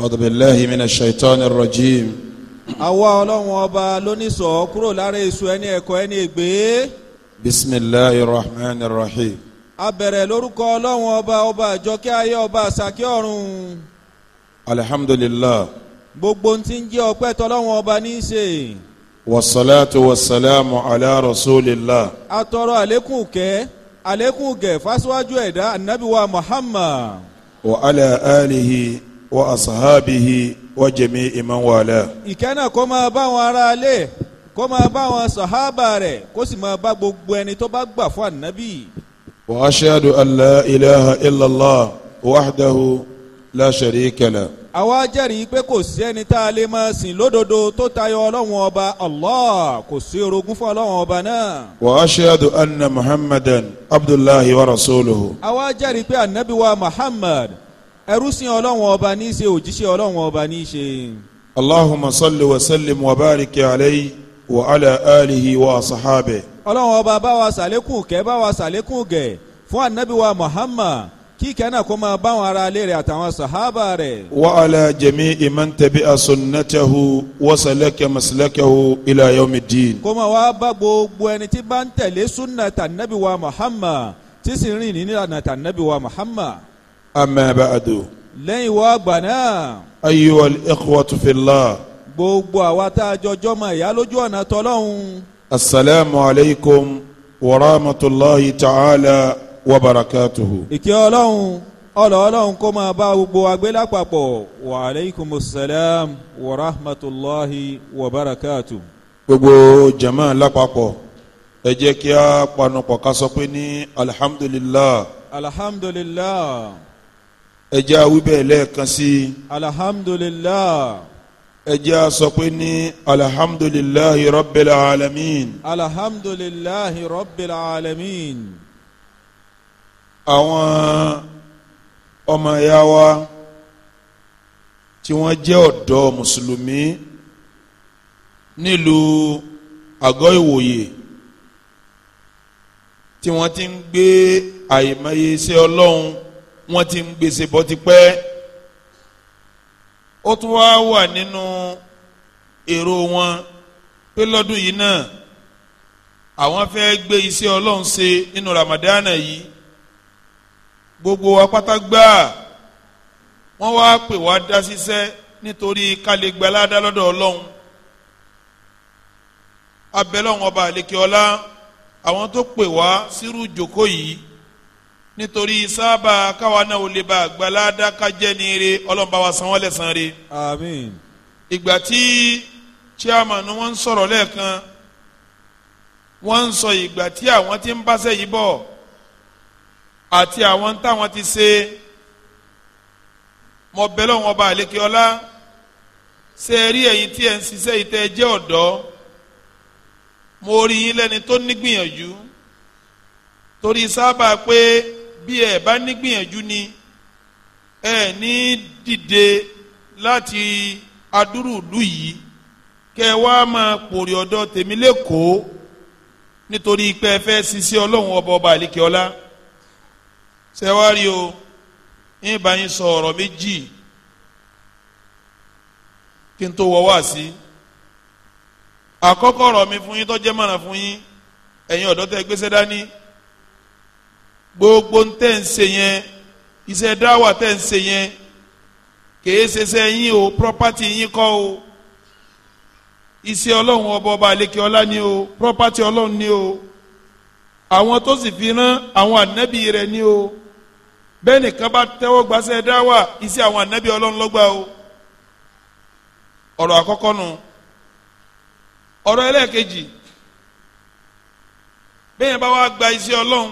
أعوذ بالله من الشيطان الرجيم àwa ọlọ́run ọba lónìṣọ́ kúrò lára èso ẹni ẹ̀kọ́ ẹni ègbé. bisimilahi rahman rahim. a bẹ̀rẹ̀ lórúkọ ọlọ́run ọba ọba àjọkẹ́ ayé ọba àṣàkẹ́ ọ̀run. alihamdulilah. gbogbo ń ti ń jẹ́ ọpẹ́ tọ́lọ́run ọba ní í ṣe. wasalaatu wasalaamu ala rasulillah. a tọrọ àlékún kẹ́ àlékún gẹ̀ fásiwájú ẹ̀dá anabiwa muhammad. wa ala alihi wa asahabihi wa jami'i man wala. ìkẹ́ náà kó máa bá wọn ará alẹ́ kó máa bá wọn sàhábà rẹ̀ kó sì máa bá gbogbo ẹni tó bá gbà fún ànábì. wa ashhadu an ilaha illallah wahdahu la sharika la. àwa jẹ́rìí pé kò sí ẹni tá a lè máa sìn lódodo tó tayọ ọlọ́run ọba allah kò sí orogún fún ọlọ́run ọba náà. wa ashhadu anna muhammadan abdullahi wa rasuluhu. àwa jẹ́rìí pé ànábì wa muhammad ẹrúsìn ọlọ́run ọba ní í ṣe òjíṣẹ́ ọlọ́run ọba ní í ṣe. allahumma salli wa sallim wa bariki alayhi wa ala alihi wa asahabe. ọlọ́run ọba bá wa ṣàlékún kẹ́ bá wa ṣàlékún gẹ̀ fún anabi wa muhammad kí kẹ́nà kó máa bá wọn ara ilé rẹ̀ àtàwọn sàhábà rẹ̀. wa ala jami'i man tabi'a sunnatahu wa أما ba'du. lẹ́yìn wá àgbà الإخوة في الله fillah. gbogbo àwa tá a jọjọ́ mọ̀ ìyá lójú ọ̀nà tọ́lọ́hún. asalaamu alaykum wa rahmatulahi ta'ala wa barakatuhu. ìkẹ́ ọlọ́run ọlọ́ọ̀lọ́run kó máa bá gbogbo agbélápapọ̀ wa aleykum salaam wa rahmatulahi wa barakatuhu. gbogbo jama lápapọ̀ ẹ jẹ́ kí a panupọ̀ ká sọ pé ní alhamdulilah. alhamdulilah ẹ jẹ́ awí bẹ́ẹ̀ lẹ́ẹ̀kan sí i. alhamdulilah. ẹ jẹ́ a sọ pé ní alhamdulilahi rabbil alamin. alhamdulilahi rabbil alamin. àwọn ọmọ ya wa tí wọ́n jẹ́ ọ̀dọ́ mùsùlùmí nílùú àgọ́ ìwòye tí wọ́n ti ń gbé àìmọye iṣẹ́ ọlọ́run wọ́n ti ń gbèsè bọ́ tipẹ́ ó tún wá wà nínú èrò wọn pé lọ́dún yìí náà àwọn fẹ́ gbé iṣẹ́ ọlọ́run ṣe nínú ramadana yìí gbogbo apáta gbà wọ́n wá pè wá dá ṣiṣẹ́ nítorí kálẹ̀gbẹ́ládá lọ́dọ̀ ọlọ́run abẹ́lọ́run ọba àlekè àwọn tó pè wá sírú jòkó yìí nítorí sábà káwa náà ò lè bá àgbàládá kájẹ́ ní ire ọlọ́run bá wa san wọ́n lẹ́san re. àmín. ìgbà tí chairman wọn ń sọ̀rọ̀ lẹ́ẹ̀kan wọ́n ń sọ ìgbà tí àwọn ti ń báṣẹ́ yìí bọ̀ àti àwọn táwọn ti ṣe mọ bẹ́lẹ̀ wọn ọba àlékè ọlá ṣe é rí ẹ̀yin tí ẹ̀ ń ṣiṣẹ́ ìtẹ́ jẹ́ ọ̀dọ́ mo rí yín lẹ́ni tó nígbìyànjú torí sábà pé bí ẹ bá nígbìyànjú ni ẹ ní dìde láti adúrú ìlú yìí kẹ wá máa pòrè ọ̀dọ̀ tèmi lẹ́kọ̀ọ́ nítorí pé ẹ fẹ́ ṣiṣẹ́ ọlọ́run ọba ọba àlìkẹ́ ọlá ṣe wá rí o ń bá yín sọ ọ̀rọ̀ méjì kí n tó wọ wá sí àkọ́kọ́ ọ̀rọ̀ mi fún yín tó jẹ́ mọ̀ràn fún yín ẹ̀yin ọ̀dọ́ tẹ́ gbéṣẹ́ dání gbogbo ń tẹ̀ ń ṣe yẹn iṣẹ́ dáwà tẹ̀ ń ṣe yẹn kèé ṣeṣẹ́ yín o property yín kọ́ o iṣẹ́ ọlọ́run ọba ọba àlekè ọlá ni o property ọlọ́run ni o àwọn tó sì fi rán àwọn ànábì rẹ̀ ni o bẹ́ẹ̀ nìkan bá tẹ́wọ́ gbàṣẹ́ dáwà iṣẹ́ àwọn ànábì ọlọ́run lọ́gbà o ọ̀rọ̀ àkọ́kọ́ nu ọ̀rọ̀ ẹlẹ́ẹ̀kejì bẹ́ẹ̀ bá wá gba iṣẹ́ ọlọ́run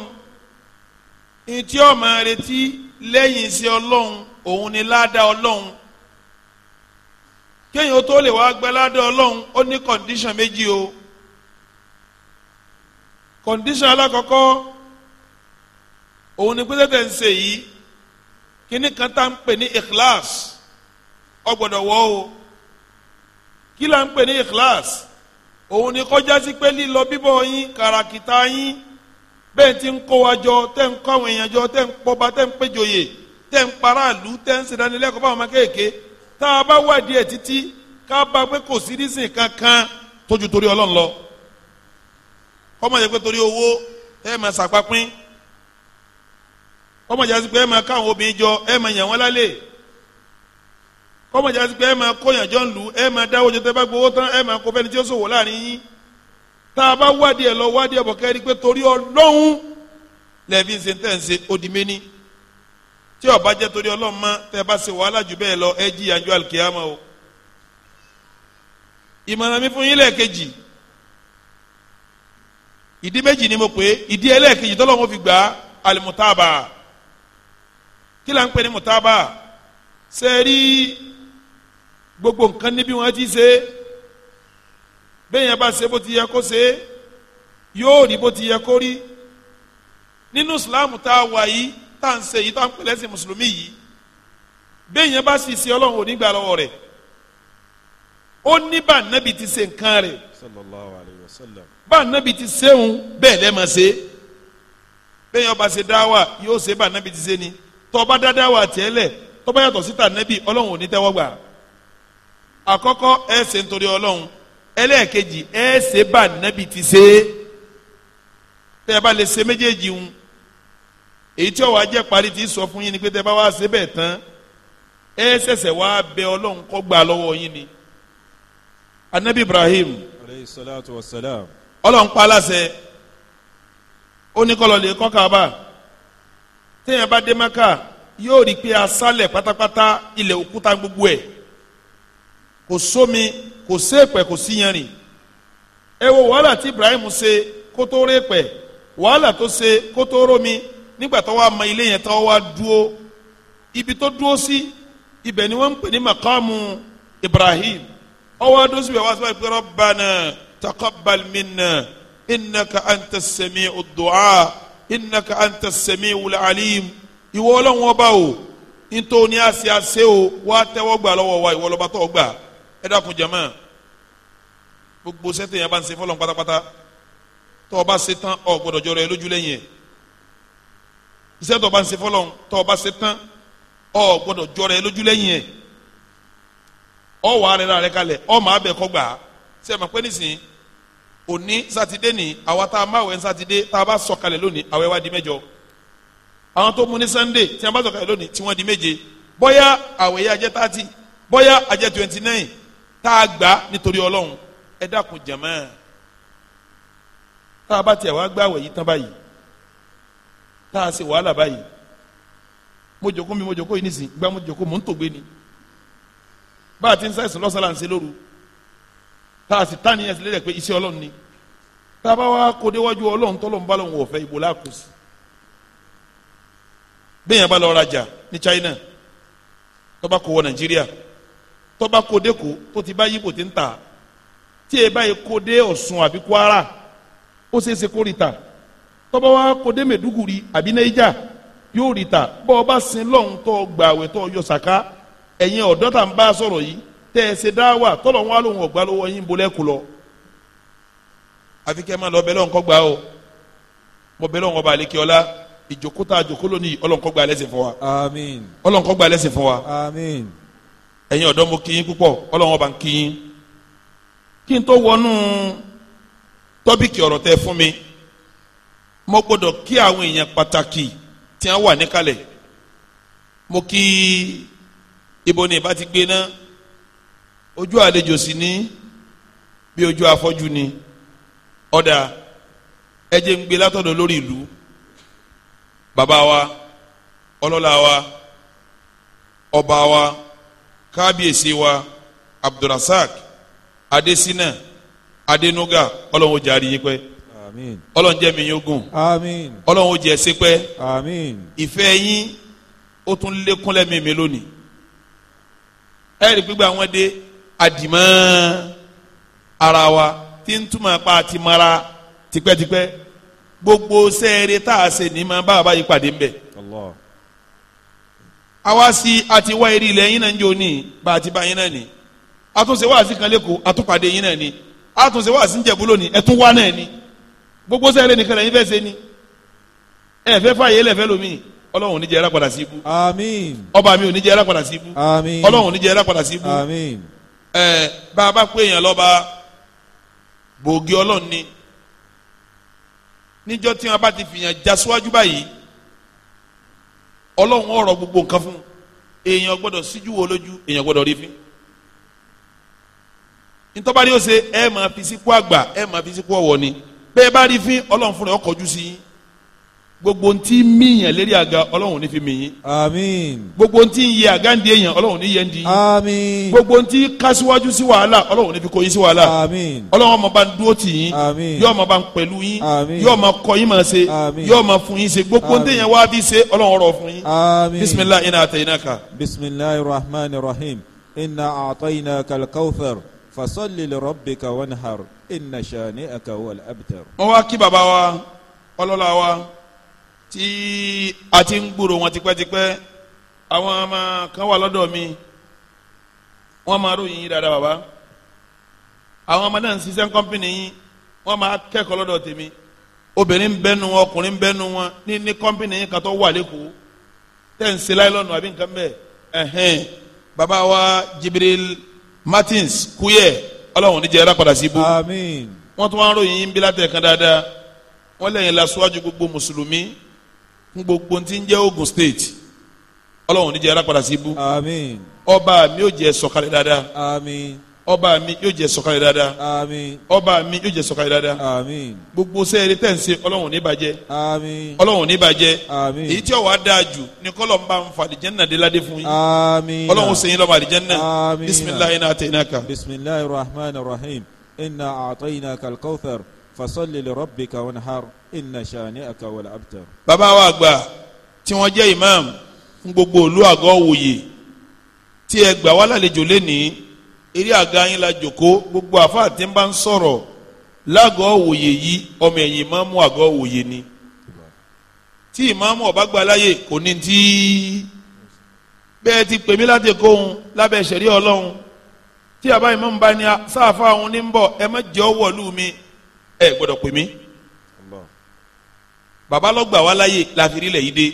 ntí ọmọ retí lẹ́yìn sí ọlọ́run òun ni ládàá ọlọ́run kéèyàn tó lè wá gbẹ ládàá ọlọ́run ó ní kọ̀ǹdíṣàn méjì o kọ̀ǹdíṣàn alákọ̀ọ́kọ́ òun ni pété tẹ̀ ń ṣe yìí kíní kan tá ń pè ní ikhlas ó gbọ́dọ̀ o kí là ń pè ní ikhlas òun ni kọjá sí pé lílọ bíbọ̀ yín kàràkìtà yín bẹ́ẹ̀ ti ń kó wa jọ tẹ́ ń kó àwọn èèyàn jọ tẹ́ ń pọba tẹ́ ń péjòyè tẹ́ ń para àlù tẹ́ ń ṣèdánilẹ́kọ̀ọ́ fáwọn ọmọ kéèké tá a bá wádìí ẹ̀ títí ká bá pé kò sí kankan tójú torí ọlọ́run lọ pé torí owó ẹ̀ máa ṣàpapín kọ́mọ jẹ́ pé ẹ̀ máa káwọn obìnrin jọ ẹ̀ máa yàn wọ́n lálẹ́ pé ẹ̀ máa kóyàn jọ ń lù ẹ̀ máa dáwọ́ jọ tẹ́ bá gbowó tán ẹ̀ máa kó fẹ́ni tá a bá wádìí ẹ lọ wádìí ẹ bọ̀ kẹ́rì pé torí ọlọ́run lẹ́ẹ̀fi ń ṣe tẹ̀ ń ṣe odi méní tí ó bá jẹ́ torí ọlọ́run mọ́ tẹ́ bá ṣe wàhálà jù bẹ́ẹ̀ lọ ẹ jí yanjú alikiyama o ìmọ̀ràn mi fún yín lẹ́ẹ̀kejì ìdí méjì ni mo pè é ìdí ẹlẹ́ẹ̀kejì tọ́lọ́run fi gbà alimutaba kí là ń pè ní mutaba ṣe gbogbo nǹkan níbi wọn ti ṣe é bẹ́ẹ̀ yẹn bá ṣe bó ti yẹ kó ṣe yóò rí bó ti yẹ kó rí nínú islam tá a wà yìí tá à ń ṣe yìí tá à ń pèlè sí mùsùlùmí yìí bẹ́ẹ̀ yẹn bá sì ṣe ọlọ́run ò ní gbà lọ́wọ́ rẹ̀ ó ní bá nábì ti ṣe nǹkan rẹ̀ wa sallam bá nábì ti ṣéhun bẹ́ẹ̀ lẹ́ẹ̀ ṣe bẹ́ẹ̀ yẹn bá ṣe dáwà yóò ṣe bá nábì ti ṣe ni tó bá dá dáwà tiẹ̀ lẹ̀ tó yàtọ̀ síta nábì ọlọ́run ò àkọ́kọ́ ẹ̀ ṣe nítorí ọlọ́run ẹlẹ́ẹ̀kejì ẹ ṣe bá nábì ti ṣe é tẹ́ ẹ bá lè ṣe méjèèjì ń èyí tí ọwọ́ ajẹ́ parí ti sọ fún yín ni pé tẹ́ ẹ bá wá ṣe bẹ́ẹ̀ tán ẹ ṣẹ̀ṣẹ̀ wá bẹ ọlọ́run kó gbà lọ́wọ́ yín ni anabi Ibrahim aleyhi salatu wa salam ọlọ́run pa aláṣẹ ó ní kọ́lọ́ lè kọ́ Kaaba tẹ́yìn bá dé Maka yóò rí pé aṣálẹ̀ pátápátá ilẹ̀ òkúta gbogbo ẹ̀ kò sómi kò séèpẹ̀ kò sí yanrìn ẹ wo wàhálà tí Ibrahim ṣe kó tó rẹpẹ wàhálà tó ṣe kó tó rómi nígbà tó wà mọ ilé yẹn tó wà dúó ibi tó dúó sí ibẹ̀ ni wọ́n ń pè ní makamu Ibrahim ọwọ́ adó síbẹ̀ wá síbẹ̀ pé Rabbana taqabbal minna innaka anta sami'u du'a innaka anta sami'u alim ìwọ Ọlọ́run ọba o nítorí àṣẹ àṣẹ o wá tẹ́wọ́ gbà lọ́wọ́ wa ìwọ lọ́ba tó gbà ẹ dákun jama gbogbo sẹtẹ yẹn bá ń ṣe fọlọ pátápátá tọ́ ọ bá ṣe tán ọ gbọ́dọ̀ jọrọ ẹ lójú lẹ́yìn ẹ iṣẹ́ tọ́ ọ bá ń ṣe fọlọ tọ́ ọ bá ṣe tán ọ gbọ́dọ̀ jọrọ ẹ lójú lẹ́yìn ẹ ọ wà rẹ rà rẹ kalẹ̀ ọ máa bẹ kọgbà ṣe máa pẹ nísìnyí òní sátidé ni àwa tá a máa wẹ sátidé tá a bá sọ kalẹ̀ lónìí àwẹ̀ wa di mẹ́jọ àwọn tó mú ní sannde tí a bá sọ kalẹ̀ lónìí tí wọn di méje bóyá àwẹ̀ yà jẹ thirty bóyá àjẹ twenty nine tá a gbà nítorí ọlọ́run ẹ dákun jẹ̀mọ́ tá a bá tiẹ̀ wá gbàwẹ̀ yìí tán báyìí tá a ṣe wàhálà báyìí mo jòkó mi mo jòkó yìí nísìnyí gbá mo jòkó mo ń tògbé ni bá a ti ń sẹ́sìn lọ́sàn-án ṣe lóru tá a sì tá nìyẹn sílẹ̀ rẹ̀ pé iṣẹ́ ọlọ́run ni tá a bá wá kó déwájú ọlọ́run tọ́lọ́run bá lọ́run ọ̀fẹ́ ìbò láàkó sí bẹ́ẹ̀ yẹn bá lọ rajà ní China tó bá kó wọ Nàìjíríà tọ́ba kóde kó tó ti bá yíbo ti ń ta tí e bá yẹ kóde ọ̀ṣun àbí kwara ó ṣeé ṣe kó rí ta tọ́ba wa kóde mẹ́dúgùrì àbí naija yóò rí ta bọ́ ọ bá sin lọ́hún tó gbààwẹ̀ tó yọ sàká ẹ̀yin ọ̀dọ́ tá ń bá a sọ̀rọ̀ yìí tẹ́ ẹ ṣe dáwà tọ́lọ̀ wọn á lóun lọ́wọ́ yín bolẹ́ kú lọ. àfi kẹ́ ẹ máa lọ bẹ́lẹ̀ ọ̀nkọ́ gbà o mo bẹ́lẹ̀ ọ̀nkọ́ bá àlekí ọlá ìjókòó tá a jókòó lónìí ọlọ́nkọ́ gbà lẹ́sìn fún wa. ọlọ́nkọ́ gbà lẹ́sìn fún wa ẹ̀yin ọ̀dọ́ mo kí yín púpọ̀ ọlọ́run ọba ń kí yín kí n tó wọnú tọ́bíkì ọ̀rọ̀ tẹ fún mi mo gbọ́dọ̀ kí àwọn èèyàn pàtàkì tí wọ́n wà níkàlẹ̀ mo kí ibo ni ìbá ti gbé ná ojú àlejò sì ní bí ojú afọ́jú ni ọ̀dà ẹ ń gbé látọ̀dọ̀ lórí ìlú bàbá wa ọlọ́lá wa ọba wa kábíyèsí wa abdulrasaq adesina adenuga ọlọ́run ó jàre yín pẹ́ ọlọ́run jẹ́ mi yín ogun ọlọ́run ó jẹ́ ẹsẹ̀ pẹ́ ìfẹ́ yín ó tún lékún lẹ́mìí mi lónìí ẹ̀rí gbígbà wọn dé àdìmọ́ ara wa tí ń túmọ̀ pa àti mara tipẹ́tipẹ́ gbogbo sẹ́ẹ̀rẹ́ tá a ṣe ní ma bá a bá yí pàdé ń bẹ̀ àwa sí àti wá eré ilẹ̀ yín náà ń jò ní bá àti bá yín náà ní àtúnṣe wá sí kan lẹ́kọ̀ọ́ àtúpàdé yín náà ní àtúnṣe wá sí ń jẹ̀bú lónìí ẹ̀tún wá náà ní gbogbo sẹ́yìn lẹ́nìkan lẹ́yìn fẹ́ ṣe ni ẹ fẹ́ fààyè lẹ́fẹ́ lómi ọlọ́run ò ní jẹ́ sí ibú ọba mi ò ní jẹ́ sí ibú ọlọ́run ò ní jẹ́ sí ibú ẹ bá a bá pé èèyàn lọ́ba bòógì ọlọ́run ni níjọ́ tí wọ́n bá ti fìyàn já síwájú báyìí ọlọ́run ọ̀rọ̀ gbogbo nǹkan fún èèyàn gbọ́dọ̀ síjú wo lójú èèyàn gbọ́dọ̀ rí fín ntọ́ba ni ó ṣe ẹ máa fi sípò àgbà ẹ máa fi sípò ọ̀wọ́ ni bẹ́ẹ̀ bá rí fín ọlọ́run fúnra ọkọ̀ ojú sí yín gbogbo ntí miyan lérí àga ọlọ́run ní fi miyin. àmín. gbogbo ntí yẹ àga ń di èèyàn ọlọ́run ní yẹ ń di. àmín. gbogbo ntí kásíwájú sí wàhálà ọlọ́run ní fi kó yín sí wàhálà. àmín. ọlọ́run ọmọ bá ń dúró tì yín. àmín. yóò máa bá ń pẹ̀lú yín. àmín. yóò máa kọ́ yín máa ṣe. àmín. yóò máa fún yín ṣe gbogbo ntí yẹn wá bí ṣe ọlọ́run rọ̀ fún yín. àmín. bisimilahi inna atainaka. bisimilahi rahmanir rahim inna atainaka al-kawthar fasalli li rabbika wanhar inna shani'aka huwal abtar. wọ́n wá kí baba tí a ti ń gbúrò wọn tipẹ́tipẹ́ àwọn ọmọ kan wà lọ́dọ̀ mi wọ́n máa ròyìn yín dáadáa bàbá àwọn ọmọ náà ń ṣiṣẹ́ ń kọ́mpìnì yín wọ́n máa kẹ́kọ̀ọ́ lọ́dọ̀ tèmi obìnrin bẹ́nu wọn ọkùnrin bẹ́nu wọn ní ní kọ́mpìnì yín kan tó wà lẹ́kọ̀ọ́ tẹ̀ ń ṣe láìlọ́nù àbí nǹkan bẹ́ẹ̀ ẹ̀hẹ́n bàbá wa Jibril Martins kúyẹ̀ ọlọ́run níjẹ́ ẹ̀rá padà sí ibú wọ́n tún wá ń ròyìn yín bí látẹ̀ kan dáadáa wọ́n lẹ́yìn gbogbo ti ń jẹ́ Ogun State ọlọ́run ní jẹ́ arápadà sí ibú àmín ọba mi yóò jẹ́ sọ̀kalẹ̀ dáadáa àmín ọba mi yóò jẹ́ sọ̀kalẹ̀ dáadáa àmín ọba mi yóò jẹ́ sọ̀kalẹ̀ dáadáa àmín gbogbo sẹ́yẹrì tẹ̀ ń ṣe ọlọ́run ní bàjẹ́ àmín ọlọ́run ní bàjẹ́ àmín èyí tí ọwọ́ adáa jù ní kọ́lọ̀ ń bá ń fa àlìjẹ́nà déládé fún yín àmín ọlọ́run sẹ́yìn lọ́ba bisimilayi náà tẹ̀ iná kan. bisimilayi rahman rahim inna àtọ́ iná kalkawthar fasalli li rabbika wanhar inna shani'aka wal abtar. bàbá wa àgbà tí wọ́n jẹ́ imam ń gbogbo ìlú àgọ́ wòye tí ẹ gbà wá lálejò lẹ́nìí eré àga yín la jòkó gbogbo àfáà tí ń bá ń sọ̀rọ̀ lágọ̀ọ́ wòye yìí ọmọ ẹ̀yìn ìmáàmù àgọ́ wòye ni tí ìmáàmù ọba gba láyè kò ní tí bẹ́ẹ̀ ti pèmí láti kóhun lábẹ́ ìṣẹ̀rí ọlọ́run tí àbá ìmáàmù bá ní sáàfà òun ní ń ẹ má jẹ́ ọwọ́ lù mí ẹ gbọ́dọ̀ pè mí baba ló gbà wá láyè láfiri lẹ yìí dé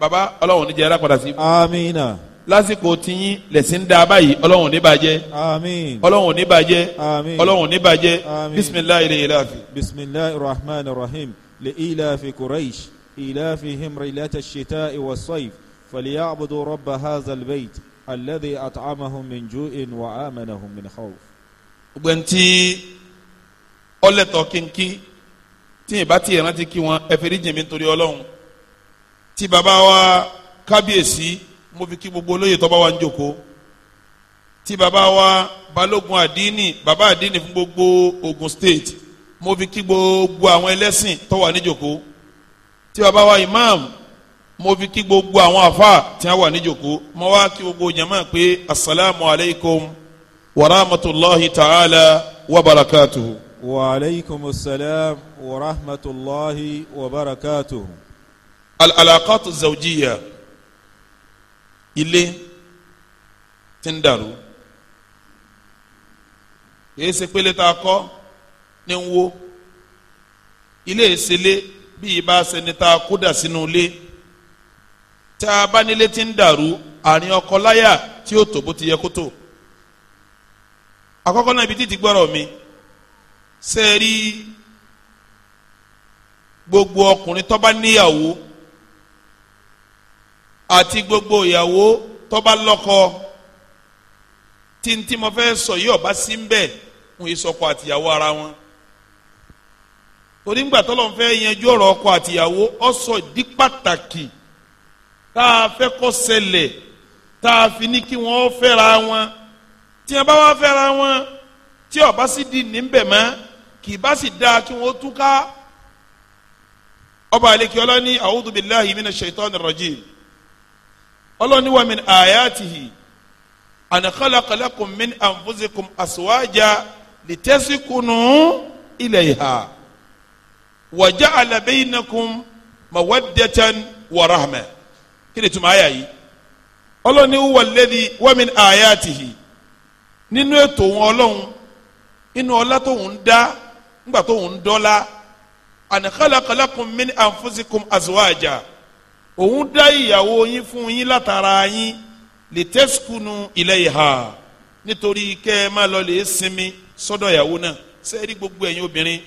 baba Ọlọ́run níjẹ alákọọdà sí. amiina. lásìkò tiyín lẹ̀sìn dá a báyìí Ọlọ́run ní bàjẹ́. amiin. Ọlọ́run ní bàjẹ́. amiin. Ọlọ́run ní bàjẹ́. amiin. bisimilayi le ilaafi. bisimilayi rahman rahim le ilaafi quraish ilaafi himrilata shita iwasayif faliyabudu rabba hazal bait alladhi at'amahum min ju'in wa amanahum min khawf. gbẹ̀ntì ọlẹ́tọ̀ kínkín tí ìbá tí ìrántí kí wọn ẹ fẹ́rí jìnmí nítorí ọlọ́run tí baba wa kábíyèsí mo fi kí gbogbo olóyè tó bá wa ń jòkó tí baba wa balógun àdínì baba àdínì fún gbogbo Ogun State mo fi kí gbogbo àwọn ẹlẹ́sìn tó wà níjòkó tí baba wa imam mo fi kí gbogbo àwọn afa tí wọ́n wà níjòkó mo wá kí gbogbo jama pé asalaamualeykum wa rahmatulahi ta'ala wa barakatuhu. وعليكم السلام ورحمة الله وبركاته العلاقات الزوجية ilé تندارو. إيه dàrú kìí ṣe pélé tá a kọ́ ní ń wó ilé ìṣẹlé bí ibà ṣẹni tá a kó dà sínú ilé tá a bá nílé tí ń dàrú àárín ọkọ láyà tí ó tó bó ti yẹ kó tó àkọ́kọ́ náà ibi títí gbọ́rọ̀ mi sẹ́ẹ̀rí gbogbo ọkùnrin tó bá níyàwó àti gbogbo ìyàwó tó bá lọ́kọ tíntín mo fẹ́ sọ yìí ọba sí ń bẹ̀ ń yí sọkọ àtìyàwó ara wọn torí ńgbà tọ́lọ́ fẹ́ yanjú ọ̀rọ̀ ọkọ àtìyàwó ó sọ pàtàkì tá a fẹ́ kó ṣẹlẹ̀ tá a fi ní kí wọ́n fẹ́ra wọn tí wọ́n bá wá fẹ́ra wọn tí ọba sì di níbẹ̀ mọ́ kì í bá sì dáa kí wọ́n tú ká ọba àlekí ọlọ́ni a'udhu billahi mina shaitanir rajim ọlọ́ni wa min ayatihi an khalaqa lakum min anfusikum aswaja litaskunu ilayha wa ja'ala baynakum mawaddatan wa rahma kí ni tuma àyà yìí ọlọ́ni huwa alladhi wa min ayatihi nínú ètò wọn ọlọ́run inú ọlá tóun dá ńgbà tó ń dọ́lá an khalaqa lakum min anfusikum azwaja òun dá ìyàwó yín fún yín látara yín litaskunu ilayha nítorí kẹ́ ẹ má lọ lè sinmi sọ́dọ̀ ìyàwó náà sẹ́ẹ̀rí gbogbo ẹ̀yin obìnrin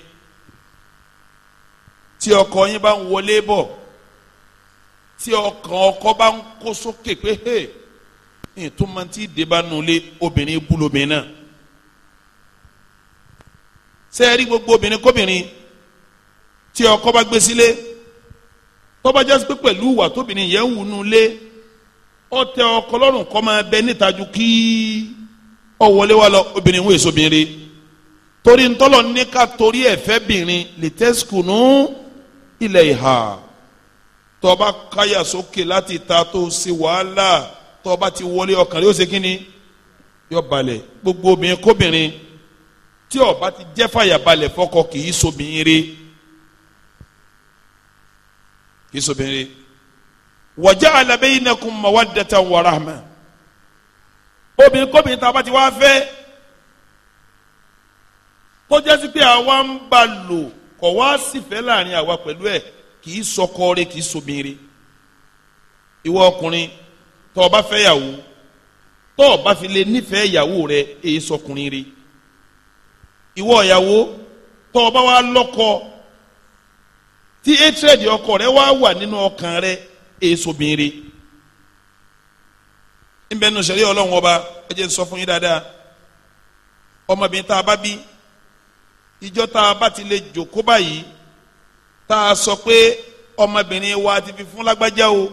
tí ọkọ yín bá ń wọlé bọ̀ tí ọkàn ọkọ bá ń kó sókè pé hey ẹ̀ tó máa ti dé bá nulẹ̀ obìnrin búlobìnrin sẹ́ẹ̀rí gbogbo obìnrin kóbìnrin tí ọkọ bá gbé sílé tó bá jásí pé pẹ̀lú ìwà tóbìnrin yẹn wù nù lé ó tẹ ọkọ lọ́rùn kọ́ máa bẹ níta ju kí ó wọlé wá lọ obìnrin wò èso obìnrin torí ntọ́lọ̀ ní ká torí ẹ̀fẹ́ bìnrin lè tẹ́sùkù nù ilẹ̀ ìhà tó káyà sókè láti ta tó ṣe wàhálà tó ti wọlé ọkàn rẹ̀ ṣe kí ni yọ balẹ̀ gbogbo obìnrin kóbìnrin tí ó bá ti jẹ́ fàyàbalẹ̀ fọ́kọ kì í sobìnrin rí kì í sobìnrin rí wa ja'ala bainakum mawaddatan wa rahma obìnrin kóbìnrin tá a bá ti wá fẹ́ tó jẹ́ sí pé àwa ń bá lò kọ̀ wá sífẹ́ láàrin àwa pẹ̀lú ẹ̀ kì í sọkọ rẹ kì í sobìnrin ìwọ ọkùnrin tó o bá yàwó tó o fi lè nífẹ̀ẹ́ yàwó rẹ èyí sọkùnrin rẹ ìwọ ìyàwó tó o bá wá lọ́kọ tí hatred ọkọ rẹ wá wà nínú ọkàn rẹ èso bìnrin nbẹ nu sẹ̀ríà Ọlọ́run ọba ẹ jẹ́ n sọ fún yín dáadáa ọmọbìnrin tá a bá bí ìjọ tá a bá ti lè jòkó báyìí tá a sọ pé ọmọbìnrin wa ti fi fún lágbájá o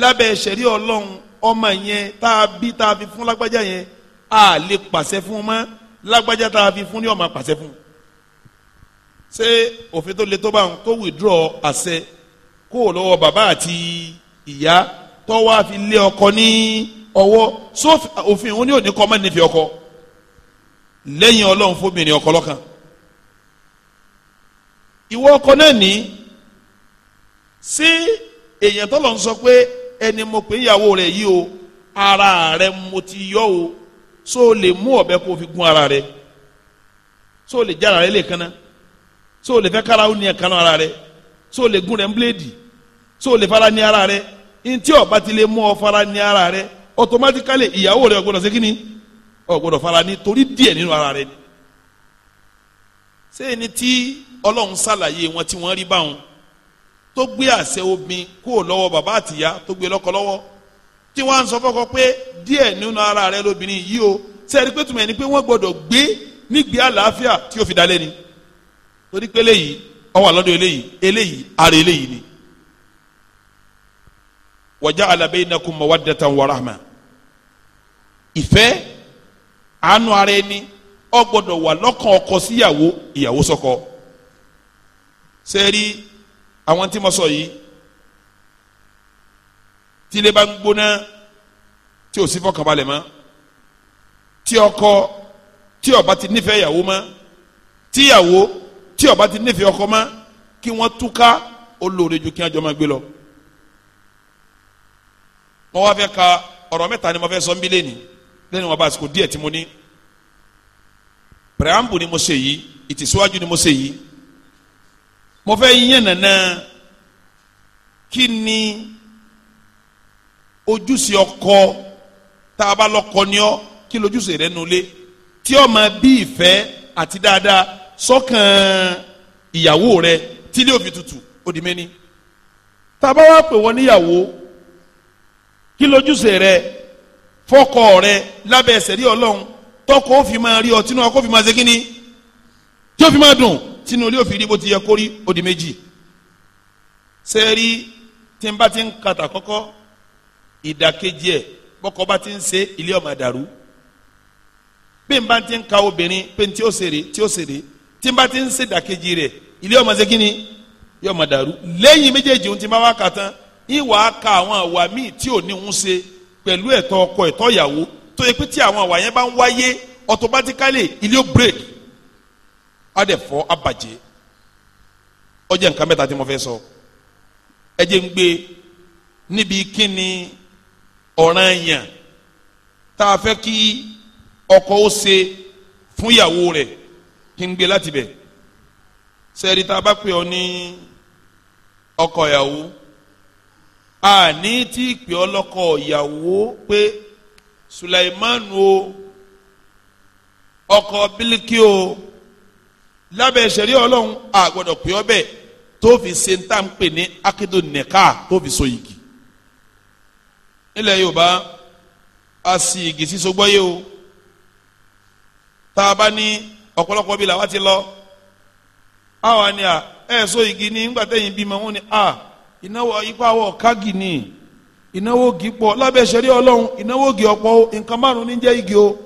lábẹ́ sẹ̀ríà Ọlọ́run ọmọ yẹn tá a bí tá a fi fún lágbájá yẹn a lè pàṣẹ fún un mọ́ lágbájá tá a fi fún ní ọmọ àpàṣẹ fún ṣé òfin tó le tó bá ń tó withdraw àṣẹ kó o lọ́wọ́ bàbá àti ìyá tó wá fi lé ọkọ ní ọwọ́ so òfin òun ni ò ní kọ́ mọ́ nífi ọkọ lẹ́yìn ọlọ́run fóbìnrin ọkọ lọ́kàn ìwọ ọkọ náà ní sí èèyàn tó lọ sọ pé ẹni mo pè ìyàwó rẹ yìí o ara rẹ mo ti yọ o so o lè mú ọ̀bẹ kó o fi gún ara rẹ so o lè já ara rẹ lè kanna so o lè fẹ́ kára ó ní ara rẹ so o lè gún rẹ ń bíléèdì so o lè fara ní ara rẹ ntí ọba ti lè mú ọ fara ní ara rẹ automatically ìyàwó rẹ ò gbọ́dọ̀ ṣe kí ni ò gbọ́dọ̀ fara ní torí díẹ̀ nínú ara rẹ ni sẹ́yìn ni tí ọlọ́run ṣàlàyé wọn tí wọ́n rí báwọn tó gbé àṣẹ obìn kúrò lọ́wọ́ bàbá àtìyá tó gbé lọ́kọ lọ́wọ́ tí wọ́n á sọ fọ́kọ pé díẹ̀ nínú ara rẹ lóbìnrin yìí o sẹ́ẹ̀rí pé tùmọ̀ ẹni pé wọ́n gbọ́dọ̀ gbé nígbé àlàáfíà tí ó fi dalẹ̀ ni torí pé eléyìí ó wà lọ́dọ̀ eléyìí eléyìí ara eléyìí ni. wa ja'ala bainakum mawaddatan wa rahma ìfẹ́ àánú ara ẹni ó gbọ́dọ̀ wà lọ́kàn ọkọ síyàwó ìyàwó sọ́kọ sẹ́ẹ̀rí àwọn tí mo sọ yìí Tile bá ń gbóná tí o sì fọkànbalẹ̀ mọ́ tí ọkọ tí ó bá ti nífẹ̀ẹ́ ìyàwó mọ́ tíyàwó tí ó bá ti nífẹ̀ẹ́ ọkọ mọ́ kí wọ́n túká ó lóore ju kí wọ́n jọ máa gbé lọ. mo wá fẹ́ ka ọ̀rọ̀ mẹ́ta ni mo fẹ́ sọ ń bí lẹ́nu lẹ́nu wọn bá àsìkò díẹ̀ tí mo ní. pẹ̀rẹ́àmbù ni mo ṣe yìí ìtìsíwájú ni mo ṣe yìí mo fẹ́ yẹn nànà kí ni ojúṣe ọkọ tá a bá lọkọ ni ọ kí lójúṣe rẹ nulẹ tí ọ máa bí ìfẹ́ àti dáadáa sọ́kàn ìyàwó rẹ tílé òfin tutù ó di mẹ́ni tá a bá wá pè wọ́n níyàwó kí lójúṣe rẹ fọkọ rẹ lábẹ́ ẹsẹ̀ rí ọlọ́run tọkọ ó fi máa rí ọ tínú ọkọ fi máa ṣe kínní tí ó fi máa dùn tínú ilé òfin rí bó ti yẹ kó rí méjì sẹ́ẹ̀rí tí n bá ti ń kàtà kọ́kọ́ ìdàkejì ẹ̀ bọ́kọ bá ti ń ṣe ilé ọmọ dàrú bí n bá ti ń ka obìnrin pé tí ó ṣèrè tí ó ṣèrè tí n bá ti ń ṣe ìdàkejì rẹ̀ ilé ọmọ ṣe kíni ilé ọmọ dàrú lẹ́yìn méjèèjì ohun tí n bá wá kà tán ìwà ka àwọn àwà míì tí ò ní ń ṣe pẹ̀lú ẹ̀tọ́ ọkọ ẹ̀tọ́ ìyàwó tó yẹ pé tí àwọn àwà yẹn bá ń wáyé automatically ilé ó break adẹ̀fọ́ abàjẹ́ ọjọ́ nǹkan mẹ́ta tí mo fẹ́ sọ ẹ jẹ́ ń gbé níbi kíni ọ̀ràn yàn tá a fẹ́ kí ọkọ ó ṣe fún ìyàwó rẹ̀ kí n gbé láti bẹ̀ sẹ́ẹ̀rì tá a bá pè ọ́ ní ọkọ ìyàwó a ní tí pè ọ́ lọ́kọ ìyàwó pé Sulaimanu o ọkọ Bílíkì o lábẹ́ ìṣẹ̀rí ọlọ́run a pè ọ́ bẹ́ẹ̀ tó fi ṣe ń tà ń pè ní akédo nìka tó fi so yìgì nílẹ̀ yorùbá a sì igi síso gbọ́yé o tá a bá ní ọ̀pọ̀lọpọ̀ bíi làwa ti lọ àwa ni à ẹ̀ so igi ní nígbà tẹ̀yìn bímọ wọn ni à ìnáwó ipa wọ kági ni ìnáwó gi pọ̀ lábẹ́ ṣẹ̀rí ọlọ́run ìnáwó gi ọ̀pọ̀ nǹkan márùn-ún ní jẹ́ igi o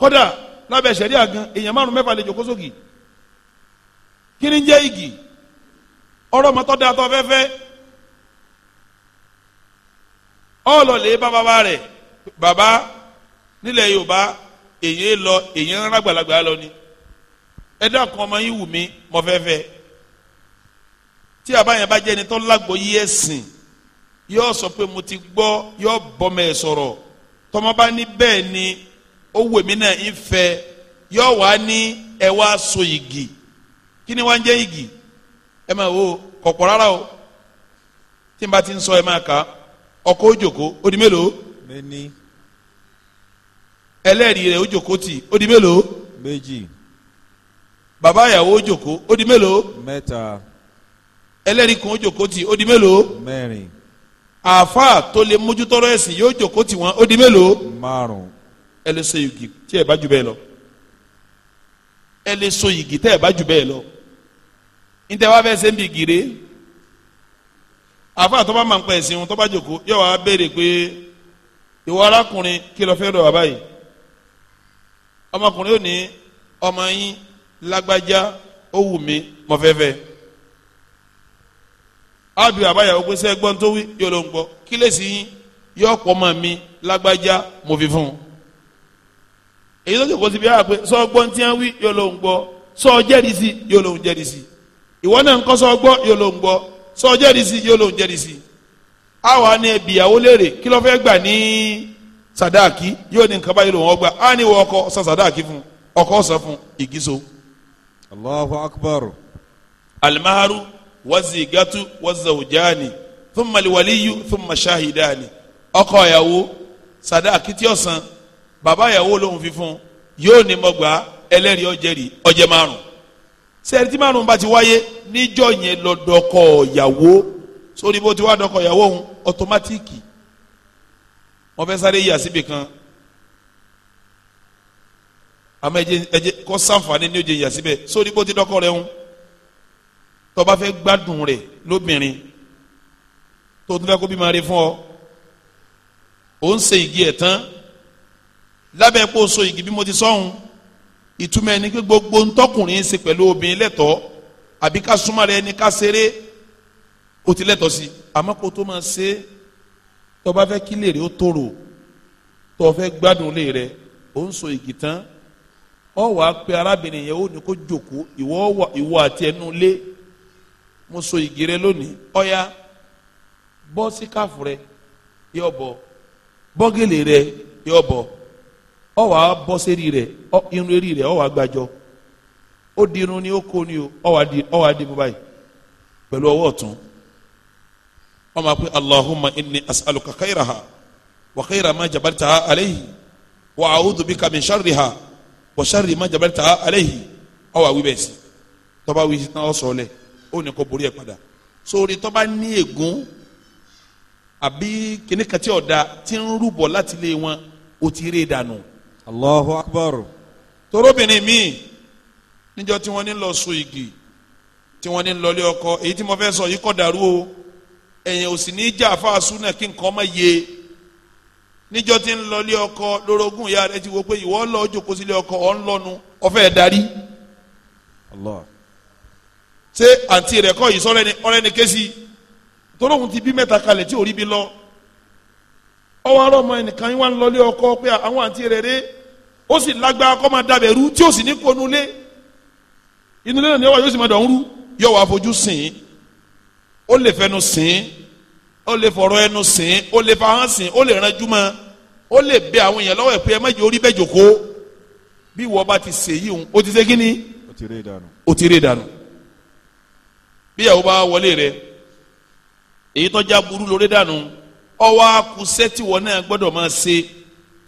kódà lábẹ́ ṣẹ̀rí àgàn èèyàn márùn-ún mẹ́fà lè jòkó sókè kí ni jẹ́ igi ọ̀rọ̀ mọ́tọ́ dáa tó fẹ́fẹ́ ọlọlẹ bá bàbá rẹ bàbá nílẹ̀ Yorùbá èyí lọ èyàn rágbàlagbà lọ ni ẹ ọmọ yín wù mí mọ fẹfẹ tí bá jẹ ẹni tó lágbo yí ẹsìn sọ pé mo ti gbọ yóò bọ mẹ tọmọ ni ó wù mí náà ń ni wá ń jẹ igi ẹ máa wo rárá o tí n bá ti ń ọkọ ó jókòó ó di mélòó. méní. ẹlẹ́rìí rẹ̀ ó jókòó tì ó di mélòó. méjì. bàbá ìyàwó ó jókòó ó di mélòó. mẹ́ta. ẹlẹ́rìí kan ó jókòó tì ó di mélòó. mẹ́rin. àáfàá tó lè mójútọ́rọ̀ ẹ̀sìn yóò jókòó tì wọ́n ó di márùn. ẹ igi tí ẹ bá jù bẹ́ẹ̀ lọ. ẹ igi tẹ́ ẹ bá jù bẹ́ẹ̀ lọ. ní tẹ́ wá fẹ́ sẹ́ńbì gírè àfa àtọ́ bá máa ń pẹ́ ẹ̀sìn wọn tó bá jòkó yóò wá béèrè pé ìwọ arákùnrin kí lọ fẹ́ rọ bàbá yìí ọmọkùnrin ò ní ọmọ yín lágbájá ó wù mí mo fẹ́ fẹ́ ábí àbáyàwó pé sẹ́ gbọ́n tó wí yóò ló ń gbọ́ kí lè sí yín yóò pọ̀ mọ́ mi lágbájá mo fi fún un èyí tó jòkó síbi àpè sọ gbọ́n tí wọ́n wí yóò ló ń gbọ́ sọ jẹ́rìí sí yóò ló ń jẹ́rìí sí ìwọ náà ń kọ́ sọ gbọ́ yóò ló ń gbọ́. sọ jẹ́rìí sí yóò lóun jẹ́rìí sí àwa ni ẹbí ìyàwó léèrè kí ló fẹ́ gbà ní ni yóò ní nǹkan báyìí lòun ọgbà á ní wọ ọkọ san sadaki fún ọkọ san fún ìgíso. Allahu akbar. alimaharu wazigatu wazawujani thumma liwaliyu thumma shahidani ọkọ ìyàwó sadaki tí ó san bàbá ìyàwó lòun fi fún yóò ní mọ̀gbà ẹlẹ́rìí ó jẹ́rìí márùn sẹ́ẹ̀rì tí márùn-ún bá ti wáyé níjọ́ yẹn lọ dọkọ̀ ìyàwó sórí bó ti wá dọkọ̀ ìyàwó òun ọ̀tọ́mátìkì wọ́n fẹ́ sáré yà síbi kan àmọ́ ẹ̀jẹ̀ ẹ̀jẹ̀ kọ́ sàǹfààní ní òjè yà síbẹ̀ sórí bó ti dọkọ̀ rẹ̀ ń tó bá fẹ́ gbádùn rẹ̀ lóbìnrin tó tún fẹ́ kó bí máa rí fún ọ ò ṣe igi ẹ̀ tán lábẹ́ pò so igi bí mo ti sọ́hun. So ìtumọ̀ ẹni pé gbogbo ntọ́kùnrin ṣe pẹ̀lú obìnrin lẹ́tọ̀ọ́ àbí ká súnmọ́ rẹ ni ká ṣeré ó ti lẹ́tọ̀ọ́ sí i àmọ́ kó tó máa ṣe tó bá fẹ́ kí lè rí ó tòrò tó o fẹ́ gbádùn lè rẹ ó ń so ìgì tán ọ wàá pe arábìnrin yẹn ó ní kó jòkó ìwọ àti ẹnu lé mo so ìgì rẹ lónìí ọya bọ́ sí rẹ yọ bọ bọ́gìlì rẹ yọ bọ. ọ wàá bọ́ sérí rẹ̀ irun eré rẹ̀ ọ wàá gbàjọ ó di irun ni ó kó ni o ọ wàá di ọ wàá di bàbá yìí pẹ̀lú ọwọ́ ọ̀tún ọ máa pe Allahumma inni as'aluka khairaha wa kaira ma jabaltaha alayhi wa a'udhu bika min sharriha wa sharri ma jabaltaha alayhi ọ wàá wí bẹ́ẹ̀ sí tọ́ba wí sí tán ọ sọ lẹ̀ ó ní kó borí ẹ̀ padà sórí tọ́ba ní ègún àbí kìnnìkan tí ọ̀dà ti ń rúbọ̀ láti lé wọn ó ti rí dànù. Allahu akbar torobìnrin míì níjọ tí wọ́n ní lọ so igi tí wọ́n ní lọlé ọkọ èyí tí mo sọ yìí kọ́ dàrú o ẹ̀yìn òsì ní jà fáasú náà kí nǹkan má yé tí ń lọlé ọkọ lórogún ìyá rẹ ti wo pé ìwọ lọ ọkọ ọ ń lọnu darí ṣé àǹtí yìí ti bí tí ò rí lọ. ọwọ́ arọ́ ọmọ ẹnìkan yín wá ń lọlé ọkọ pé àwọn àti rere ó sì lágbára kọ́ máa dabẹ̀ tí ó sì ní kó nulẹ̀ inú lẹ́nu ni ọwọ́ yóò sì máa dọ̀hún rú yóò wá fojú sìn ó lè fẹnu sìn ó lè fọ̀rọ̀ ẹnu sìn ó lè fahán sìn ó lè ranjú mọ́ ó lè bẹ àwọn èèyàn lọ́wọ́ ẹ̀ pé ẹ má jẹ́ orí bẹ́ẹ̀ jòkó bí ìwọ bá ti ṣe yìí òun ó ti ṣe kí ó ti rè dànù bí ìyàwó bá wọlé rẹ èyí tó já burú lórí dànù ọwọ́ akusẹ́ tí wọ́n náà gbọ́dọ̀ máa ṣe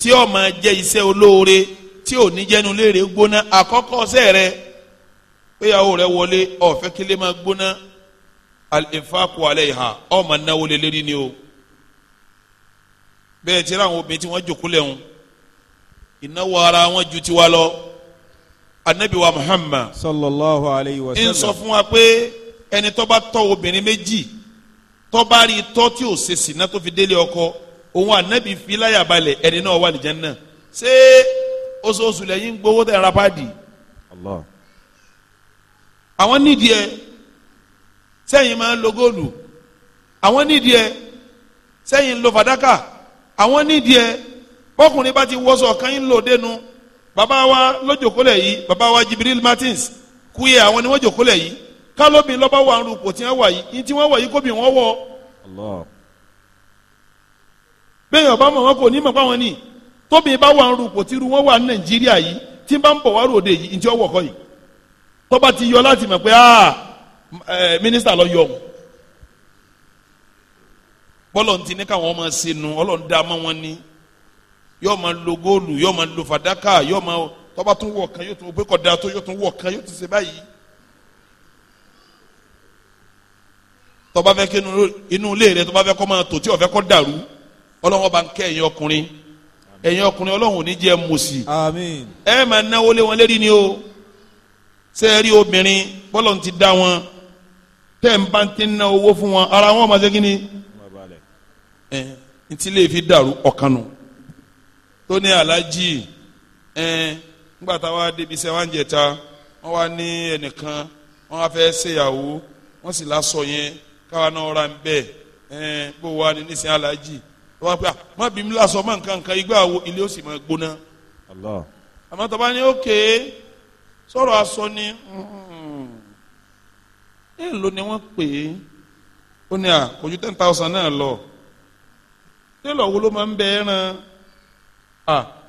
tí ó máa jẹ́ iṣẹ́ olóore tí ò ní jẹ́nu léèrè gbóná àkọ́kọ́ ọsẹ́ rẹ péyàwó rẹ wọlé ọ̀fẹ́ kílé máa gbóná al-infaqu alayha ó náwó lé lérí ni o bẹ́ẹ̀ tí ráwọn obìnrin tí wọ́n jòkó lẹ́hùn ìnáwó ara wọn ju tiwa lọ anabi wa muhammad sallallahu alayhi wa sallam ń sọ fún wa pé ẹni tó bá tọ́ obìnrin méjì tọ́ba rí tọ́ tí ò ṣe sìnà tó fi délé ọkọ òun ànábì fi láyà balẹ̀ ẹni náà wà ní Jánnà ṣé oṣooṣù lẹ́yìn gbowó tẹ̀ ra páàdì. Allah. àwọn nídìí ẹ sẹ́yìn máa ń lo góòlù àwọn nídìí ẹ sẹ́yìn ń lo fàdákà àwọn nídìí ẹ bọ́kùnrin bá ti wọ́sọ̀ kan ń lò dénú bàbá wa lójókòlẹ̀ yìí bàbá wa Jibril Martins kúyè àwọn ni wọ́n jókòlẹ̀ yìí kálóbì lọ́ba wà ń rúpò tí wọ́n wà yìí ní tí wọ́n wà yìí kóbì wọ́n wọ̀. bẹ́ẹ̀ ọba mọ̀ wọn kò ní mọ̀ pa ni tóbi bá wà ń rúpò tí irú wọn wà ní nàìjíríà yìí tí n bá ń bọ̀ wá ròde yìí ní tí wọ́n wọ̀ kọ́ yìí tọ́ba ti yọ láti mọ̀ pé aa ah, mínísítà lọ yọ òun bọ́lọ̀ ti ní káwọn ọmọ sinu ọlọ́run dá mọ́ wọn ni yóò máa lo góòlù yóò máa lo fàdákà yóò máa tọ́ba tún wọ̀ kan yóò tún wọ̀ kan yóò tún ṣe báyìí tó bá kí inú ilé rẹ tó bá fẹ́ máa tò tí ó fẹ́ dàrú ọlọ́wọ́ bá ń kẹ́ ẹ̀yin ọkùnrin ẹ̀yin ọkùnrin ọlọ́run ní jẹ́ mùsì ẹ máa náwó lé wọn lérí ni o ṣé obìnrin bọ́lọ̀ ti dá wọn tẹ́ ń bá ti ná owó fún wọn ara wọn máa ṣe kí ni ẹ n ti lè fi dàrú ọ̀kan nù tó ní aláàjì ẹ nígbà táwa débi iṣẹ́ wa ń jẹta wọ́n wá ní ẹnìkan wọ́n wá fẹ́ ṣèyàwó wọ́n sì lásọ yẹn káwa náà ra ń bẹ ẹ bó wa ni nísìnyí alájì wọn pe má bí mi lásán má nǹkan nǹkan igbá wo ilé ó sì máa gbóná. àmọ́ tọ́ba ni ó ké sọ̀rọ̀ aṣọ ni ẹ ló ni wọ́n pè é ó ní à kò ju ten thousand náà lọ télọ̀ wo ló máa ń bẹ ẹran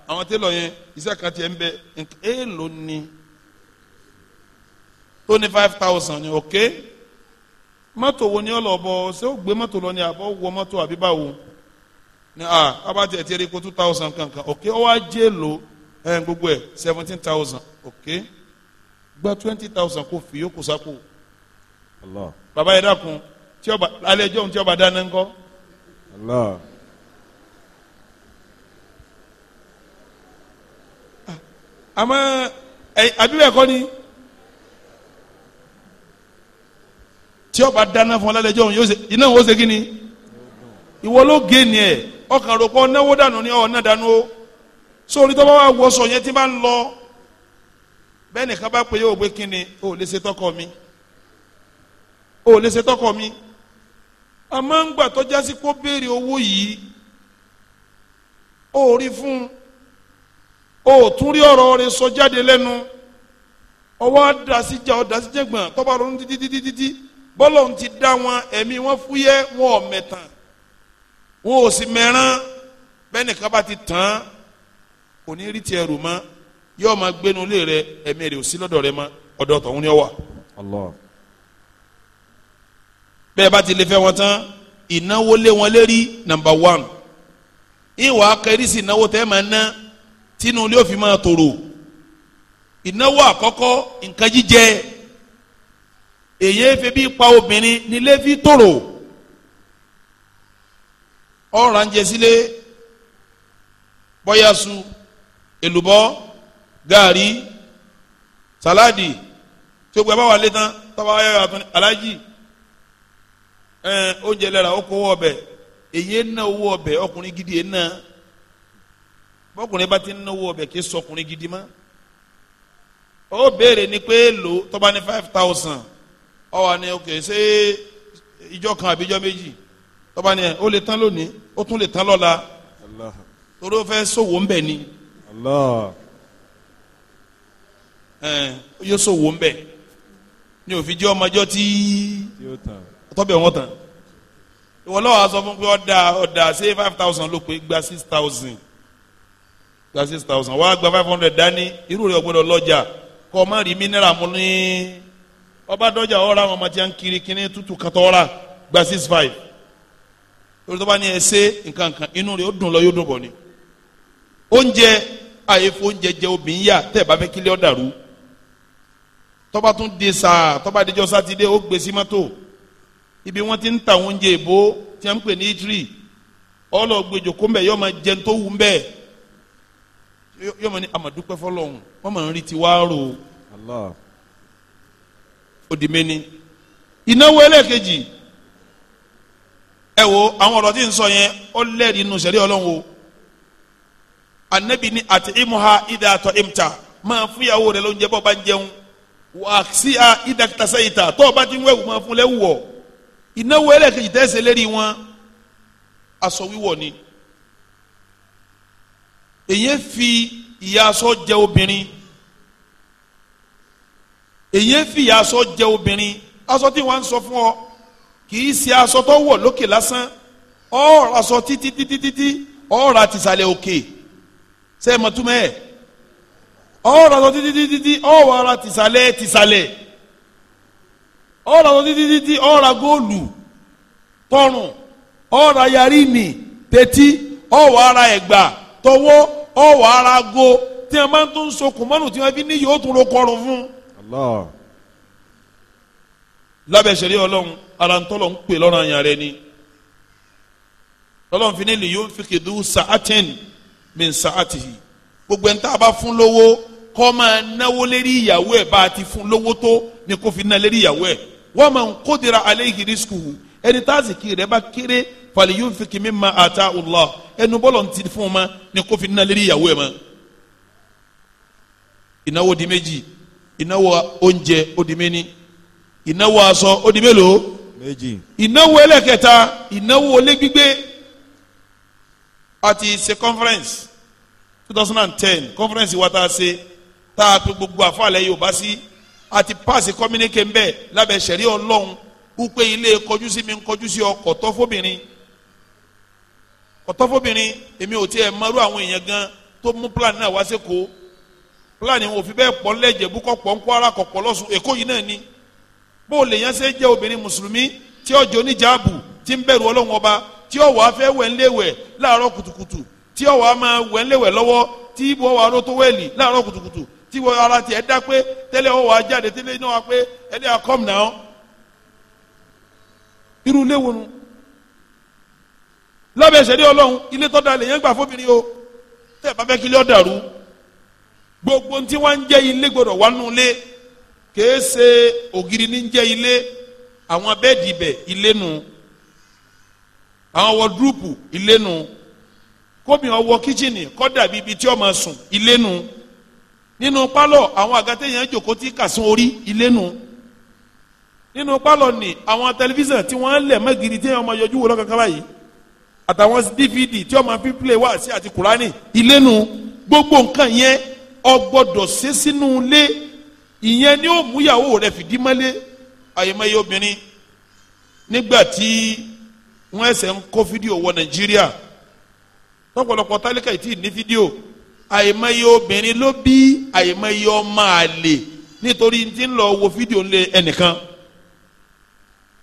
àwọn télọ̀ yẹn iṣẹ́ kan tiẹ̀ ń bẹ ẹ ló ni tó ní five thousand ni òkè. Okay? mọ́tò wo ni ọ lọ bọ ṣé ó gbé mọ́tò lọ ni àbọ̀ wọ mọ́tò àbí báwo ni a abájẹ ẹ̀ ti rí kó two thousand kankan òkè ọ wá jẹ́ lò ẹ̀ gbogbo ẹ̀ seventeen thousand òkè gba twenty thousand kó fi yókù sáko. bàbá yẹn dákun tí ọba alẹ́ ẹjọ́ ohun tí ọba dáná ńkọ́. àmọ́ àbí bẹ́ẹ̀ kọ́ ni. tí ọba dáná fún ọlálẹ́jọ́ òun yóò ṣe iná òun ó ṣe kíni ìwọ ló gé ni ẹ ọkàn rò pọ̀ náwó dànù ni ọ̀nà dànù o sórí tó bá wà wọṣọ yẹn tí bá ń lọ bẹ́ẹ̀ nìkan bá pè é òwe kíni ò lè ṣe tọkọ mi ò lè ṣe tọkọ mi àmọ́ ń gbà tó jásí kó béèrè owó yìí ó rí fún ó tún rí ọ̀rọ̀ rẹ̀ sọ jáde lẹ́nu ọwọ́ àdásíjà ọ̀dásíjẹ̀gbọ̀n tọ́ba ronú títí títí títí bọ́lọ́hún ti dá wọn ẹ̀mí wọn fúyẹ́ wọn ò mẹ̀tàn wọn ò sì mẹ̀ràn bẹ́nìkan bá ti tàn kò ní rí tiẹ̀ rò mọ́ yóò máa gbénu lé rẹ ẹ̀mí rẹ ò sí lọ́dọ̀ rẹ mọ́ ọ̀dọ̀ tọ̀hún ni ọ wà. Allah. bẹ́ẹ̀ bá ti lè fẹ́ wọn tán ìnáwó lé wọn lérí nàmbà wán ìwà akẹ́rìsì ìnáwó tẹ́ máa ná tínú ilé òfin máa tòrò ìnáwó àkọ́kọ́ nǹkan jíjẹ èyàn efe bí pa obìnrin ni lẹ́fí tòrò ọ̀ràn èlùbọ́ o bá wà lé tán tọ́ba ayọ̀ àtúnni aláàjì oúnjẹ lẹ́ra ó kó owó ọbẹ̀ èyí owó gidi bọ́kùnrin bá ti owó gidi mọ́ ó béèrè ni pé lò tọ́ba ni five ọwọ ni ok ṣé ìjọ kan àbí ìjọ méjì tọba ni ó lè tán lónìí ó tún lè tán lọ́la torí ó fẹ́ sòwò ń ni ẹ yóò sòwò ń bẹ̀ ni òfin jẹ́ ọmọjọ́ tí tọ́bẹ̀ wọn tán ìwọ lọ́wọ́ aṣọ fún pé ọ̀dà ọ̀dà ṣé five thousand ló pé gba six thousand gba six thousand wàá gba five hundred dání irú rẹ̀ ọ̀gbọ́dọ̀ lọ́jà kọ́ ọ má rí mineral mu ní ọba dọjà ọra àwọn ọmọ ń kiri kíní tútù katọ́ra gba six five lórí tó bá ní ẹ ṣe nǹkan kan inú rẹ ó dùn lọ yóò dùn bọ̀ ni oúnjẹ àyèfó oúnjẹ jẹ obìnrin yà tẹ́ ẹ bá fẹ́ kílẹ̀ ọ́ dàrú tọ́ba tún di sáà tọ́ba dijọ́ sátidé ó gbé sí mọ́tò ibi wọ́n ti ń ta oúnjẹ èbó tí a ń pè ní itri ọlọ́gbẹ́jọ kó mbẹ́ yọ ma jẹun tó wù mbẹ́ yọ ma ní amadupẹ́ fọlọ́hún wọ́n ma ń rí tiwa Allah odi méní ìnáwó ẹlẹ́ẹ̀kejì ẹ wo àwọn ọ̀rọ̀ tí ń sọ yẹn ó lẹ́ẹ̀rí inú sẹ́rí ọlọ́run o anabi ni àti imuha ida tọ imta máa fún ìyàwó rẹ lóúnjẹ bọ́ bá ń jẹun wà sí a ida tasa ìta tó o bá ti ń wẹ̀wù máa fún lẹ́wù wọ̀ ìnáwó ẹlẹ́ẹ̀kejì tẹ́sẹ̀ lérí wọn aṣọ wíwọ̀ ni èyí fi ìyá aṣọ jẹ obìnrin èyí fi aṣọ jẹ obìnrin aṣọ tí wọ́n ń sọ fún ọ kì í ṣe aṣọ tó wọ̀ lókè lásán ọ aṣọ títí títí títí ọ ra tìsàlẹ̀ òkè ṣe é mọ̀túmọ̀ ẹ̀ ọ ra aṣọ títí títí títí ọ wà ra tìsàlẹ̀ tìsàlẹ̀ ọ ra aṣọ títí títí ọ ra góòlù tọrùn ọ ra yarí nì tẹ́tí ọ wà ra ẹ̀gbà tọwọ́ ọ wà ra go tí wọ́n máa ń tún sokùn mọ́nù tí wọ́n fi ní yòó tún ro kọrùn fún un lábẹ́ sẹ̀rí ọlọ́run ara ń tọ́lọ̀ ń pè lọ́rọ̀ àyàn rẹ ni tọ́lọ́run fi ní lìyó fìkìdú sàátìn mi sàátìhì gbogbo ẹ̀ ń tá a bá fún lówó kọ́ máa náwó lérí ìyàwó ẹ̀ bá a ti fún lówó tó ni kò fi ná lérí ìyàwó ẹ̀ wọ́n máa ń kódira alayhi riskuhu ẹni tásìkì rẹ̀ bá kéré fàlẹ́ yóò fi kìmí ma ata Allah ẹnu bọ́lọ̀ ti fún ọ ma ni kò fi ná lérí ìyàwó ẹ̀ ma ìnáwó di méjì ìnáwó oúnjẹ ó di méní ìnáwó aṣọ ó di mélòó méjì ìnáwó ẹlẹ́kẹta ìnáwó olé àti ṣe conference two thousand and ten conference wa ta ṣe tá a pe gbogbo àfàlẹ́ Yorùbá sí àti paasi communique ń bẹ̀ lábẹ́ sẹ̀rí ọlọ́run wípé ilé kọjú sí mi ń kọjú sí ọkọ̀ tọ́fóbìnrin ọ̀tọ́fóbìnrin èmi ò tiẹ̀ mọ́rú àwọn èèyàn gan tó mú plan náà wá sí kó fúlàní wọn ò fi bẹ́ẹ̀ pọ̀ ńlẹ̀ jẹ̀bú kọ́ pọ̀ lọ́sùn náà ni bó o lè yan jẹ́ obìnrin mùsùlùmí tí ó jọ níjàbù tí ń bẹ̀rù ọlọ́run ọba tí ó wà tí máa wẹ̀ lọ́wọ́ tó ara pé jáde iná wa pé ẹni kɔm come now irú ilé nu lábẹ́ ìṣẹ̀lẹ̀ ọlọ́run ilé lè o gbogbo ntí wọn ń jẹ ilé gbọ́dọ̀ wà nù lé kèé ṣe ògiri ní ń jẹ ilé àwọn bẹ́ẹ̀dì bẹ ilé nu àwọn wọdúrúpù ilé nu kómi ọwọ kíchìnì kódà bíi ibi tí ọmọ sùn ilé nu nínú pálọ̀ àwọn àgàtẹ yẹn jòkó tí kàsún orí ilé nu nínú pálọ̀ ni àwọn tẹlifíṣàn tí wọ́n lẹ̀ mẹ́gìrì tí ọmọ yọjú wò lọ́kàn kábàá yìí àtàwọn dvd tí ọmọ fi play wá sí àti kùránì ilé nu gbogbo nǹkan yẹn ọgbọ́dọ̀ ṣe sínú ilé ìyẹn ni ó mú ìyàwó rẹ̀ fìdí mọ́lé àyèmáyé obìnrin nígbà tí wọ́n ẹsẹ̀ ń kó fídíò wọ nàìjíríà lọ́pọ̀lọpọ̀ tálíkà yìí tí ní fídíò àyèmáyé obìnrin ló bí àyèmáyé ọmọ àlè nítorí tí ń lọ wo fídíò ńlẹ ẹnìkan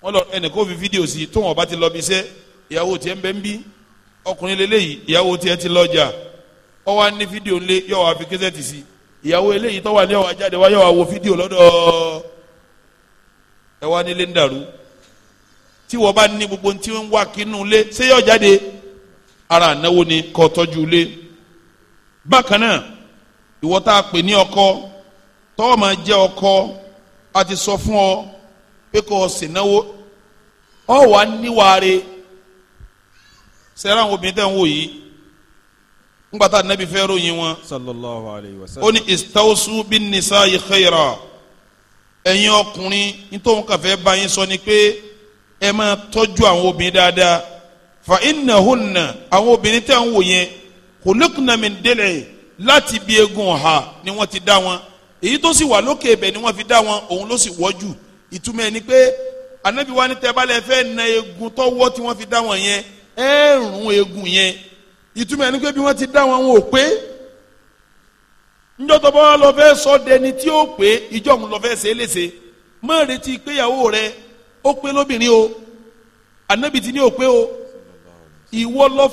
wọ́n lọ ẹnìkan fi fídíò sí tó wọn bá ti lọ bí iṣẹ́ ìyàwó tiẹ̀ ń bẹ ń bí ọkùnrin lélẹ́yìí ìyàwó tiẹ̀ ti lọ jà ọwọ́ á ní fídíò ńlẹ̀ yọ wá fi késẹ́tì sí ìyàwó eléyìí tó wà ní ọwọ́ ajáde wá yọ wá wo fídíò lọ́dọ̀ ẹ wá nílé ń dàrú tí wọ́n bá ní gbogbo tí ń wá kínú lé ṣé yọ jáde ara ànáwó ni kọ́ tọ́jú lé bákan náà ìwọ tá a pè ní ọkọ tọ́wọ́ máa jẹ́ ọkọ a ti sọ fún ọ pé kò sì náwó ọ wà níwàá re sẹ́ra àwọn ń wò yìí ngbata nabi fẹ́ ròyìn wọn. sallallahu alayhi wa sallam. ó ní istawusu bin nisa'i khayra ẹ̀yin ọkùnrin nítorí wọn kàfẹ́ bá yín sọ ni pé ẹ máa tọ́jú àwọn obìnrin dáadáa fa innahunna àwọn obìnrin tẹ̀ ń wò yẹn khuliqna min dil'i láti bí egun ọ̀hà ni wọ́n ti dá wọn èyí tó sì wà lókè ibẹ̀ ni wọ́n fi dá wọn òun ló sì wọ́jú ìtumọ̀ ẹ̀ ni pé anabi tẹ́ bá fẹ́ na egun tọ́wọ́ tí wọ́n fi dá wọn yẹn ẹ̀ rún egun yẹn ìtumọ̀ ẹni pé bí wọ́n ti dá wọn wọn ò pé njọ́tọ̀ bá lọ fẹ́ sọ dẹni tí ó pé ìjọ òun lọ ṣe é léṣe má retí péyàwó rẹ ó pé lóbìnrin o ànábì ti ní ò pé o ìwọ lọ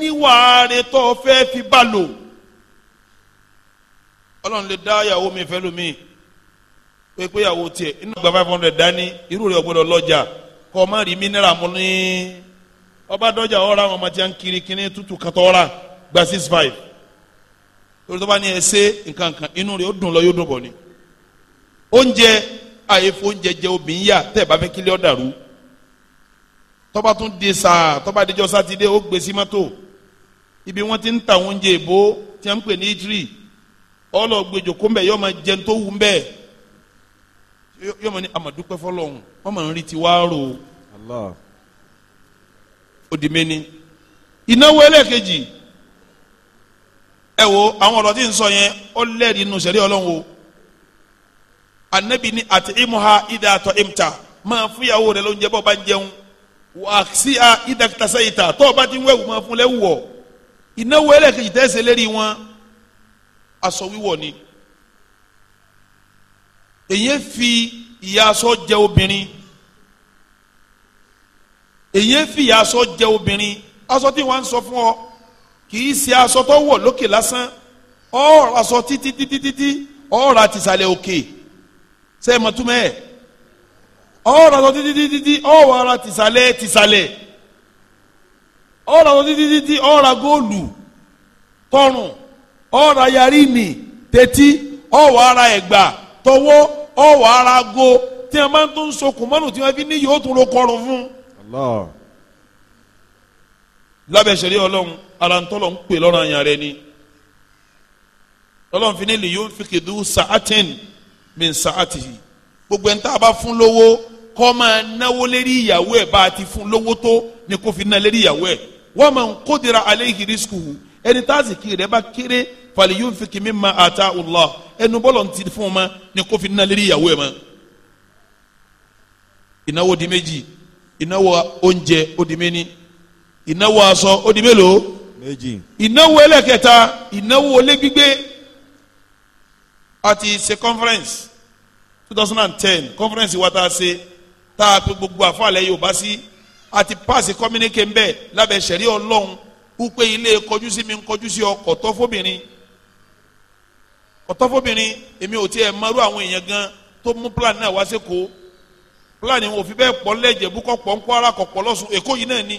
níwà rẹ fẹ́ fi bá lò ọlọ́run lè dá mi fẹ́ lómi pé péyàwó tiẹ̀ inú ọba dọjà ọra àwọn ọmọ tí a ń kiri kíní tútù katọ ọra gba six five torí tó ẹsẹ nkankan inú rẹ̀ ó dùn lọ yóò dùn ni oúnjẹ àyèfó oúnjẹ jẹ obìnrin yà tẹ bá fẹ́ kílẹ ọ tọba tún di sa tọba adijọ sátidé ó ibi wọ́n ti ń ta oúnjẹ èbó tí ń pè ní yọọ jẹun tó wù mbẹ yọọ ní òdì mẹ́ni ìnáwó ẹlẹ́ẹ̀kejì ẹ wo àwọn ọ̀rọ̀ tí ń sọ yẹn ó inú sẹ̀rí ọlọ́run anabi ni àti imuha ida àtọ̀ imta máa fún ìyàwó rẹ lóúnjẹ bọ́ọ̀ bá ń jẹun wà sí a ida tasa ìta tọ́ọ̀ bá ti ń wẹ̀wù máa fún lẹ́wù wọ̀ ìnáwó ẹlẹ́ẹ̀kejì tẹ́sẹ̀ lérí wọn aṣọ wíwọ̀ ni èyí fi ìyá aṣọ jẹ obìnrin èyí fi aṣọ jẹ obìnrin aṣọ tí wọ́n ń sọ fún ọ kì í ṣe aṣọ tó wọ̀ lókè lásán ọ aṣọ títí títí títí ọ ra tìsàlẹ̀ òkè ṣe é mọ̀túmọ̀ ẹ̀ ọ ra aṣọ títí títí títí ọ wà ra tìsàlẹ̀ tìsàlẹ̀ ọ ra aṣọ títí títí ọ ra góòlù tọrùn ọ ra yarí nì tẹ́tí ọ wà ra ẹ̀gbà tọwọ́ ọ wà ra go tí a máa ń tó ń sokùn mọ́nù tí wọ́n fi ní yóò tún ro kọrùn fún un lábẹ́ sẹ́rí ọlọ́run ara ńtọ́lọ́ ń pè lọ́rọ̀ àyàn rẹ ni ọlọ́run fi ní lè yóò fi kìdú sa'atin min sa'atihi gbogbo ẹni tá a bá fún lówó kó máa náwó lérí ìyàwó ẹ̀ bá a ti fún lówó tó ni kó fi ná lérí ìyàwó ẹ̀ wa man qudira alayhi rizquhu ẹni tá a sì kiri rẹ bá kéré fali yóò fi kì mimma ata Allah ẹnu bọ́lọ̀ ti fún ọ ma ni kó fi ná lérí ìyàwó ẹ̀ ma ìnáwó di méjì ìnáwó oúnjẹ ó di méní ìnáwó aṣọ ó di mélòó méjì ìnáwó ẹlẹ́kẹta ìnáwó ilé gbígbé àti ṣe conference two thousand and ten conference wa ta ṣe tá a pe gbogbo àfàlẹ́ yorùbá sí àti paasi communique ń bẹ̀ lábẹ́ sẹ̀rí ọlọ́run wípé ilé kọjú sí mi ń kọjú sí ọkọ̀ tọ́ fóbìnrin èmi ò tiẹ̀ mọ́rú àwọn èèyàn gan tó mú plan náà wá sí kó fúlàní wọn ò fi bẹ́ẹ̀ pọ̀ lẹ́jẹ̀ bú pọ̀ ń kọ́ ara kọ̀ pọ̀ lọ́sùn èkó yìí náà ni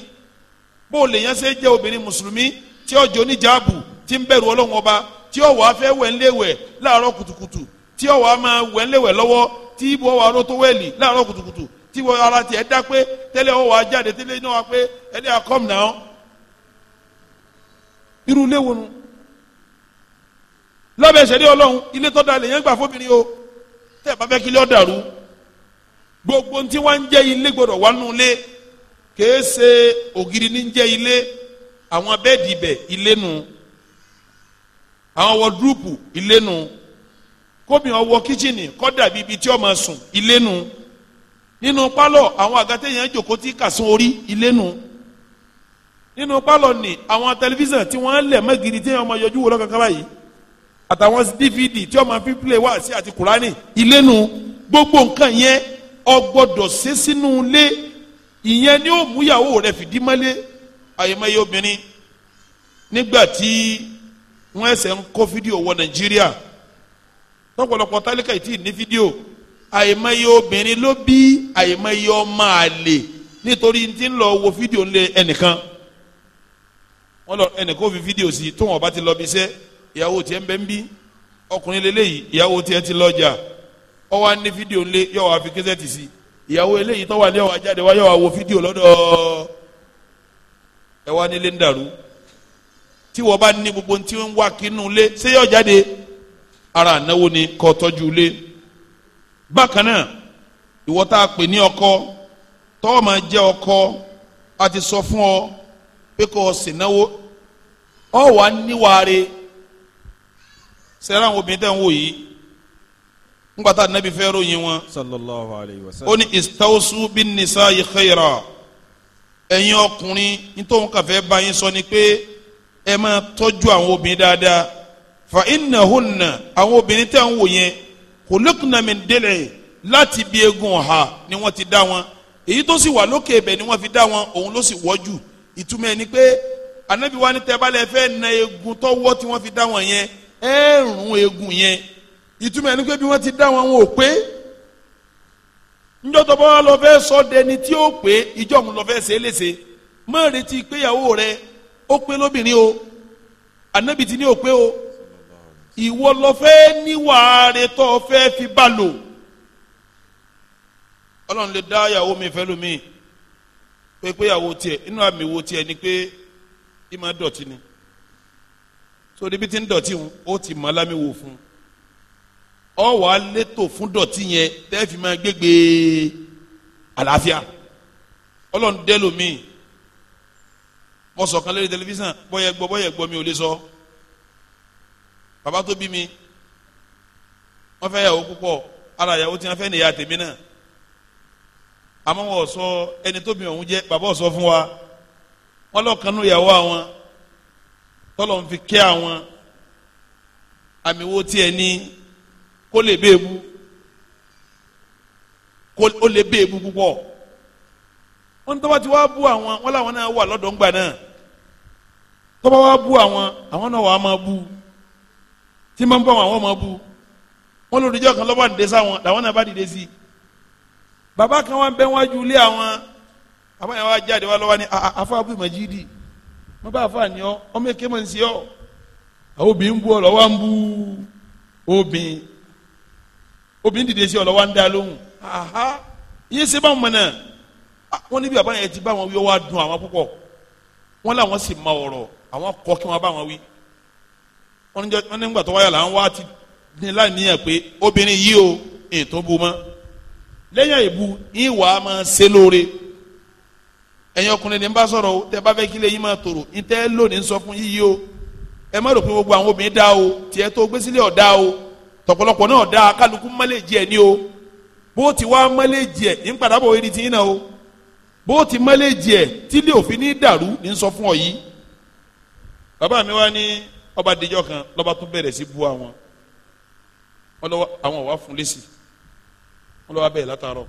bó lè yẹn ṣe jẹ́ obìnrin mùsùlùmí tí ó jẹ́ oníjàábù tí ń bẹ̀rù ọlọ́run ọba tí ó wàá fẹ́ láàárọ̀ kùtùkùtù tí máa wẹ̀ lọ́wọ́ tí wa pé ẹni à irú nu ọlọ́run ilé lè yẹn gbogbo ntí wọn ń jẹ ilé gbọ́dọ̀ wà nù lé kèé ògiri ní jẹ ilé àwọn bẹ́ẹ̀dì ibẹ̀ ilé nù. àwọn wọ wọdúrúpù ilé nu kómi ọwọ kíchìnì kódà bíi ibi tí ọmọ sùn ilé nù. nínú pálọ̀ àwọn àgàtẹ yẹn jòkó tí kàsún orí ilé nù. nínú pálọ̀ ni àwọn tẹlifíṣàn tí wọ́n lẹ̀ mẹ́gìrì tí ọmọ yọjú wò lọ́kàn kábàáyé àtàwọn dvd tí ọmọ fi play wá sí àti kùránì ilé nù gbogbo nǹkan yẹn ọgbọ́dọ̀ ṣe sínú ilé ìyẹn ni ó mú ìyàwó rẹ̀ fìdí mọ́lé àyèmáyé obìnrin nígbà tí wọ́n ẹsẹ̀ ń kó fídíò wọ nàìjíríà lọ́pọ̀lọpọ̀ tálíkà yìí tí ní fídíò àyèmáyé obìnrin ló bí àyèmáyé ọmọ àlè nítorí tí ń lọ wo fídíò ńlẹ ẹnìkan wọ́n lọ ẹnìkan fi fídíò sí tóun ọba ti lọ bí iṣẹ́ ìyàwó tiẹ̀ ń bẹ ń bí ọkùnrin lélẹ́yìí ìyàwó tiẹ̀ ti lọ jà. Ja ọ wá ní fídíò ńlẹ yọ wá fi kẹsẹtì sí ìyàwó eléyìí tó wà ní ọwọ ajáde wá yọ wá fídíò lọ́dọ̀ ẹ wá nílé ń dàrú tí wọ́n bá ní gbogbo tí ń wá kínú lé ṣé yọ jáde ara ànáwó ni kọ́ tọ́jú lé bákan náà ìwọ tá a pè ní ọkọ tọ́wọ́ máa jẹ́ ọkọ a ti sọ fún ọ pé kó sì náwó ọ wà níwàá re sẹ́ra àwọn ń wò yìí ngbata nabi fẹ́ ròyìn wọn. sallallahu alayhi wa sallam. ó ní istawsu bin nisa'i khayra ẹ̀yin ọkùnrin nítorí kàfẹ́ báyìí sọ ni pé ẹ máa tọ́jú àwọn obìnrin dáadáa fa innahunna àwọn obìnrin tẹ̀ ń wò yẹn khuluqna min délẹ̀ láti bí egun ọ̀ha ni wọ́n ti dá wọn èyí tó sì wà lókè ibẹ̀ ni wọ́n fi dá wọn òun ló sì wọ́jú ìtumọ̀ ẹ̀ ni pé anabi tẹ́ bá fẹ́ na egun tọ́wọ́ tí wọ́n fi dá wọn yẹn ẹ̀ẹ́rùn egun yẹn ìtumọ̀ ẹni pé bí wọ́n ti dá wọn wọn ò pé njọ́tọ̀ bá lọ fẹ́ sọ dẹni tí ó pé ìjọ òun lọ fẹ́ ṣe é léṣe retí rẹ ó pé lóbìnrin o ànábì ti ní ò pé o ìwọ lọ fẹ́ níwà rẹ fẹ́ fi bá lò ọlọ́run lè dá ìyàwó mi fẹ́ lómi pé so ń dọ̀tí ti mọ̀ fún ọ wàá létò fún dọ̀tí yẹn tẹ́ẹ̀fì máa gbégbé àlàáfíà ọlọ́run dẹ́lò mi mo sọ kan lórí tẹlifíṣàn bọ́yẹ gbọ́ bọ́yẹ gbọ́ mi ò lè sọ bàbá tó bí mi wọ́n fẹ́ yàwó púpọ̀ ara yàwó tí wọ́n fẹ́ nìyà tèmi náà àmọ́ wọ́n sọ ẹni tó bí òun jẹ́ bàbá sọ fún wa wọ́n lọ́ọ̀kanú ìyàwó àwọn tọ́lọ̀ ń fi kẹ́ àwọn àmì wo tiẹ̀ ní kó lè bẹ́ẹ̀ mu kó lè bẹ́ẹ̀ mu púpọ̀ wọ́n ní tọ́ba ti wá bú àwọn wọ́n làwọn náà wà lọ́dọ̀ ńgbà náà tọ́ba wá bú àwọn àwọn náà wà á máa bú tí máa ń bọ̀ àwọn máa bú wọ́n lòdì jọ́ kan lọ́ba dìde sáwọn làwọn náà bá dìde sí i bàbá kan wá ń bẹ́ wájú ilé àwọn àbáyọ̀ wá jáde wá lọ́wọ́ ni àfa abúlé màjídì mo bá àfa ni ọmọ èké mọ̀ ń ọ àwọn obìnrin ń ọ lọ́wọ́ ń bú obìnrin obìnrin dìde sí ọlọ́wọ́ ń dá lóhùn aha iye ṣe bá wọn mọ̀ náà ah, wọ́n níbi àbáyọ ẹ̀ ti bá wọn wí ọwọ́ adùn àwọn púpọ̀ wọ́n làwọn sì ma ọ̀rọ̀ àwọn kọ́ kí wọ́n bá wọn wí wọ́n nígbà tó wáyà làwọn wá ti ní láníyàn pé obìnrin yìí o ètò bu mọ́ lẹ́yìn ìbu ìwà máa ṣe lóore ẹ̀yin ọkùnrin ní n bá sọ̀rọ̀ o tẹ́ bá fẹ́ kí yín máa tòrò ní tẹ́ lónìí sọ fún yíyí o ẹ má rò pé gbogbo àwọn obìnrin dá o tiẹ̀ tó gbésílẹ̀ ọ̀ dá o tọ̀pọ̀lọpọ̀ náà da kálukú mọ́lẹ́jì ẹ̀ ní o bó ti wá mọ́lẹ́jì ẹ̀ ní padà bọ̀ ẹni tí ń nà o bó ti mọ́lẹ́jì ẹ̀ tílé òfin ní dàrú ní sọ fún ọ yìí. bàbá mi wá ní ọba àdìjọ kan lọ́ba tó bẹ̀rẹ̀ sí bu àwọn wọn lọ́wọ́ àwọn wà fún lẹ́sì wọn lọ́wọ́ bẹ́ẹ̀ látàárọ̀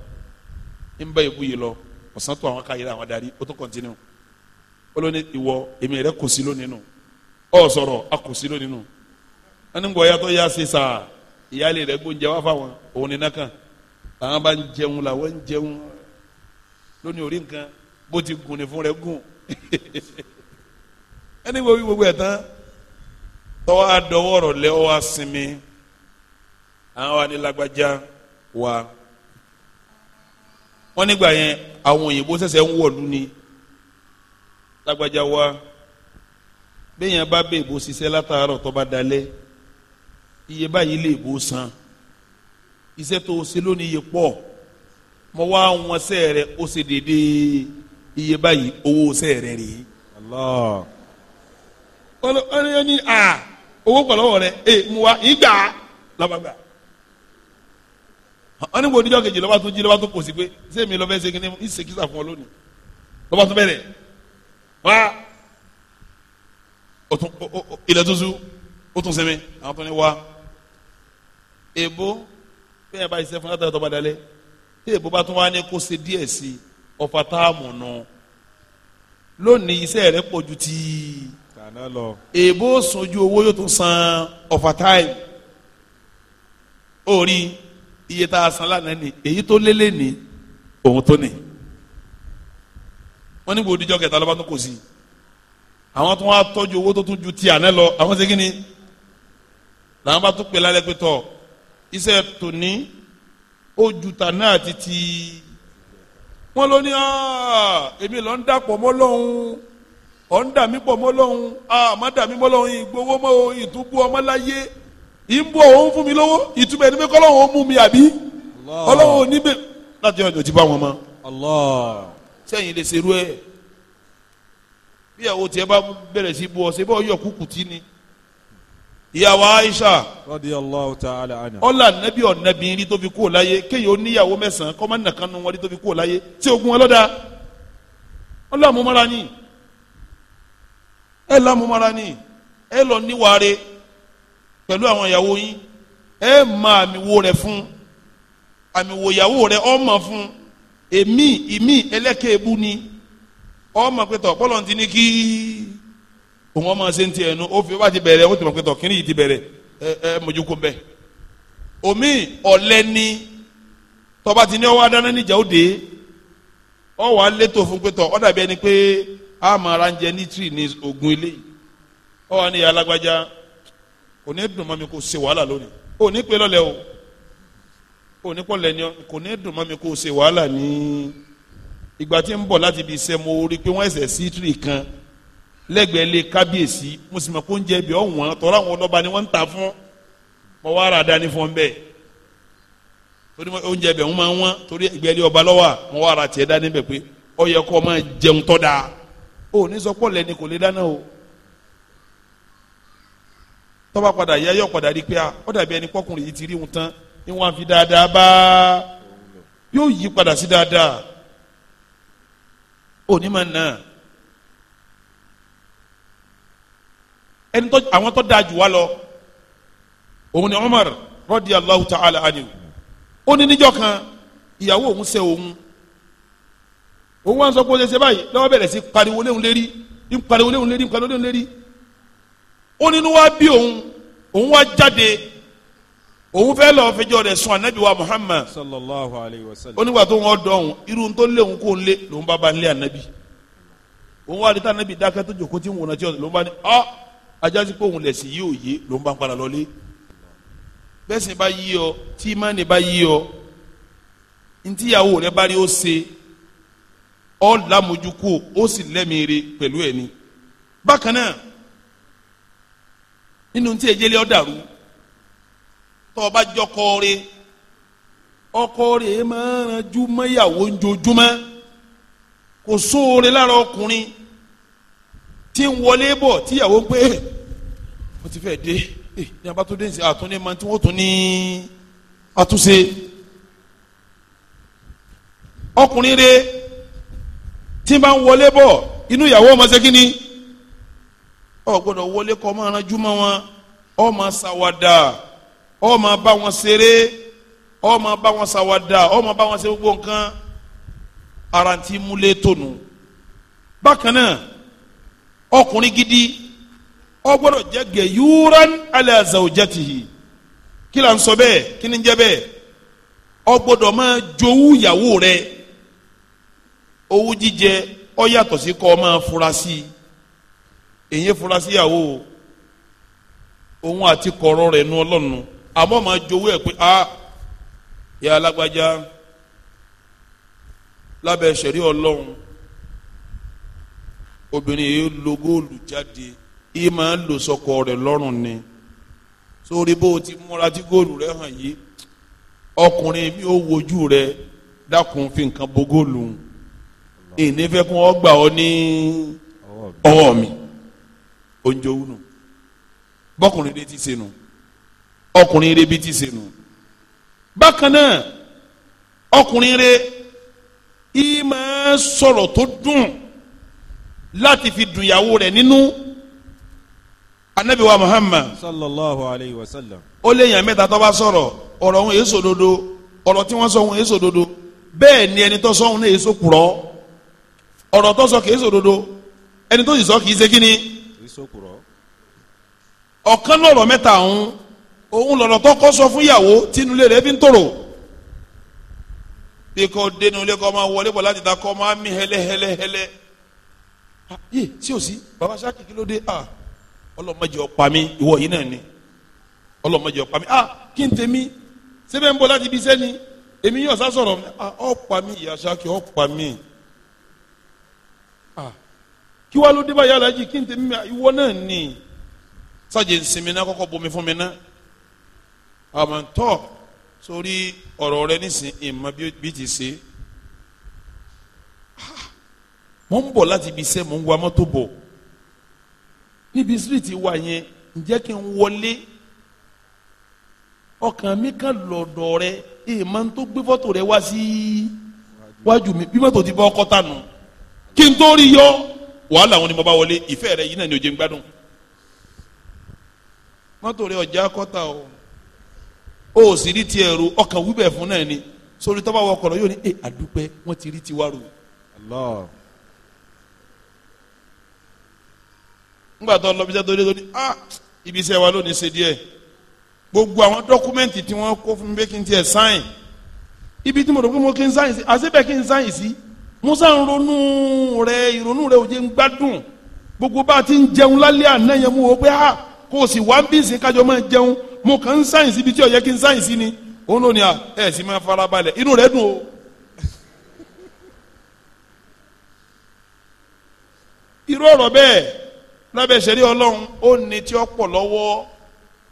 ń bá ìbú yìí lọ ọ̀sán tó àwọn káyìí àwọn darí ó tó kọ́ntínú ó ló ní ìwọ èmi rẹ kò sí lónìí nù ọ̀ sọ̀rọ̀ a kò sí lónìí nù ẹni gbọ́ yàtọ̀ yà sí sáà ìyáálé rẹ̀ gbóúnjẹ wá fáwọn òun nínú kan àwọn bá ń jẹun làwọn ń jẹun lónìí orí nǹkan bó ti gùn ní fún rẹ̀ gùn ẹni gbogbo gbogbo ẹ̀ tán tọ́wọ́ àdọ́wọ́rọ̀ lẹ́wọ́ àsinmi àwọn anilagbadza wa wọ́n nígbà yẹn àwọn òyìnbó ṣẹ̀ṣẹ̀ ń wọ̀lú ni lágbadza wa bẹ́ẹ̀ yẹn bá bẹ́ẹ̀ bó ṣiṣẹ́ látàárọ̀ tó bá dalẹ́ iye báyìí lè bó san iṣẹ́ tó o ṣe lónìí yẹ pọ̀ mo wá wọn sẹ́ rẹ ó ṣe déédéé iye báyìí owó sẹ́ rẹ rèé. ọlọ́ọ̀ ni a owó pẹ̀lú ọ̀rọ̀ rẹ ẹ mu wa ìgbà lọ́gbàgbà wọ́n ní kò díjọ́ kejì lọ́ba tó jí lọ́ba tó kò sí pé ṣé mi lọ́ba ẹ̀ṣẹ̀ kìíní ìṣe kìsà fún ọ lónìí lọ́ba tó bẹ̀rẹ̀ wá ilẹ̀ tó sú ó tún sẹ́mi àwọn tó ní wá èbó bẹ́ẹ̀ bá ṣiṣẹ́ fún látàrí tọ́ba dalẹ̀ tí èbó bá tún wá ní kó ṣe díẹ̀ sí ọ̀fà táàmù nù lónìí iṣẹ́ rẹ̀ pọ̀ ju ti èbó sojú owó yóò tún san ọ̀fà táàmù orí iye tá a san lánàá ni èyí tó lélé ni òun tó ni wọ́n ní gbòdìjọ́ kẹta lọ́ba tó kò sí àwọn tó wá tọ́jú owó tó tún ju ti àná lọ àwọn ṣe ni làwọn bá tún pè lálẹ́ pé tọ́ iṣẹ́ tòní ojú tàná àti ti wọn ló ní èmi lọ ń dàpọ̀ mọ́ lọ́hùn ọ̀ ń dà mí pọ̀ mọ́ lọ́hùn àmọ́ dà mí mọ́ lọ́hùn ìgbowó mọ́ o ìtúbú ọmọ láyé ìbú òun fún mi lówó ìtumọ̀ ẹni pé kọ́lọ́hùn mú mi àbí ọlọ́hùn ò ní bẹ́ẹ̀ láti ọjọ́ ti bá wọn mọ́. sẹ́yìn lè ṣerú ẹ̀ bí àwọn tiẹ̀ bá bẹ̀rẹ̀ sí bu ọ̀sẹ̀ bọ́ọ̀ yọ̀ kúkú tí ni ìyàwó aisha radiyallahu ta'ala anha. ọ̀la nẹ́bí ọ̀nẹ́bí rí tó fi kú ò láyé kéèyàn oníyàwó mẹ́sàn-án kọ́ máa nàkan nu wọn rí tó fi kú ò tí ogun ọlọ́dà ọ̀la mú ni ẹ̀ la mú mara ni ẹ̀ lọ níwàre pẹ̀lú àwọn ìyàwó yín ẹ̀ mọ àmì wo rẹ̀ fún àmì wo ìyàwó rẹ̀ ọmọ fún èmi ìmí ẹlẹ́kẹ̀ẹ́bù ni ọmọ pẹ̀tọ̀ bọ́lọ̀ ti ní kí. òun ọmọ ṣe ń tiẹ̀ ó fi wá ti bẹ̀rẹ̀ ó ti mọ̀ pé tọ̀ yìí ti bẹ̀rẹ̀ ẹ ẹ omi ni tọba ti ní ó ọ wà fún pé tọ̀ ọ dàbí ẹni pé a máa ra ń jẹ ní tírì ní ogun ilé alágbájá kò ní dùn kò wàhálà lónìí ò ní lọ́lẹ̀ o ò ní pọ̀ lẹ́ni lẹ́gbẹ̀ẹ́ lé kábíyèsí mo sì mọ̀ kó ń jẹ ibi ọ̀wọ́n tọ́lá àwọn ọlọ́ba ni wọ́n ń ta fún mọ wá ara dání fún ọ bẹ́ẹ̀ torí oúnjẹ bẹ̀ ń máa wọ́n torí ẹgbẹ́ lé ọba lọ́wọ́ mọ wá ara tiẹ̀ dání bẹ̀ pé ọ yẹ kó o máa jẹun tọ́ da o ní sọ pọ̀ lẹ́ni kò lè dáná o tọ́ba padà yá yọ padà rí pé a ó dàbí ẹni pọ́kùnrin yìí ti rí òun tán ni wọ́n á fi dáadáa bá yóò yí padà sí dáadáa ẹni tó àwọn tó dáa jù wá lọ òun ni Umar radiyallahu ta'ala anhu ó ní níjọ́ kan ìyàwó òun ṣe òun òun wá ń sọ pé ó ṣe ṣe báyìí lọ́wọ́ bẹ̀rẹ̀ sí pariwo lérí ń pariwo léhun lérí ń pariwo léhun lérí bí òun òun wá jáde òun fẹ́ lọ́ọ́ fẹjọ́ rẹ̀ sùn anabi wa Muhammad sallallahu alayhi wa sallam ó nígbà tó wọn dọ̀ irú tó léhun kó lé lòun bá ba lé anabi òun wá rí tá anabi dákẹ́ tó jòkó tí ń wòran tí ó lòun bá ní ọ́ ajásí pé òun lẹ̀sìn yìí ò yé ló ń bá ń padà lọlé bẹ́sìn bá yí ọ tí ìmánì bá yí ọ ntíyàwó rẹ bá rí ó ṣe ọ lámójúkú ó sì lẹ́mìíre pẹ̀lú ẹni bákan náà nínú tí ejele ọ dàrú tọ́ ọ bá jọ kọ́ọ̀rẹ́ ọkọ máa ń ranjú mọ́yàwó ń jojúmọ́ kò sóore lára ọkùnrin tí ń wọlé bọ̀ tíyàwó pé wọ́n ti fẹ́ dé eh, ní abató dé nsí àtúndé mọ tí wọ́n tún ní àtúnṣe ọkùnrin rẹ tí ń bá ń wọlé bọ̀ inú ìyàwó ọmọ ṣe kí ni ọ gbọ́dọ̀ wọlé kọ ọmọ aranjú mọ wọn ọmọ ṣàwàdà ọmọ bá wọn ṣeré ọmọ bá wọn ṣàwàdà ọmọ bá wọn ṣe gbogbo nǹkan ara múlé tónu bákan náà. ọkùnrin gidi ọ gbọ́dọ̀ jẹ́ gẹyúran ala zawjatihi kí la ń sọ bẹ́ẹ̀ kí ni ń jẹ́ ọ máa jowú rẹ̀ owó jíjẹ ọ sí máa fura sí èyí fura sí ìyàwó òun àti kọ̀ọ̀rọ̀ rẹ̀ nu ọlọ́nu àmọ́ máa jowú ẹ̀ pé a ah, yà alágbájá lábẹ́ sẹ̀rí ọlọ́run obìnrin yìí lo góòlù jáde yìí máa ń lo sọkọ rẹ̀ lọ́rùn ni sórí bó o ti múra tí góòlù rẹ̀ hàn yìí ọkùnrin mi ò wojú rẹ̀ dákun fi nǹkan bo góòlù ìní fẹ́ kún ọ gbà ọ ní ọwọ́ mi oúnjẹ òun nù bọ́kùnrin rẹ ti ṣe nù ọkùnrin rẹ bí ti ṣe nù bákan náà ọkùnrin rẹ yìí máa sọ̀rọ̀ tó dùn. láti fi dùnyàwó rẹ̀ nínú muhammad sallallahu alayhi wa sallam ó lé yàn mẹ́ta tó bá sọ̀rọ̀ ọ̀rọ̀ òun èso dodo ọ̀rọ̀ tí wọ́n sọ èso dodo bẹ́ẹ̀ ni ẹni tó sọ òun náà èso kùrọ̀ ọ̀rọ̀ tó sọ kì í sọ dodo ẹni tó sì sọ kì í ṣe kí ni ọ̀kan lọ̀rọ̀ mẹ́ta òun òun lọ̀rọ̀ tó kọ́ sọ fún ìyàwó tínúlé rẹ̀ fi ń tòrò bí kò dénú ilé kọ́ máa wọlé yé sí ò sí baba saki kí ló dé ah ọlọmọdé ọpa mi ìwọ yìí náà ni ọlọmọdé ọpa mi ah kí n tèmi sẹbẹ ń bọ láti ibi sẹni èmi yóò sá sọ̀rọ̀ ah ọpa mi ìyá saki ọpa mi ah kí wàá ló dé báyìí alájí kí n tèmi ah, ìwọ náà ni sàjẹ nsinmi náà kọ́kọ́ bomi fún mi náà ah, àmọ́ ntọ́ sórí ọ̀rọ̀ rẹ nísìnyí ìmọ̀ bí ti ṣe mo ń bọ̀ láti ibi iṣẹ́ mo ń wa mọ́tò bọ̀ níbi síríìtì wa yẹn ǹjẹ́ kí n wọlé ọkàn mi kan lọ́dọ̀ rẹ èyí máa ń tó gbé fọ́tò rẹ wá sí wájú mi bí mọ́tò ti bọ́ ọkọ tànù kí n tó rí yọ wàhálà wọn ni mo bá wọlé ìfẹ́ rẹ yìí náà ni ò jẹ́ ń gbádùn mọ́tò rẹ ọjà kọ́ta o o ò sì rí tiẹ̀ ro ọkàn wíbẹ̀ fún náà ni sórí tọ́ba wọkọ̀ rẹ yóò ní ẹ àdúpẹ́ wọ́n ti rí tiwa Allah ńgbà tó lọ bíṣẹ́ tó dé ah ibi iṣẹ́ wa lónìí ṣe díẹ̀ gbogbo àwọn dọ́kúmẹ́ǹtì tí wọ́n kó fún mi pé kí n tiẹ̀ sáìn ibi tí mo rò pé mo kí n sáìn sí àṣebẹ̀ kí n sáìn sí musa ń ronú rẹ̀ ìrònú rẹ̀ òye ń gbádùn gbogbo bá a ti ń jẹun lálẹ́ àná yẹn mo wò pé ah kò sì wá bí ìsìn kájọ máa jẹun mo kàn ń sáìn sí ibi tí ó kí n sáìn sí ni òun ló ní à ah, ẹ̀ sì máa farabalẹ̀ inú rẹ̀ dùn o. irú ọ̀rọ̀ bẹ́ẹ̀ lábẹ́ ìṣẹ̀rí ọlọ́run ó ní tí ó pọ̀ lọ́wọ́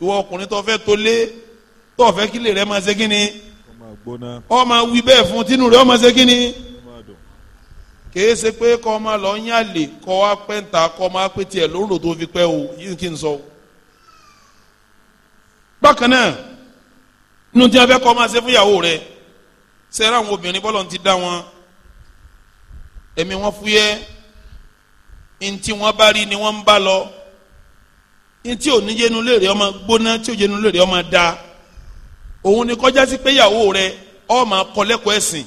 ìwọ ọkùnrin tó fẹ́ tó lé tó fẹ́ kí lè rẹ máa ṣe kí ni ó máa wí bẹ́ẹ̀ fún tínú rẹ ó máa ṣe kí ni kìí ṣe pé kọ́ ọ máa lọ ń yàlè kọ́ wa pẹ́ ń kọ́ ọ máa pé tiẹ̀ lóńdò tó fi pẹ́ o yìí kí n sọ bákan náà inú tí a fẹ́ kọ́ ọ máa ṣe fún ìyàwó rẹ sẹ́ra àwọn obìnrin bọ́lọ̀ ti dá wọn ẹ̀mí wọn fúyẹ́ ntí wọ́n bá rí ni wọ́n ń bá lọ ntí ò ní yẹnu ọmọ gbóná tí ò yẹnu léèrè ọmọ da òun ni kọjá sí pé ìyàwó rẹ ọ máa kọ́ lẹ́kọ̀ọ́ ẹ̀sìn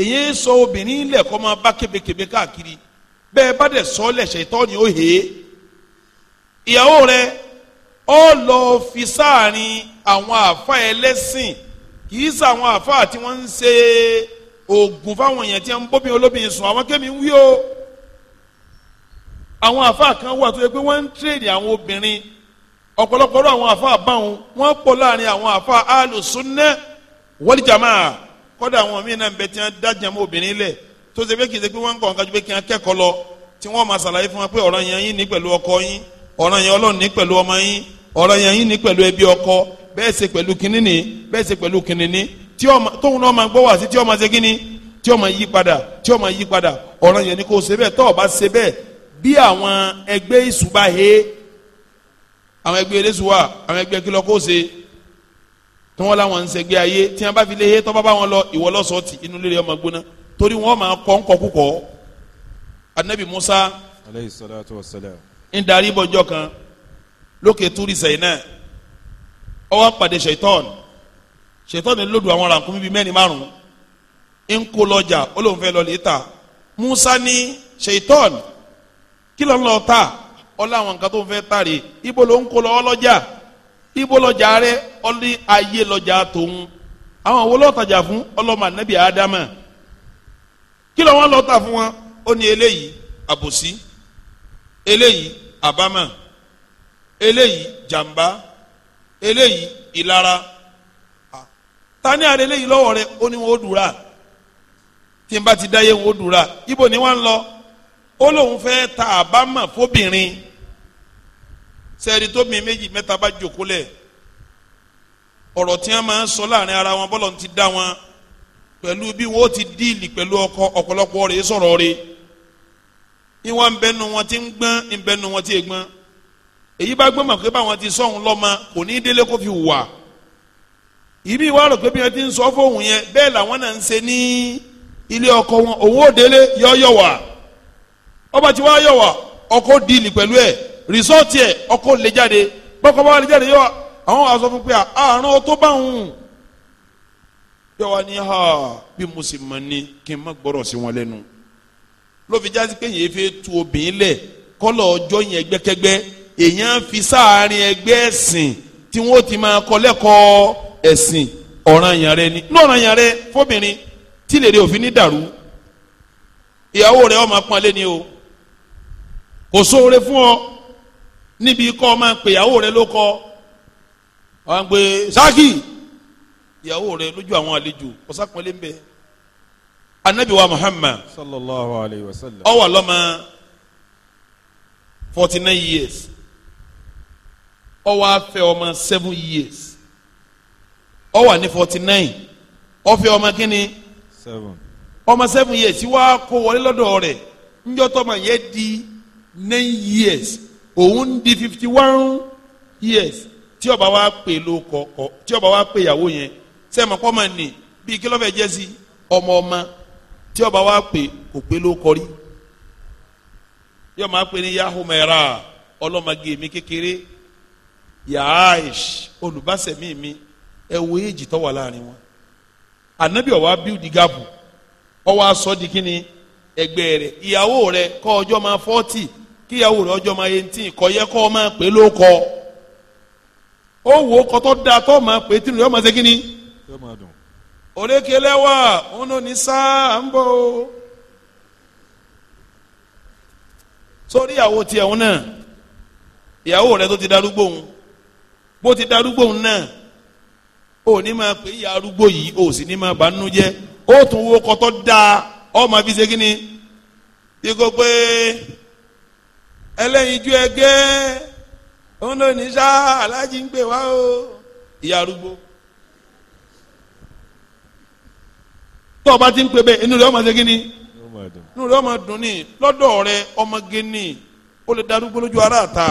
èyí sọ obìnrin lẹ́kọ̀ọ́ máa bá kébékébé káàkiri bẹ́ẹ̀ bá dẹ̀ sọ lẹ̀ṣẹ̀ tọ́ ni ó he ìyàwó rẹ ọ lọ fi sáàrin àwọn àfa ẹlẹ́sìn kì í sọ àwọn àfa tí wọ́n ń ṣe oògùn fáwọn èèyàn tí wọ́n ń bóbi olóbìnrin sùn àwọn kémi ń wí o. àwọn àfáà kan wà tó yẹ pé wọ́n ń tírèdì àwọn obìnrin ọ̀pọ̀lọpọ̀ lọ àwọn àfáà báwọn wọ́n pọ̀ láàrin àwọn àfáà alùsùnẹ́ wọ́lìjàmá kọ́dà àwọn míì náà ń bẹ tí wọ́n dájà mọ́ obìnrin lẹ̀ tó ṣe pé kì í ṣe pé wọ́n ń kàn kájú tí wọ́n máa ṣàlàyé fún ọkọ yín yẹn ọlọ́run ní pẹ̀lú ọmọ yín yẹn yín ní pẹ̀lú ẹbí ọkọ bẹ́ẹ̀ ṣe pẹ̀lú kínní bẹ́ẹ̀ ṣe pẹ̀lú kínní tí tóun náà máa gbọ́ wá sí tí ṣe kínní tí tó bá ṣe bí àwọn ẹgbẹ́ ìṣùbà he àwọn ẹgbẹ́ eléṣù wà àwọn ẹgbẹ́ kí lọ kó ṣe tí wọ́n láwọn ń ṣẹgbẹ́ ayé tí wọ́n bá fi lé he tọ́ bá bá wọn lọ ìwọ lọ́sọ̀ọ́ tì inú lílé ọmọ gbóná torí wọ́n máa kọ́ ń kọkúkọ́ anabi musa aleyhi salatu wa salam ń darí bọ́jọ́ kan lókè túrí sẹ́yìn náà ọwọ́ pàdé ṣètọ́n ṣètọ́n ló dùn àwọn rànkúmí bíi mẹ́rin márùn-ún ń kó lọ́jà ó lóun fẹ́ lọ lè ta musa ní ṣètọ́n kí ló ń lọ ta ọlọ àwọn nǹkan tó ń fẹ́ ta rè ibo ló ń kó lọ ọlọ́jà ibo lọ́jà rẹ ọlẹ́ ayé lọ́jà tòun àwọn wo lọ́ọ̀tajà fún ọlọ́mọ ànábì ádámà kí ló wọn lọ ta fún wọn ó ní eléyìí àbòsí eléyìí àbámọ̀ eléyìí jàmbá eléyìí ìlara ta ni àlẹ́ eléyìí lọ́wọ́ rẹ ó ní wọn ó dùrà tí n bá ti dáyé wọn ó dùrà ibo ni wọn lọ ó lóun fẹ́ ta àbámọ̀ fóbìnrin sẹ́ẹ̀rì tó mi méjì mẹ́ta bá jòkó lẹ̀ ọ̀rọ̀ tí wọ́n máa ń sọ láàrin ara wọn bọ́lọ̀ ti dá wọn pẹ̀lú bí wọ́n ti díìlì pẹ̀lú ọkọ ọ̀pọ̀lọpọ̀ rẹ̀ sọ̀rọ̀ rẹ̀ ìwọ̀n ń bẹnu wọn ti ń gbọ́n ń bẹnu wọn ti gbọ́n èyí bá gbọ́n mọ̀ pé báwọn ti sọ̀hún lọ́mọ kò ní délé kó fi wà ìbí wa rò pé bí wọ́n ti ń sọ fóun yẹn bẹ́ẹ̀ làwọn náà ń ṣe ní ilé ọkọ wọn òun ò délé yọ́yọ́ wà ọba tí wàá yọ wa ọkọ díìlì pẹ̀lú ẹ̀ rìsọ́ọ̀tì ẹ̀ ọkọ lè jáde bọ́kọ bá lè jáde yọ wa àwọn aṣọ fún pé àrùn ọtó bá ń yọ wa ní ha bí mo sì mọ̀ ni kí n má gbọ́rọ̀ sí wọn lẹ́nu ló fi jásí pé yẹn fi tu obìnrin lẹ̀ kọ́lọ̀ ọjọ́ yẹn gbẹ́kẹ́gbẹ́ èèyàn fi sáàárín ẹgbẹ́ ẹ̀sìn tí wọ́n ti máa kọ́ lẹ́kọ̀ọ́ ẹ̀sìn ọ̀ràn yàn rẹ ni ní ọ̀ràn yàn rẹ fóbìnrin tí lèrè òfin ní dàrú ìyàwó rẹ ọmọ apọ́nlé ni o kò sóore fún ọ níbi kọ́ ọ máa pè ìyàwó rẹ ló kọ́ ọ à ń pè sáàkì ìyàwó rẹ lójú àwọn àlejò ọ̀sàpọ̀lẹ́ ń bẹ anabiwa muhammad ọ wà lọmọ forty nine years ọ wà fẹ ọmọ seven years ọ wà ní forty nine ọ fẹ ọmọ kínní ọmọ seven years wà kó wọlé lọ́dọ̀ rẹ̀ ńjọ́ tọ́mọ yẹn di. nine years òun di fifty one years tí ọba wa pè ló kọkọ tí ọba wa pè ìyàwó yẹn sẹ́mi ọkọ máa nì bí kí lọ́fẹ̀ẹ́ jẹ́ sí ọmọ ọmọ tí ọba wa pè kò pé ló kọrí yọ máa pè ní yahumera ọlọ́mọge mi kékeré yaash olùbásẹ̀mí mi ẹ wo èjì tó wà láàrin wọn anabi ọwa bíldì gáàbù ọwọ́ asọ́ di kíni ẹgbẹ́ rẹ̀ ìyàwó rẹ̀ kọ́ ọjọ́ máa kíyàwó rẹ ọjọ́ máa yẹ ntí kọ yẹ kọ́ máa pè ló kọ́ ó wò ó kọ́tọ́ da tó máa pè tí nìyọ́ máa ṣe wa ònà ní sáà ń bọ̀ o. sórí ìyàwó tiẹ̀ náà rẹ tó ti darúgbó òun bó ti darúgbó òun náà ò ní máa pè ìyá arúgbó yìí ò sì ní máa bà nínú jẹ́ da ọ máa fi ṣe kíni. ẹlẹ́yinjú ẹgẹ́ òun ló ní sá alájí ń gbé wá o ìyá arúgbó. tó o bá ti ń pè bẹ́ẹ̀ inú rẹ̀ ọmọ ṣe kí ni inú rẹ̀ ọmọ dùn ní lọ́dọ̀ rẹ̀ ọmọge ní ó lè darúgbó lójú ara ta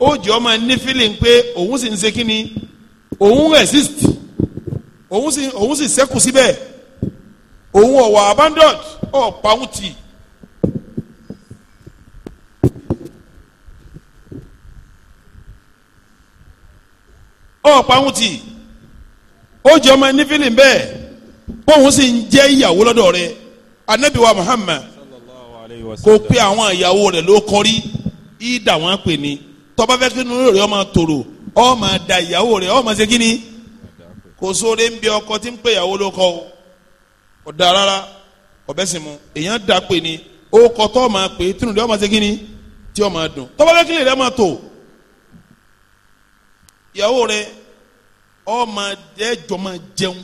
ó jẹ́ ọmọ ní feeling pé òun sì ń ṣe ni òun resist òun sì òun sì ṣẹ́kù síbẹ̀ òun ọ̀wà abandoned ọ̀pá òun tì. ọ̀pá ń tì ó jẹ́ ọmọ ẹni fílìm bẹ́ẹ̀ bóun sì ń jẹ́ ìyàwó lọ́dọ̀ rẹ̀ anabi Muhammad kò pe àwọn ìyàwó rẹ ló kọrí ìdá wọn pè ní kí nínú ọmọ tòrò ọmọ da ìyàwó ọmọ ṣe ni kò sóore ń bí ọkọ tí ń pè ìyàwó ló kọ o kò rárá da pè ní kọ tọ́ ọmọ pè tínú ọmọ ṣe tí ọmọ dùn ọmọ ẹ jọ máa jẹun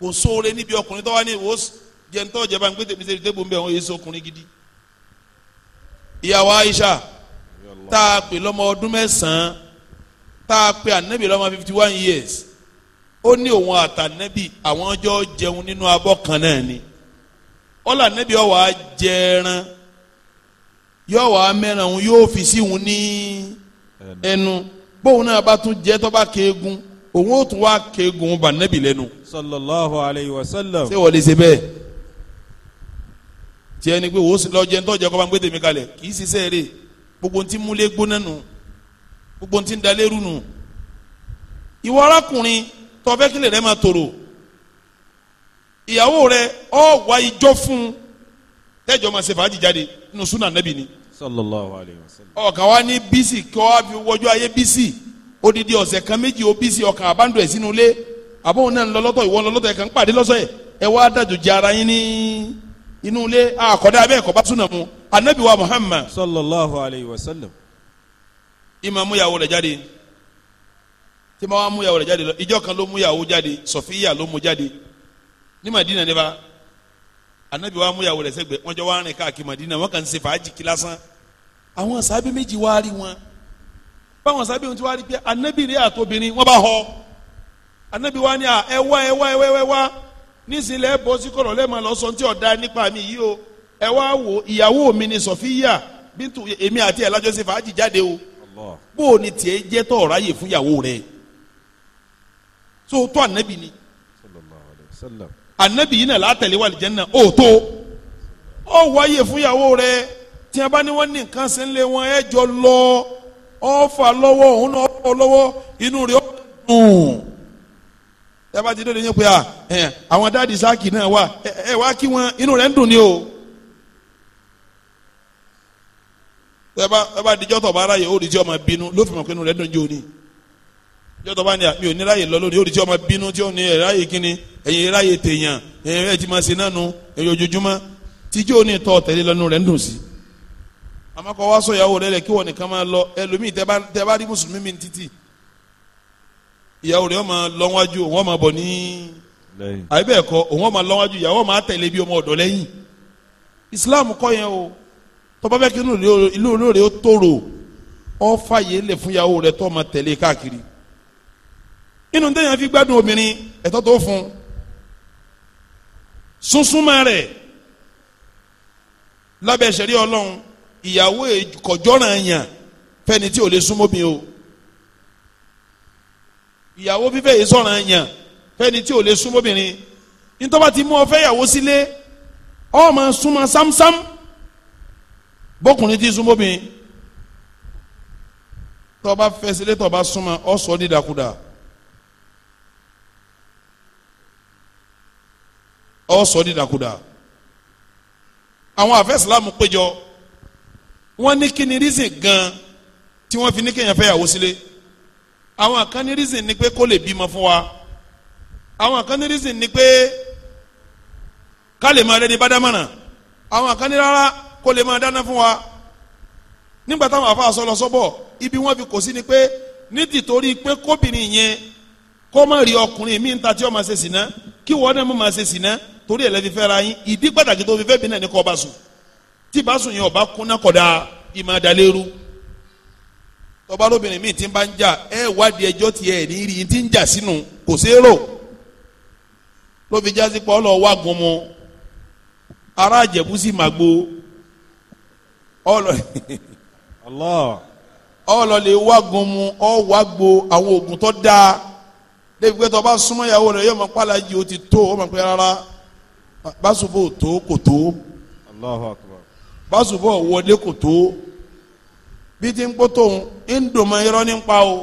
kò sóore níbi ọkùnrin tó wá ní ìwòsàn jẹntọ́ ìjọba ń gbé tèmi tèmi tèmi bẹ́ẹ̀ wọ́n yé sọkùnrin gidi. ìyàwó Aisha tá a pè lọ́mọ ọdún mẹ́sàn-án tá a pè ànábì lọ́mọ fifty one years ó ní òun àtànábì àwọn ọjọ́ jẹun nínú abọ́ kan náà ni ọ̀là ànábì ó wá jẹran yóò wá mẹ́ran òun yóò fi sí òun ní ẹnu bóun náà bá tún jẹ́ tó bá kéegun òun ó tún wá kegun sallallahu alayhi wa sallam. ṣé wọ́n ṣe bẹ́ẹ̀ tiẹ̀ ni pé wò ó sì lọ́ọ́ jẹ́ ń tọ́jà ń gbé tèmi kì í rè gbogbo ń ti múlé gbóná gbogbo ń ti dalérú nù ìwọ arákùnrin tọ́fẹ́ rẹ máa tòrò ìyàwó rẹ ọ wá ijọ fún tẹjọ máa ṣe ni. sallallahu alayhi wa sallam. wa ní bisi. odidi ọ̀sẹ̀ kan méjì òbí sí ọkàn àbándo ẹ̀ sínú ilé àbóhùn náà ń lọ lọ́tọ̀ ìwọ ń lọ lọ́tọ̀ ẹ̀ kàn ń pàdé lọ́sọ̀ ẹ̀ ẹ wá dájú jẹ ara yín ní inú ilé àkọ́dá abẹ́ ẹ̀kọ́ bá súnà mu anabi muhammad. sallallahu alayhi wa sallam. ìmọ̀ múyàwó rẹ̀ jáde tí ma wá múyàwó rẹ̀ jáde lọ ìjọ kan ló múyàwó jáde sọfíyà ló mú jáde ní madina ní ba anabi wa múyàwó rẹ̀ sẹ́gbẹ̀ẹ́ wọ́n jọ wá rìn káàkiri madina wọ́n kàn ń ṣe fàájì kí lásán àwọn sábẹ́ méjì wá rí wọn báwọn sábẹ́ ohun tí wàá rí pé anabi rí àtòbìnrin wọ́n bá họ anabi wa ni à ẹ wá ẹ wá ẹ wá ẹ wá nísìlẹ̀ bọ́ sí kọ̀rọ̀ lẹ́ẹ̀ma lọ́sọ̀ tí ọ̀dà nípa mi yìí o ẹ wá wo ìyàwó mi ni Sọfíyà bíntu èmi àti ẹ̀ lájọ́ ṣe fàájì jáde o bó o ní tiẹ̀ jẹ́ tọ́ ọ̀rá yè fún ìyàwó rẹ̀ so tó anabi ni anabi yìí náà látẹ̀lé wà lìjẹ́ náà ó tó ọ̀ wáyè fún ìyàwó rẹ̀ tí a bá ní wọ́n ní nǹkan sẹ́ńlẹ̀ wọn ẹ jọ lọ́ọ́ ọ̀fà lọ́wọ́ òun náà ọ̀fà lọ́wọ́ inú rẹ̀ ó dùn. ẹ bá ti dé lóyún pé àwọn dáàdi sáàkì náà wà ẹ wá kí wọn inú rẹ̀ ń dùn ni o. ẹ bá dijọ́ tọ̀ bá aráyè ó di tí ọmọ bínú ló fi mọ̀ pé inú rẹ̀ dùn jò ní. dijọ́ tọ̀ bá ní mi ò ní ráyè lọ lónìí ó di tí ọmọ bínú tí ó ní ẹ̀ ráyè kíni ẹ̀yìn ráyè tèèyàn ẹ̀yìn ẹ̀ ti máa ṣe náà nu ẹ̀yìn ojoojúmọ́ tíjó ní tọ́ tẹ̀lé lọ́nu rẹ̀ ń dùn sí i amakọ wa sọ ìyàwó rẹ lẹ kí wọn nìkan máa lọ ẹlòmíì tẹ bá rí mùsùlùmí mi títì ìyàwó rẹ ọmọ lọ́wájú òun ọmọ bọ̀ ní àbí bẹ́ẹ̀ kọ́ òun ọmọ lọ́wájú ìyàwó ọmọ àtẹ̀lé bí ọmọ ọ̀dọ́ lẹ́yìn Islam kọ́ yẹn o tọ́ba bẹ́ẹ̀ kí inú olóore ó tòrò ọ́ fàyè lè fún ìyàwó rẹ tọ́ ọmọ tẹ̀lé káàkiri inú téèyàn fi gbádùn obìnrin ẹ̀tọ́ tó fún súnsúnmọ́ rẹ̀ lábẹ́ ìṣẹ̀rí Ọlọ́run ìyàwó kọjọ́ràn yàn fẹ́ni tí ò lè súnmọ́ mi o ìyàwó fífẹ́ yìí sọ̀ràn yàn fẹ́ni tí ò lè súnmọ́ obìnrin nítorí ti mú ọ fẹ́ ìyàwó sílé ọ máa súnmọ́ sámsám bọ́kùnrin ti súnmọ́ obìnrin tó bá fẹ́ sílé tó súnmọ́ ọ sọ dídàkudà ọ sọ dídàkudà àwọn àfẹ́ péjọ wọ́n ní kí ni reason gan tí wọ́n fi ní kéèyàn fẹ́ yàwó sílé àwọn kan ní reason ni pé kó lè bímọ fún wa àwọn kan ní reason ni pé ká lè máa rẹni bádámọ̀nà àwọn kan ní rárá kó lè máa dáná fún wa nígbà táwọn afa sọlọ sọbọ ibi wọ́n fi kò sí ni pé ní tìtorí pé kóbìnrin yẹn kó má rí ọkùnrin mi ń ta tí ó máa ṣe sìná kí wọ́n náà má máa ṣe sìná torí ẹ̀ lẹ́fi fẹ́ ra yín ìdí pàtàkì tó fi fẹ́ bí náà ní kó bá sùn. tí ìbásùn yẹn ọba kúnná kọ̀dá ìmọ̀ tọba lóbìnrin míì ti bá ń jà ẹ wádìí ẹjọ́ ní rí ti ń jà sínú kò sí èrò ló fi pọ̀ lọ wá gun mu ará àjẹ̀bú sì gbó ọ wá gbo àwọn oògùn tó dáa pé tọba súnmọ́ ìyàwó yóò pàlàjì ti tó pẹ́ rárá tó kò pásùbọ̀ wọlé kò tó bí ti ń kó tóun ń dòmọ irọ́ nípa o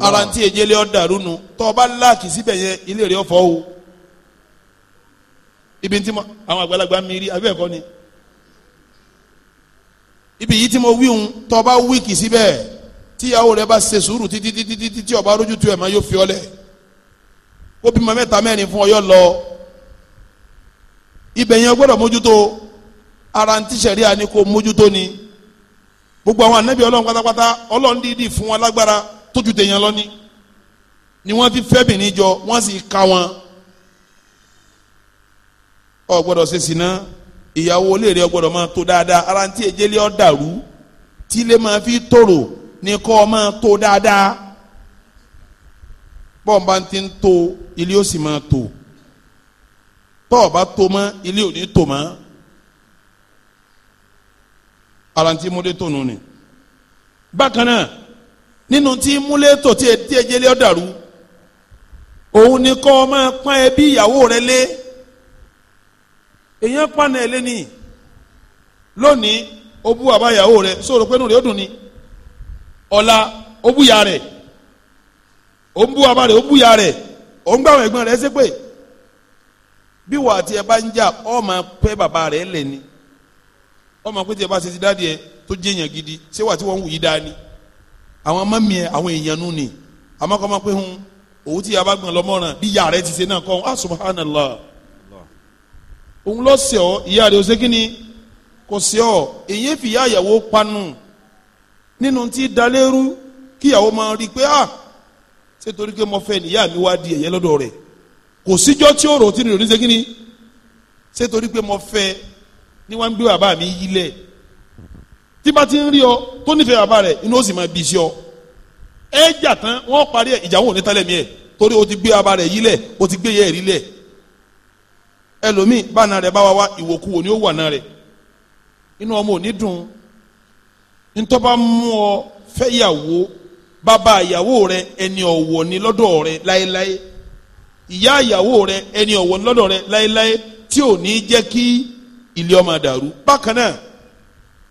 ara ń tí ejele ọ̀dàrú nu tọ́ ọba láàkì síbẹ̀ yẹn ilé rẹ̀ ọ̀fọ́ o ibi tí mo àwọn àgbàlagbà mi rí abẹ́ ẹ̀kọ́ ni ibi yìí tí mo wí hun tọ́ ọba wíìkì síbẹ̀ tíyàwó rẹ̀ bá ṣe sùúrù títí títí títí tí ọba rójú tu ẹ̀ máa yóò fi ọ́ lẹ̀ ó bímọ mẹ́ta mẹ́rin fún ọ yọ lọ ibẹ̀ yẹn gbọ́dọ̀ mójútó ara ntí sẹ̀ríà ni kò mójútó ni gbogbo àwọn anabi ọlọ́run pátápátá ọlọ́run dídì fún wọn lágbára tójú tèèyàn lọ́ni ni wọ́n fi fẹ́bìnrin jọ wọ́n sì ka wọn ọ gbọ́dọ̀ ṣe sìná ìyàwó olóore ọ gbọ́dọ̀ máa tó dáadáa ara ntí ejele ọ dàrú tí máa fi tòrò ní kọ́ ọ máa tó dáadáa bọ́ọ̀ bá ti ń tó ilé ó sì máa tó. tọ́ọ̀ bá tó mọ́ ilé ò ní tò mọ́ ara ti tó nù ni bákan náà nínú tí múlé tó tí e, e jẹ́lẹ́ dàrú òun ni kọ́ ọ ìyàwó rẹ lé èèyàn pàna ẹ lẹ́ni lónìí bú rẹ sóòrò rẹ ó dùn ni ọ̀la bú rẹ rẹ ó bú rẹ ń bí wà á tiẹ̀ bá ń jà ọ́ máa pẹ́ bàbá rẹ̀ lẹ̀ ni ọ́ máa pẹ́ tiẹ̀ bá ti ti dáadé ẹ̀ tó jẹ́yàn gidi ṣé wà tí wọ́n ń wù yí dání àwọn mọ́mí àwọn èèyàn nù ni àmọ́ kọ́ máa pẹ́ hun tí yàrá lọ́mọ́ràn bí yàrá ti ṣe kọ́ ah, òun lọ sí ọ ìyá ọ èyí fi ìyá panu nínú tí kíyàwó máa rí pé a ah, kò síjọ́ tí ó rò tí nìyóò ní segin ni ṣé torí pé mo fẹ́ ni wọ́n ń gbé bàbá mi yí lẹ̀ tí bá ti ń rí ọ tó nífẹ̀ẹ́ bàbá rẹ̀ inú ó sì máa bí sí ọ ẹ jà tán wọ́n parí ẹ̀ ìjà wọn ò ní tẹ́lẹ̀ mi ẹ̀ torí o ti gbé bàbá rẹ̀ yí lẹ̀ o ti gbé yẹ̀ rí lẹ̀ ẹlòmíì bána rẹ̀ bá wa wá ìwòkuwò ni ó wà náà rẹ̀ inú ọmọ ò ní dùn ntọ́ba mú ọ fẹ́yàwó bàbá ìyàwó rẹ̀ ẹni ọ̀wọ̀ ni lọ́dọ̀ rẹ̀ láéláé ìyá ìyàwó rẹ ẹni ọ̀wọ̀ lọ́dọ̀ rẹ láéláé tí ò ní jẹ́ kí ilé ọmọ dàrú bákan náà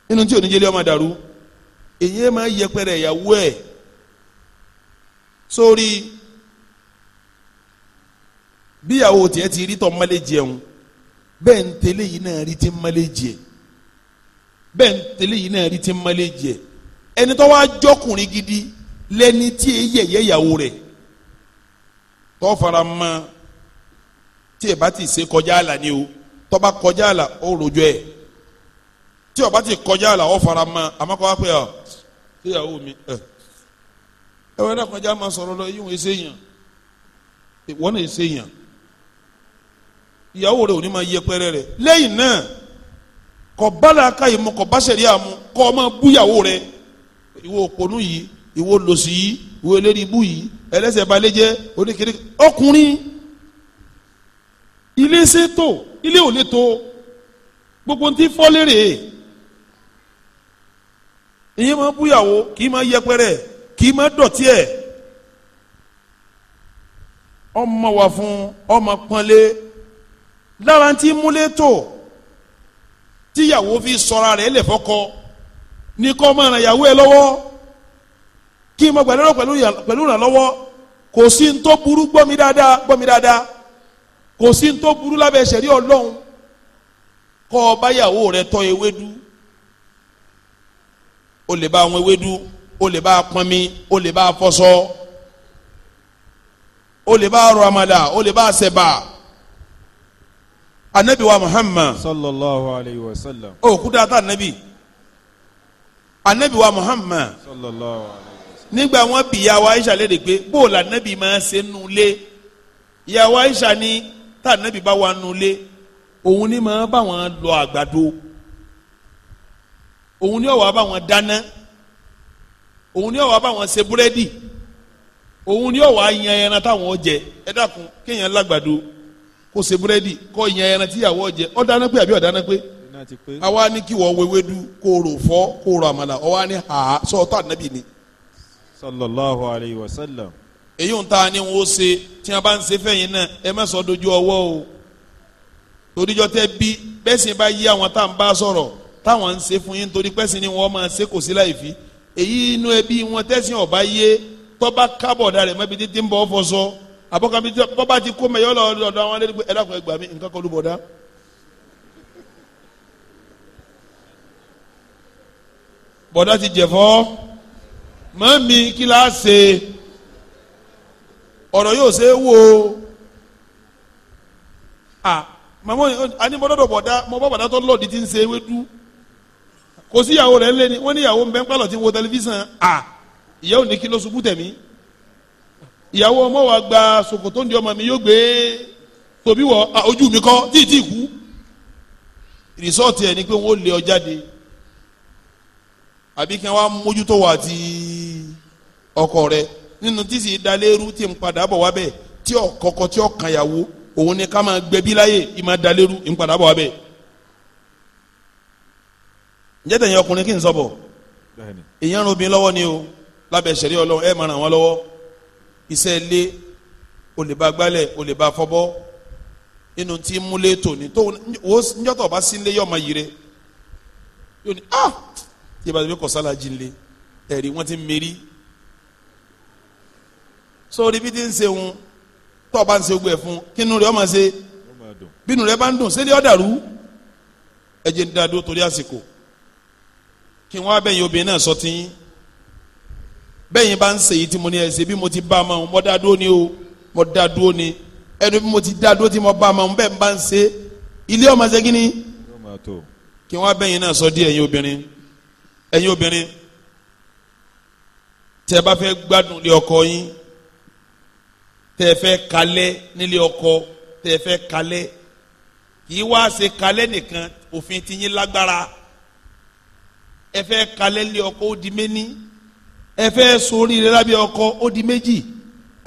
nínú tí ò ní jẹ́ ilé ọmọ dàrú èyí máa yẹpẹrẹ ìyàwó ẹ̀ sórí bí ìyàwó tiẹ̀ ti rí tọ́ mọ́lé jẹun bẹ́ẹ̀ ń tẹ́lẹ̀ yìí náà rí ti mọ́lé jẹ bẹ́ẹ̀ ń tẹ́lẹ̀ yìí náà rí ti mọ́lé jẹ ẹni tó wá jọkùnrin gidi lẹ́ni tí èyí yẹ̀yẹ́ ìyàwó rẹ̀ tó fara mọ́ tí ẹ bá ti ṣe kọjá àlà ni o tó bá kọjá àlà ó rojọ́ ẹ tí o bá ti kọjá àlà ó fara mọ́ amakọ wa pé ọ síyàwó mi ẹ ẹ wọn náà kọjá máa sọ̀rọ̀ lọ yíwọn ẹsẹ yàn wọn náà yàn ìyàwó rẹ ò ní máa yẹ pẹrẹ rẹ lẹ́yìn náà kọ bala ka yìí mu kọ bá mu kọ ọ máa rẹ ìwọ òpònú yìí ìwọ lòsì yìí wo eléri ibú yìí ẹlẹ́sẹ̀ balẹ̀ jẹ́ oníkèrè ọkùnrin ilé ṣètò ilé ò lè tó gbogbo ntí fọ́lérè ìyẹn máa búyàwó kì í máa yẹpẹrẹ kì í máa dọ̀tí ẹ̀ ọmọ wà fún ọmọ pọ́nlé lára ntí múlé tó tíyàwó fi sọra rẹ̀ lẹ̀ fọ́kọ ní kọ́ máa ràn yàwó ẹ lọ́wọ́ kí n mọ gbàlérò pẹ̀lú ìrànlọ́wọ́ kò sí n tó burú gbọ́ mi dáadáa gbọ́ mi dáadáa kò sí n tó burú lábẹ́ ṣẹ̀rí ọlọ́run kọ́ ọ báyàwó rẹ tọ́ ewédú o lè bá àwọn ewédú o lè bá pọnmi o lè bá fọṣọ o lè bá rọ àmàlà o lè bá ṣẹ̀bà anabi wa muhammad sallallahu alayhi wa sallam o kúndà tá anabi anabi wa muhammad sallallahu alayhi wa sallam nígbà wọn bí ìyàwó Aisha léde pé bóòlù ànábì máa ṣe nù lé ìyàwó Aisha ní tá ànábì bá wà nù lé òun ni máa bá wọn lọ àgbàdo òun ni ó wá bá wọn dáná òun ni ó wá bá wọn ṣe búrẹ́dì òun ni ó wá yan ẹran táwọn jẹ ẹ dákun kéèyàn lágbàdo kó ṣe búrẹ́dì kó yan ẹran tíyàwó jẹ ó dáná pé àbí ó dáná pé àwa ní kí wọ́n wéwé dú kó rò fọ́ kó rò àmàlà ó wá ní hà sọ ọ́ ànábì ni sallallahu alayhi wa sallam. èyí ń ta ni wọ́n ṣe tí wọ́n bá ń ṣe fẹ́yìn náà ẹ má sọ dojú ọwọ́ o toríjọ tẹ bí bẹ́ẹ̀ sì bá yí àwọn tá à ń bá sọ̀rọ̀ táwọn ń ṣe fún yín torí pẹ́sìn ni wọ́n máa ṣe kò sí láì fi èyí inú ẹbí wọn tẹ́sìn ọ̀bá yé tọ́ba kábọ̀dà rẹ̀ mẹ́bi títí ń bọ̀ ọ́ fọṣọ àbọ̀kànbí bọ́ba ti kó mẹ́yọ́ lọ ọ̀dọ̀ àwọn ẹlẹ́dẹ́gbẹ́ ẹ̀dàkùn ẹgbàá mi nǹkan kọlu bọ̀dá. bọ̀dá ti jẹ̀fọ́ mọ́mí kí la ṣe ọ̀rọ̀ yóò ṣe é wò ó à màmá ani mo dọ́dọ̀ bọ̀dá mo bá bọ̀dá tó lọ́ọ̀dì tí ń ṣe ewédú kò sí ìyàwó rẹ̀ ńlẹ́ ni wọ́n ní ìyàwó mbẹ́ ńpàlọ̀ tí ń wo tẹlifíṣàn à ìyàwó ní kí ló ṣubú tẹ̀mí ìyàwó ọmọ wa gba ṣòkòtò ń di ọmọ mi yóò gbé tòbí wọ ojú mi kọ́ tí kú rìsọ́ọ̀tì ẹ̀ ni pé wọ́n lé ọ jáde àbí kí wọ́n mójútó wà tí ọkọ rẹ nínú tí sì dalérú tí ń padà bọ̀ wá bẹ́ẹ̀ tí ọkọ̀kọ̀ tí ọkànyàwó òun ni ká máa gbẹbí láyè ìmọ̀ dalérú ń padà bọ̀ wá bẹ́ẹ̀. ǹjẹ́ tẹ̀yìn ọkùnrin kí n sọ̀bọ̀ èèyàn ń robin lọ́wọ́ ni o lábẹ́ sẹ̀rí ọlọ́run ẹ̀ máa ràn wọ́n lọ́wọ́ iṣẹ́ ilé o lè ba gbálẹ̀ o lè ba fọ́bọ́ inú tí múlé tòní tó wọ́n níjọ́tọ̀ bá sí yọ̀ máa yire yóò ní ah tí ìbá tẹ̀lé kọ̀sálà jínlẹ̀ ẹ̀rí wọ́n ti mérí sórí bí ti ń ṣe wọn tó o bá ń ṣe ogun ẹ̀ fún kínú rẹ̀ ọ máa ṣe bínú rẹ̀ bá ń dùn sílẹ̀ ọ̀dàrú ẹ̀jẹ̀ ń da torí àsìkò kí wọ́n abẹ́yìn obìnrin náà sọ tiyín bẹ́yìn bá ń ṣe èyí tí mo ní ẹ̀ ṣe bí mo ti bá a ma mo dá dúró ni o mo dá dúró ni ẹnu bí mo ti dá dúró tí mo bá a ma bẹ́ẹ̀ bá ń ṣe ilé ọmọ ṣe kí ni kí wọ́n abẹ́yìn náà sọ díẹ̀ yín obìnrin ẹ̀yin obìnrin tẹ́ bá fẹ́ gbádùn ilé ọkọ yín tẹ́ fẹ́ kalẹ̀ nílé ọkọ tẹ́ fẹ́ kalẹ̀ kì í wá ṣe kalẹ̀ nìkan òfin ti yín lágbára ẹ fẹ́ kalẹ̀ nílé ọkọ ó di méní ẹ fẹ́ sori rẹ lábẹ́ ọkọ ó di méjì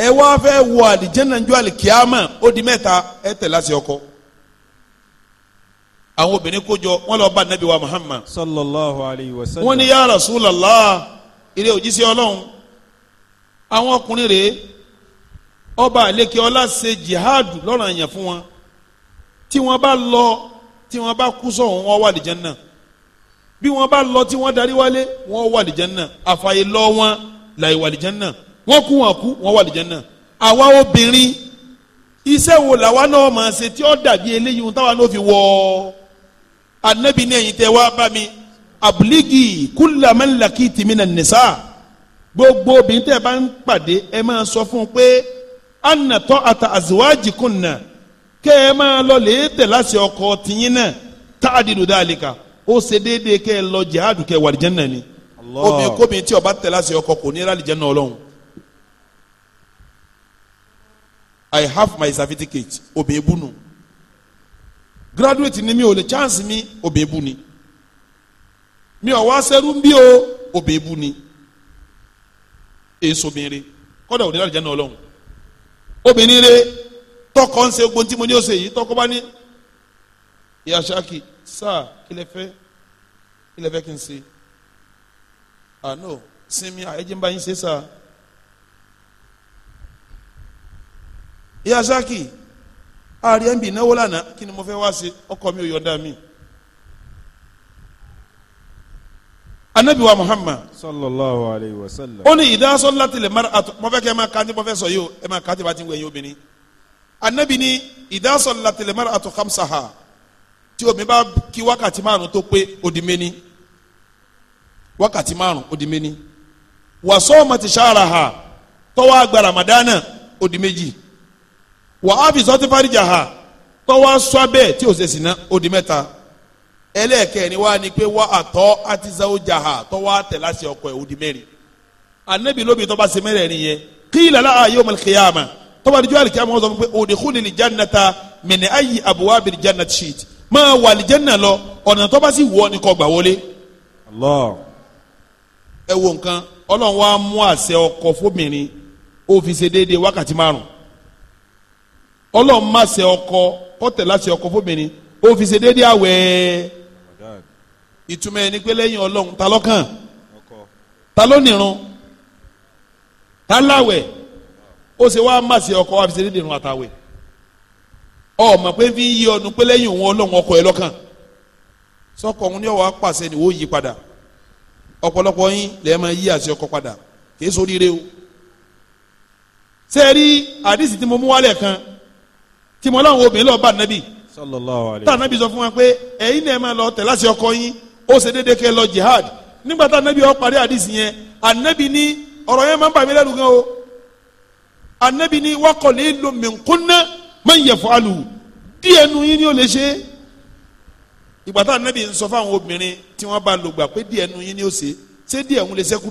ẹ wá fẹ́ wọ àlìjẹ́nàjọ́ àlìkíámà ó di mẹ́ta ẹ tẹ̀ láti ọkọ àwọn obìnrin kójọ wọn lọ bá nabi wa muhammad. sallallahu alayhi wa sallam. wọn ní ya rasulallah ilé òjíṣẹ́ ọlọ́run àwọn ọkùnrin rèé ọba àlekè ọlá ṣe jihad lọ́ràn àyàn fún wọn tí wọ́n bá lọ tí wọ́n bá kú sọ̀hún wọ́n wà lìjẹ́ náà bí wọ́n bá lọ tí wọ́n darí wálé wọ́n wà lìjẹ́ náà àfààyè lọ wọn làyè wà lìjẹ́ náà wọ́n kú wọn kú wọ́n wà lìjẹ́ náà àwa obìnrin iṣẹ́ wo làwa náà máa ṣe tí ó dàbí eléyìí táwa náà fi wọ́ọ́ anabi ní ẹ̀yin tẹ́ wá bá mi abuligi kulamalaki tìmínà nìsa gbogbo obìnrin tẹ́ bá ń pàdé ẹ máa sọ fún un pé anatọ ata aziwaji kunna kẹ ẹ máa lọ lè tẹ láti ọkọ tìyín náà tá a dìlù dáàlíkà ó ṣe déédéé kẹ ẹ lọ jihadu kẹ wàlìjẹ náà ni omi kómi tí ọba tẹ láti ọkọ kò ní rálìjẹ náà Ọlọ́run I have my certificate obìnrin bùnú graduate ni mi ò lè chance mi òbí ebu ni mi ò wá sẹ́rú o òbí ebu ni èso obìnrin kọ́dà òní láti jẹ́nu ọlọ́run obìnrin rẹ tọkọ ń ṣe ogun tí mo ní ó ṣe yìí tọkọ bá ní ìyá sáà kí lẹ kí n ṣe àná ah, sinmi àyẹ̀jẹ̀ yín ṣe sáà ìyá ààrẹ ń bì náwó lánàá kí ni mo fẹ́ wá sí ọkọ mi ò yọ̀ǹda mi. anabi wa muhammad. sallallahu alayhi wa sallam. ó ní ìdásọ́ láti lè mara àtọ mo fẹ́ kẹ́ ẹ máa kàntí mo fẹ́ sọ yìí o ẹ máa kàntí bá ti ń wẹ̀yìn obìnrin. anabi ní ìdásọ́ láti lè mara àtọ kamsaha tí omi bá kí wákàtí márùn tó pé odi méní wákàtí márùn odi méní wàsọ́ọ̀mù ti sára ha tọ́wọ́ àgbà ramadana odi méjì wà á fi sọ́tí fáríjà ha tọ́wọ́ sọ abẹ́ tí o ṣe sìnà ó di mẹ́ta ẹlẹ́ẹ̀kẹ́ni wá ni pé wá àtọ́ àti zawújà ha tọ́wọ́ àtẹ̀ láti ọkọ̀ ẹ̀ ó di mẹ́rin anabi lóbi tọ́ba ṣe mẹ́rẹ̀ẹ̀rin yẹn qila laha yawm al-qiyamah tọ́ba dijọ́ àlìkíyàmà wọ́n sọ pé udkhuli al-jannata min ayyi abwabi al-jannati shi'ti máa wà al-janna lọ ọ̀nà tọ́ba sì wọ́ ni kó gbà wọlé. Allah ẹ wo nǹkan ọlọ́run wa mú àṣẹ ọkọ̀ fóbìnrin ó fi ṣe déédéé wákàtí márùn-ún ọlọ́run má ṣe ọkọ kọ́tẹ̀ láṣẹ ọkọ fóbìnrin ó fi ṣe déédéé àwẹ̀ ìtumọ̀ ẹni pé lẹ́yìn ọlọ́run ta lọ́kàn ta ló nìrun ta láwẹ̀ ó ṣe wá má ṣe ọkọ wá fi ṣe déédéé irun àtàwẹ̀ ọmọ pé fi ń yí ọdún pé lẹ́yìn òun ọlọ́run ọkọ ẹ lọ́kàn sọkọ òun ni ọwọ́ apàṣẹ ni ó yí padà ọ̀pọ̀lọpọ̀ yín lẹ́ẹ̀ máa yí àṣẹ ọkọ padà kì í sóríire o ṣé àdìsí tí mo mú wálẹ̀ kan tí mo láwọn obìnrin lọ́ọ́ bá nàbì tá nàbì sọ fún wa pé ẹ̀yin náà máa lọ tẹ̀lé àṣẹ ọkọ yín ó ṣe déédéé kẹ́ lọ jihad nígbà tá nàbì ó parí àdìsí yẹn ànàbì ní ọ̀rọ̀ yẹn máa ń bà mí lẹ́rù gan o ànàbì ní wa qalilun min kunna man yaf'alu díẹ̀ nu yín ni ó lè ṣe é ìgbà tá ń sọ fáwọn obìnrin tí wọ́n bá lò gbà pé díẹ̀ nu yín ni ó ṣe ṣé díẹ̀ ń lè ṣẹ́kù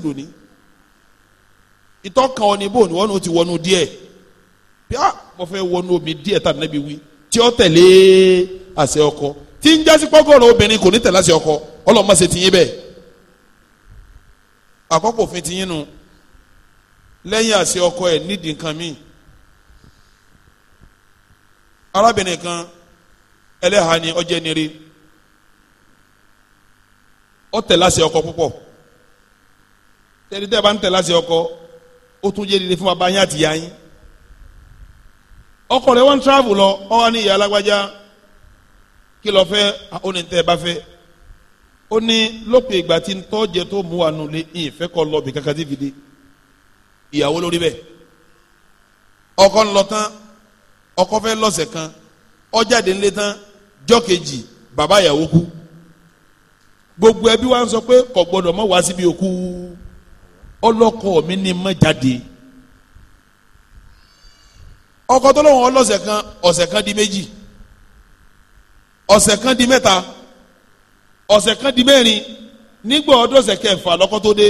bí a ah, mo fẹ́ wọnú omi díẹ̀ tá nàbí wí tí ó tẹ̀lé àṣẹ ọkọ tí ń jásí pọ́gọ́rọ̀ obìnrin kò ní tẹ̀lé àṣẹ ọkọ ọlọ́mọ ṣe tiyín bẹ́ẹ̀ àkọ́kọ́ òfin nu lẹ́yìn ni ọjẹ́ nire ó tẹ̀lé àṣẹ ọkọ púpọ̀ tẹ̀lé tẹ́ bá ń tẹ̀lé àṣẹ ọkọ ó tún jẹ́ rere fún yín ọkọ rẹ wọn travel lọ ọ wá ní ìyá alágbájá kí lọ fẹ́ ó ní tẹ ẹ bá fẹ́ ó ní lópin ìgbà tí ń tọ́jẹ tó mú wa nulẹ̀ ìfẹ́ kọ́ lọ bí kankan tí fi dé ìyàwó lórí bẹ́ẹ̀ ọkọ ń lọ tán ọkọ fẹ́ lọ́sẹ̀ kan ọjáde ńlẹ̀ tán jọ́kejì bàbá ìyàwó kú gbogbo ẹbí wa ń sọ pé kò gbọdọ̀ mọ́ wá síbi òkú ọlọ́kọ mi ni mọ́ jáde. ọkọ tó lóun ọlọ́sẹ̀ kan ọ̀sẹ̀ kan di méjì ọ̀sẹ̀ kan di mẹ́ta ọ̀sẹ̀ kan di mẹ́rin nígbà ọdọ́sẹ̀ kẹfà lọ́kọ tó dé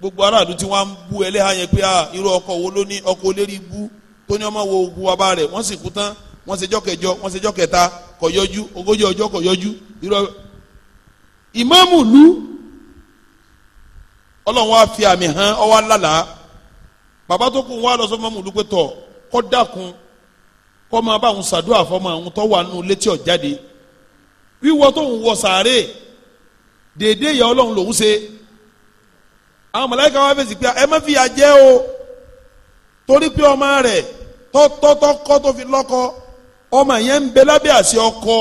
gbogbo aráàlú tí wọ́n á ń bú ẹlẹ́hà yẹn pé irú ọkọ wo ló ní ọkọ olérí bú tó ní ọmọ wo ogun wa bá rẹ̀ wọ́n sì kú tán wọ́n ṣe jọ́ kẹjọ wọ́n ṣe jọ́ kẹta kò yọjú ogójì ọjọ́ kò yọjú irú ìmáàmù lu ọlọ́run wá fi àmì hàn ọwọ́ alálàá bàbá tó kù wá lọ sọ fún mọ́mú pé tọ̀ kọ́ dákun kọ́ máa bá àwọn sàdúrà fọmọ àwọn tó wà nù létí ọ̀jáde wíwọ tó ń wọ sàárè dèédé ìyá ọlọ́run lòún ṣe àwọn mọ̀láyìí káwá fèsì pé ẹ má fi yà o torí pé ọmọ rẹ̀ tọ́tọ́tọ́kọ́ tó fi lọ́kọ ọmọ yẹn ń bẹ lábẹ́ àṣẹ ọkọ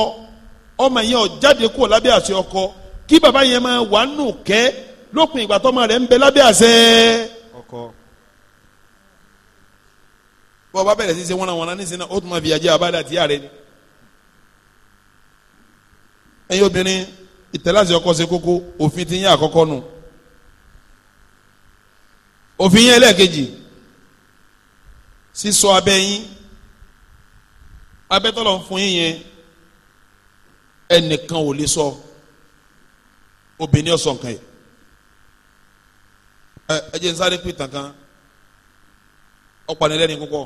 ọmọ yẹn ò jáde lábẹ́ àṣẹ ọkọ kí bàbá yẹn máa wà nù kẹ́ lópin ìgbà tọ́mọ rẹ̀ ń bẹ lábẹ́ àṣẹ ọkọ bọ́ọ̀ bá bẹ̀rẹ̀ sí ṣe wọ́nà wọ́nà nísìnyí ó tún máa fi àjẹ́ àbádà tìyà rẹ ni. ẹ̀yin obìnrin ìtẹ̀láṣẹ ọkọ ṣe kókó òfin ti yín àkọ́kọ́ nù òfin yín ẹlẹ́ẹ̀kejì sísọ abẹ́ yín abẹ́ tọ́lọ̀ ń fún yín yẹn ẹnìkan ò lè sọ obìnrin ọ̀sán kan yìí ẹ ẹ jẹ́ nsáré pé tàn kan ọ̀pọ̀ nílẹ̀ ní kókó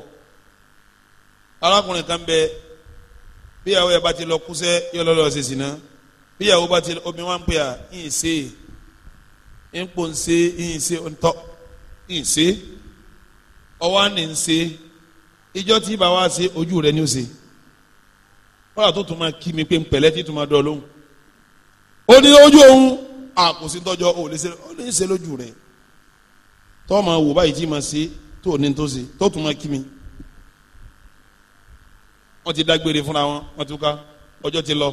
arákùnrin kan bẹ bíyàwó yẹ bá ti lọ kúsẹ́ yọ lọ́lọ́ ṣe sìn náà bíyàwó bá ti lọ obìnrin wa ń pè à ń ṣe ń pò ń ṣe ń ṣe ń tọ́ ń ṣe ọwọ́ á ní ń ṣe ìjọ tí bá wá ṣe ojú rẹ ni ó ṣe wọ́n àtúntò tún máa kí mi pé pẹ̀lẹ́ tí tún máa dọ̀ lóhùn ó ní ojú òun àkùsí tọ́jọ́ ò lè ṣe ó ní ṣe lójú rẹ tọ́ máa wò báyìí tí máa ṣe tó ní tó ṣe tó tún máa kí mi wọ́n ti dágbére fúnra wọn wọ́n tún ká ọjọ́ ti lọ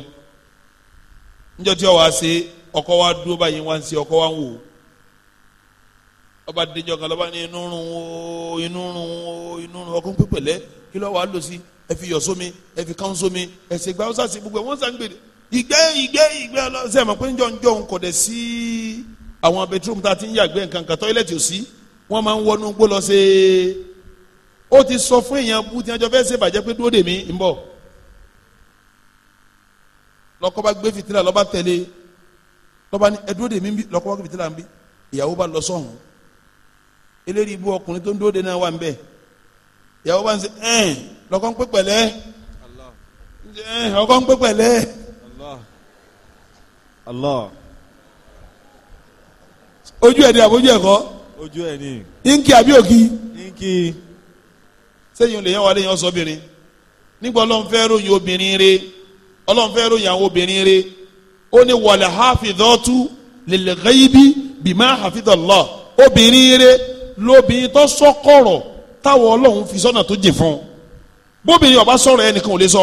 níjọ́ tí ọwọ́ àṣe ọkọ wa dúró báyìí wá ń ọkọ wa ń wò ọba déjọ kan lọ́ba ní inú rún o inú rún o inú rún ọkùnrin pípẹ̀lẹ́ kí lọ́ọ́ wàá lò sí ẹ fi yọ̀ sómi ẹ fi kán sómi ẹ sì gba ọ́sà sí gbogbo ẹ̀ wọ́n sàn gbèrè ìgbẹ́ ìgbẹ́ ìgbẹ́ ọlọ́sẹ̀ mọ̀ pé ń jọ̀ǹjọ̀ ń kọ̀ dẹ̀ sí àwọn bẹtírọ̀mù tá a ti ń yàgbẹ́ nǹkan kan tọ́ílẹ̀tì ò sí wọ́n máa ń wọnú gbó lọ sí i ó ti sọ fún èèyàn bú tí wọn jọ fẹ́ ṣe bàjẹ́ pé dúró dè mí ń bọ̀ lọ́kọ́ bá gbé fìtílà lọ́ba tẹ̀lé lọ́ba ní ẹ dúró dè mí bí lọ́kọ́ bá gbé fìtílà ń bí ìyàwó bá lọ sọ̀hún eléyìí ibú ọkùnrin tó ń dúró dè náà wà ń bẹ̀ ìyàwó bá ń ṣe ẹ̀ẹ́n lọ́kọ́ ń pẹ́ pẹ̀lẹ́ ẹ̀ẹ́n lọ́kọ́ ń pẹ́ pẹ̀lẹ́. ojú ẹ̀ ni àbójú ẹ̀ kọ́ ojú ẹ̀ ni. inki àbí òkì. inki sẹ́yìn lè yẹn wà lẹ́yìn ọ̀sọ́bìnrin nígbà ọlọ́run fẹ́ ròyìn obìnrin rẹ̀ ọlọ́run fẹ́ àwọn obìnrin rẹ̀ ó ní wàlẹ̀ hafidọ́tù lil ghaibi bima hafidallah obìnrin rẹ̀ lóbìnrin tó sọ́kọ̀rọ̀ táwọn ọlọ́run fi sọ́nà tó jẹ fún un bóbìnrin ọba sọ̀rọ̀ ẹnìkan ò lè sọ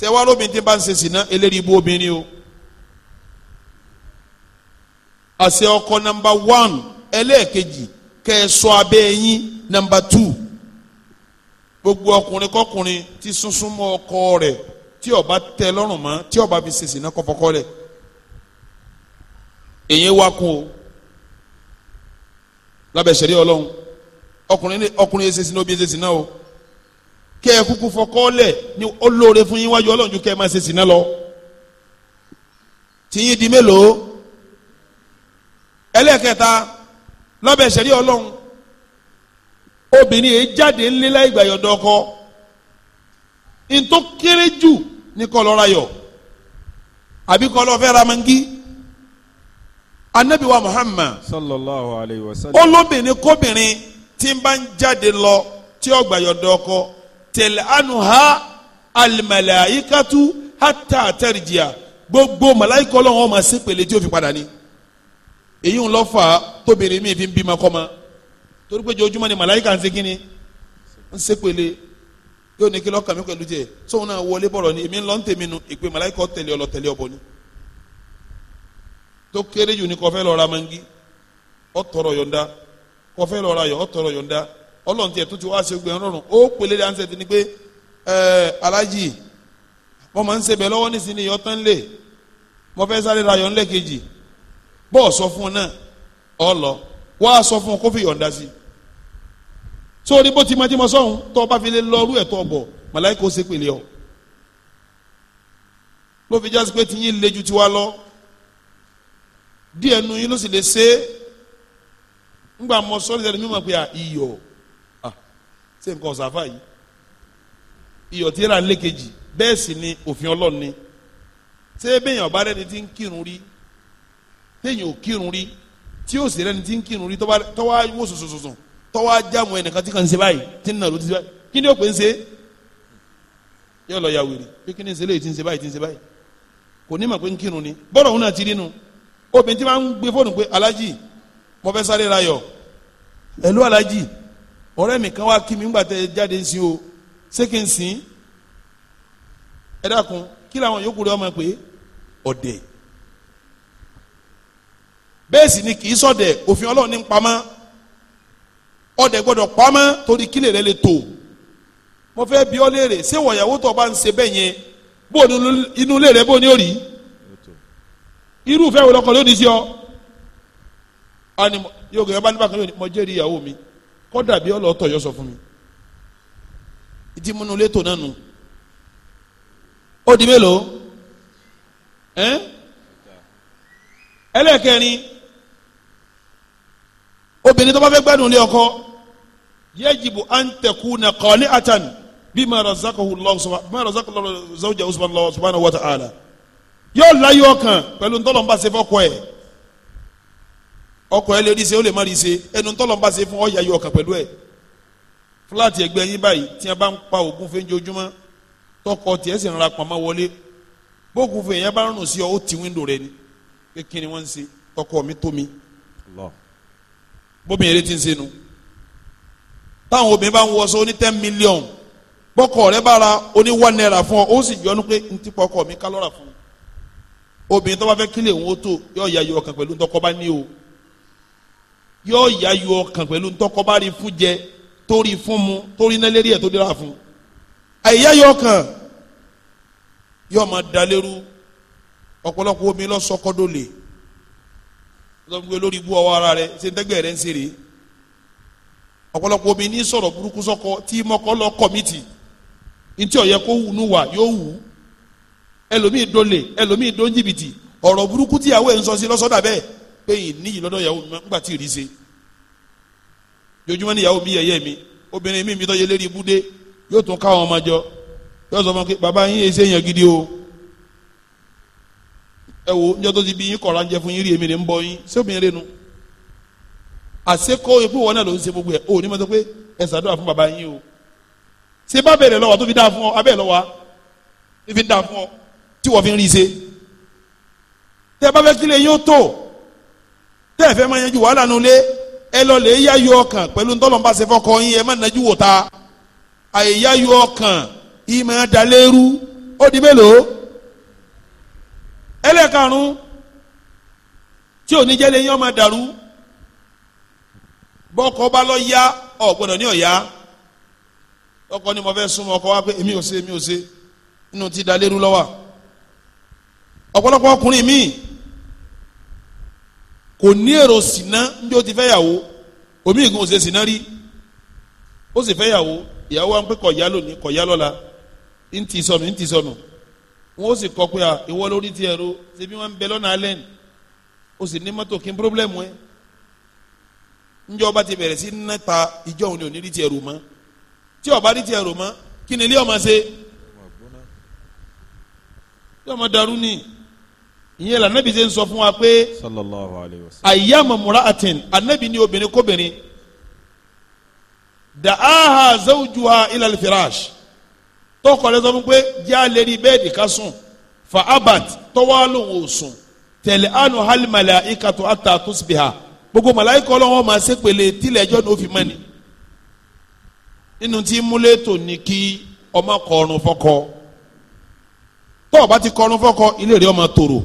ṣe wá lóbìnrin tí bá ń ṣe sìná eléyìí bó obìnrin o àṣẹ ọkọ nàmbà wán ẹlẹ́ẹ̀kejì kẹ́ sọ abẹ́ yín nàmbà túù gbogbo ọkùnrin kọkùnrin tí sunsun mọ́ ọkọ rẹ̀ tí ó bá tẹ́ lọ́rùn mọ́ tí ó bá fi sèse náà kọfọkọ rẹ̀ èyí wá kún o lábẹ́ sẹ̀rí ọlọ́run ọkùnrin ọkùnrin èsèsì náà obìnrin èsèsì náà o kẹ́ ẹ kúkú fọkọ́ lẹ̀ ni ó lóore fún yín wájú ọlọ́run ju kẹ́ ẹ máa ṣèṣì náà lọ tìyín di mélòó ẹlẹ́kẹta lábẹ́ sẹ̀rí obìnrin yìí jáde ńlẹ́ láì gbà yọ̀dọ̀ ọkọ ntọ́ kéré jù ní kọlọ́ra yọ àbí kọlọ́ fẹ́ ra mangi anabiwa Muhammad sallallahu alayhi wa sallam olóbìnrin kóbìnrin tí n bá ń jáde lọ tí ó gbà yọ̀dọ̀ ọkọ tẹ̀lé anuha alimalayikatu hata atẹ́rìjìyà gbogbo malayikọlọ́ wọn ma ṣe pèlè tí ó fi padà ní èyí ń lọ fà tóbìnrin mi fi ń bímọ kọ́ torí pé jojúmọ́ ni màláyíkà ń ṣe kí ni ń ṣe pẹ̀lẹ́ yóò ní kí lọ́ọ́ kàmí pẹ̀lú jẹ sóun náà wọlé bọ̀rọ̀ ni èmi ń lọ ń tèmi nu ìpè màláyíkà tẹ̀lé ọlọ tẹ̀lé ọbọ ni tó kéré jù ni kọfẹ́ lọ́ọ́ ra mangi ọ tọrọ yọ̀ǹda kọfẹ́ lọ́ọ́ ra yọ̀ ọ tọrọ yọ̀ǹda ọlọ́run tiẹ̀ tó ti wá ṣègbè rọrùn ó pèlè dáńsẹ̀ ti ni pé ẹ̀ẹ́ alájì wọ́n máa ń ṣe lọ́wọ́ nísìnyí ọ̀tán lè mo fẹ́ sáré ra yọ̀ǹda kejì bọ́ọ̀ sọ fún un náà ọ lọ wá sọ fún un kó fi yọ̀ǹda sí i sórí bó ti mọ tí mo sọ̀hún tó o bá fi lè lọ́ọ́rú ẹ̀ tó o bọ̀ màláìkò ó ṣe pẹ̀lẹ́ ọ ló fi jásí pé tiyín le ju tiwa lọ díẹ̀ nu yín ló sì lè ṣe é ńgbà mọ sọ́ọ́rì sẹ́ni mímọ̀ pé iyọ̀ ṣé nǹkan ọ̀sáfà yìí iyọ̀ tí yẹ́ra lékejì bẹ́ẹ̀ sì ni òfin Ọlọ́run ni ṣé bẹ́yìn ọ̀bá rẹ̀ ni ti ń kírun rí téèyàn ò kírun rí tí yóò sì rẹ̀ ni ti ń kírun rí tọ́wá wó sòsòsòsò tọ́wọ́ ajámu ẹnìkan tí kàn ń ṣe báyìí tí nà ló ti ṣe báyìí kí ni ó pè ń ṣe yóò lọ ya wèrè pé kí ni ń ṣe léyìí tí ń ṣe báyìí tí ń ṣe báyìí kò ní mà pé ń kírun ni bọ́ọ̀lù òun náà ti rí nu obìnrin tí máa ń gbé fóònù pé alájì mo fẹ́ sáré ra ẹ̀lú alájì ọ̀rẹ́ mi kan wá kí mi ńgbà tẹ jáde ń sin o ṣé kí n sìn ẹ dákun kí làwọn yòókù rẹ ọmọ pé ọ̀dẹ̀ bẹ́ẹ̀ sì ni kì í sọ̀dẹ̀ òfin Ọlọ́run ní ń ọdẹ gbọ́dọ̀ pamọ́ torí kílè rẹ lè tó mo fẹ́ bi ọ́ léèrè ṣé wọ̀nyàwó tó bá ń ṣe bẹ́ẹ̀ yẹn bó inú ilé bó ni ó rí irúfẹ́ wo lọkọ lónìí sí ọ ani yóò gẹ̀gẹ́ bá nípa kan yóò ní mo jẹ́rìí ìyàwó mi kọ́dà bí ọlọ́ọ̀tọ̀ yọ sọ fún mi ìdí múnú létò náà nù ó di mélòó ẹlẹ́kẹ̀rin obìnrin tó bá fẹ́ gbádùn lé ọkọ yajibu an takuna qani'atan bima razaqahu allah subhanahu bima razaqahu allah zawjahu subhanahu wa ta'ala yóò láyọ̀ kan pẹ̀lú ntọ́lọ́mbà ṣe fọ́kọ ẹ̀ ọkọ ẹ lè rí ṣe ó lè má rí ṣe ẹnu ntọ́lọ́mbà ṣe fún ọ̀yà yọ̀ kan pẹ̀lú ẹ̀ fúláàtì ẹgbẹ́ yín báyìí tí bá ń pa ògùn fẹ́ ojoojúmọ́ tọkọ tiẹ̀ sì ń ra pamọ́ wọlé bókun fún èèyàn bá ń rùn sí ọ táwọn obìnrin bá ń wọṣọ oní ten million bọ́kọ̀ rẹ bá ra oní one naira fún ọ ó sì yọnu pé n ti pọkọ mi ká lọ́ra fún un obìnrin tó bá fẹ́ kílè òun ó tó yóò ya yọ ọkàn pẹ̀lú ntọ́kọ bá ní o yóò ya yọ ọkàn pẹ̀lú ntọ́kọ bá rí fún jẹ torí fún mu torí náà ẹ̀ tó dira fún un àyíyá ọkàn yóò máa da lérú ọ̀pọ̀lọpọ̀ omi lọ́sọ̀kọ́dọ̀ lè lọ́gbẹ́ lórí ibú ọwọ́ ara rẹ ṣe ń tẹ́gbẹ́ rẹ ń ṣe rèé ọ̀pọ̀lọpọ̀ omi ní sọ̀rọ̀ burúkú sọ́kọ tí mọ́kọ́ lọ kọ̀mìtì ntí ọ̀yẹ́ kó wù nú wa yóò wù ẹlòmíì dolè ẹlòmíì dó jìbìtì ọ̀rọ̀ burúkú tíyàwó ẹ̀ ń sọ sí lọ́sọ́dà bẹ́ẹ̀ pé ìníyì lọ́dọ̀ yàwó mi nígbà tí ì rí ṣe jojúmọ́ ni yàwó mi yẹ̀yẹ́ mi obìnrin mi mi tọ́ yẹ lérí ibúdé yóò tún káwọn ọmọ jọ yóò sọ fún mi bàbá yín èsì èèyàn gidi o ẹ wo njọ́ tó ti bí yín kọ̀ọ̀rọ̀ Aseko epo wọn náà ló ń ṣe gbogbo ẹ o ní ma sọ pé ẹ ṣàdúrà fún baba yín o ṣe bá bẹ̀rẹ̀ lọ́wọ́ tó fi dáa fún ọ abẹ́ lọ́wọ́ tó fi dáa fún ọ tí wọ́n fi ń rí ṣe tẹ bá fẹ́ kílẹ̀ yín ó tó tẹ ẹ fẹ́ máa yanjú wàhálà nulẹ̀ ẹ lọ lè yáyọ ọkàn pẹ̀lú ntọ́lọ́mbà ṣe fọkọ yín ẹ má nàjú wò ta àyè yáyọ ọkàn ìmọ̀ dalẹ́rú ó di mélòó ẹlẹ́karùn-ún tí ò ní jẹ́lẹ̀ yín ọmọ dàrú bọ́kọ bá lọ yá ọ̀ ní ọ̀yá ọkọ ni mo fẹ́ súnmọ́ ọkọ wa pé èmi ò ṣe èmi ò inú ti da lérú lọ́wọ́ ọ̀pọ̀lọpọ̀ ọkùnrin míì kò ní èrò sínà ní o ti fẹ́ yàwó omi ìgbọ̀n òṣè sínà rí ó sì fẹ́ yàwó ìyàwó wa ń pẹ́ lónìí ya lọ́la ń ti sọnù ń ti sọnù ó sì pé ìwọ lórí ti ẹ̀rọ ṣe bí wọ́n ń njẹ́ ọba ti bẹ̀rẹ̀ sí nípa ìjọ òun ni ò ní rí tiẹ̀ rò mọ́ tí ọba rí tiẹ̀ rò mọ́ kí ni ilé ọmọ ṣe ilé ọmọ dàrú ni ìyẹn la anabi ṣe ń sọ fún wa pé ayyama mura'atin anabi ni obìnrin kóbìnrin da'aha zawjuha ila al-firash tọkọ lẹsọ fún pé jẹ́ alẹ́ rí bẹ́ẹ̀dì ká sùn fa abat tọ́wọ́ lòun sùn tẹ̀lé anu hal malaikatu atta tusbiha gbogbo màláìkọ ọlọ́wọ́n máa ṣe pèlè tílẹ̀ ẹjọ́ ní òfin mẹ́ni nínú tí múlẹ̀ ní kí ọmọ kọrun fọkọ tọ́ bá ti kọrun fọkọ ilé rẹ̀ ọmọ tòrò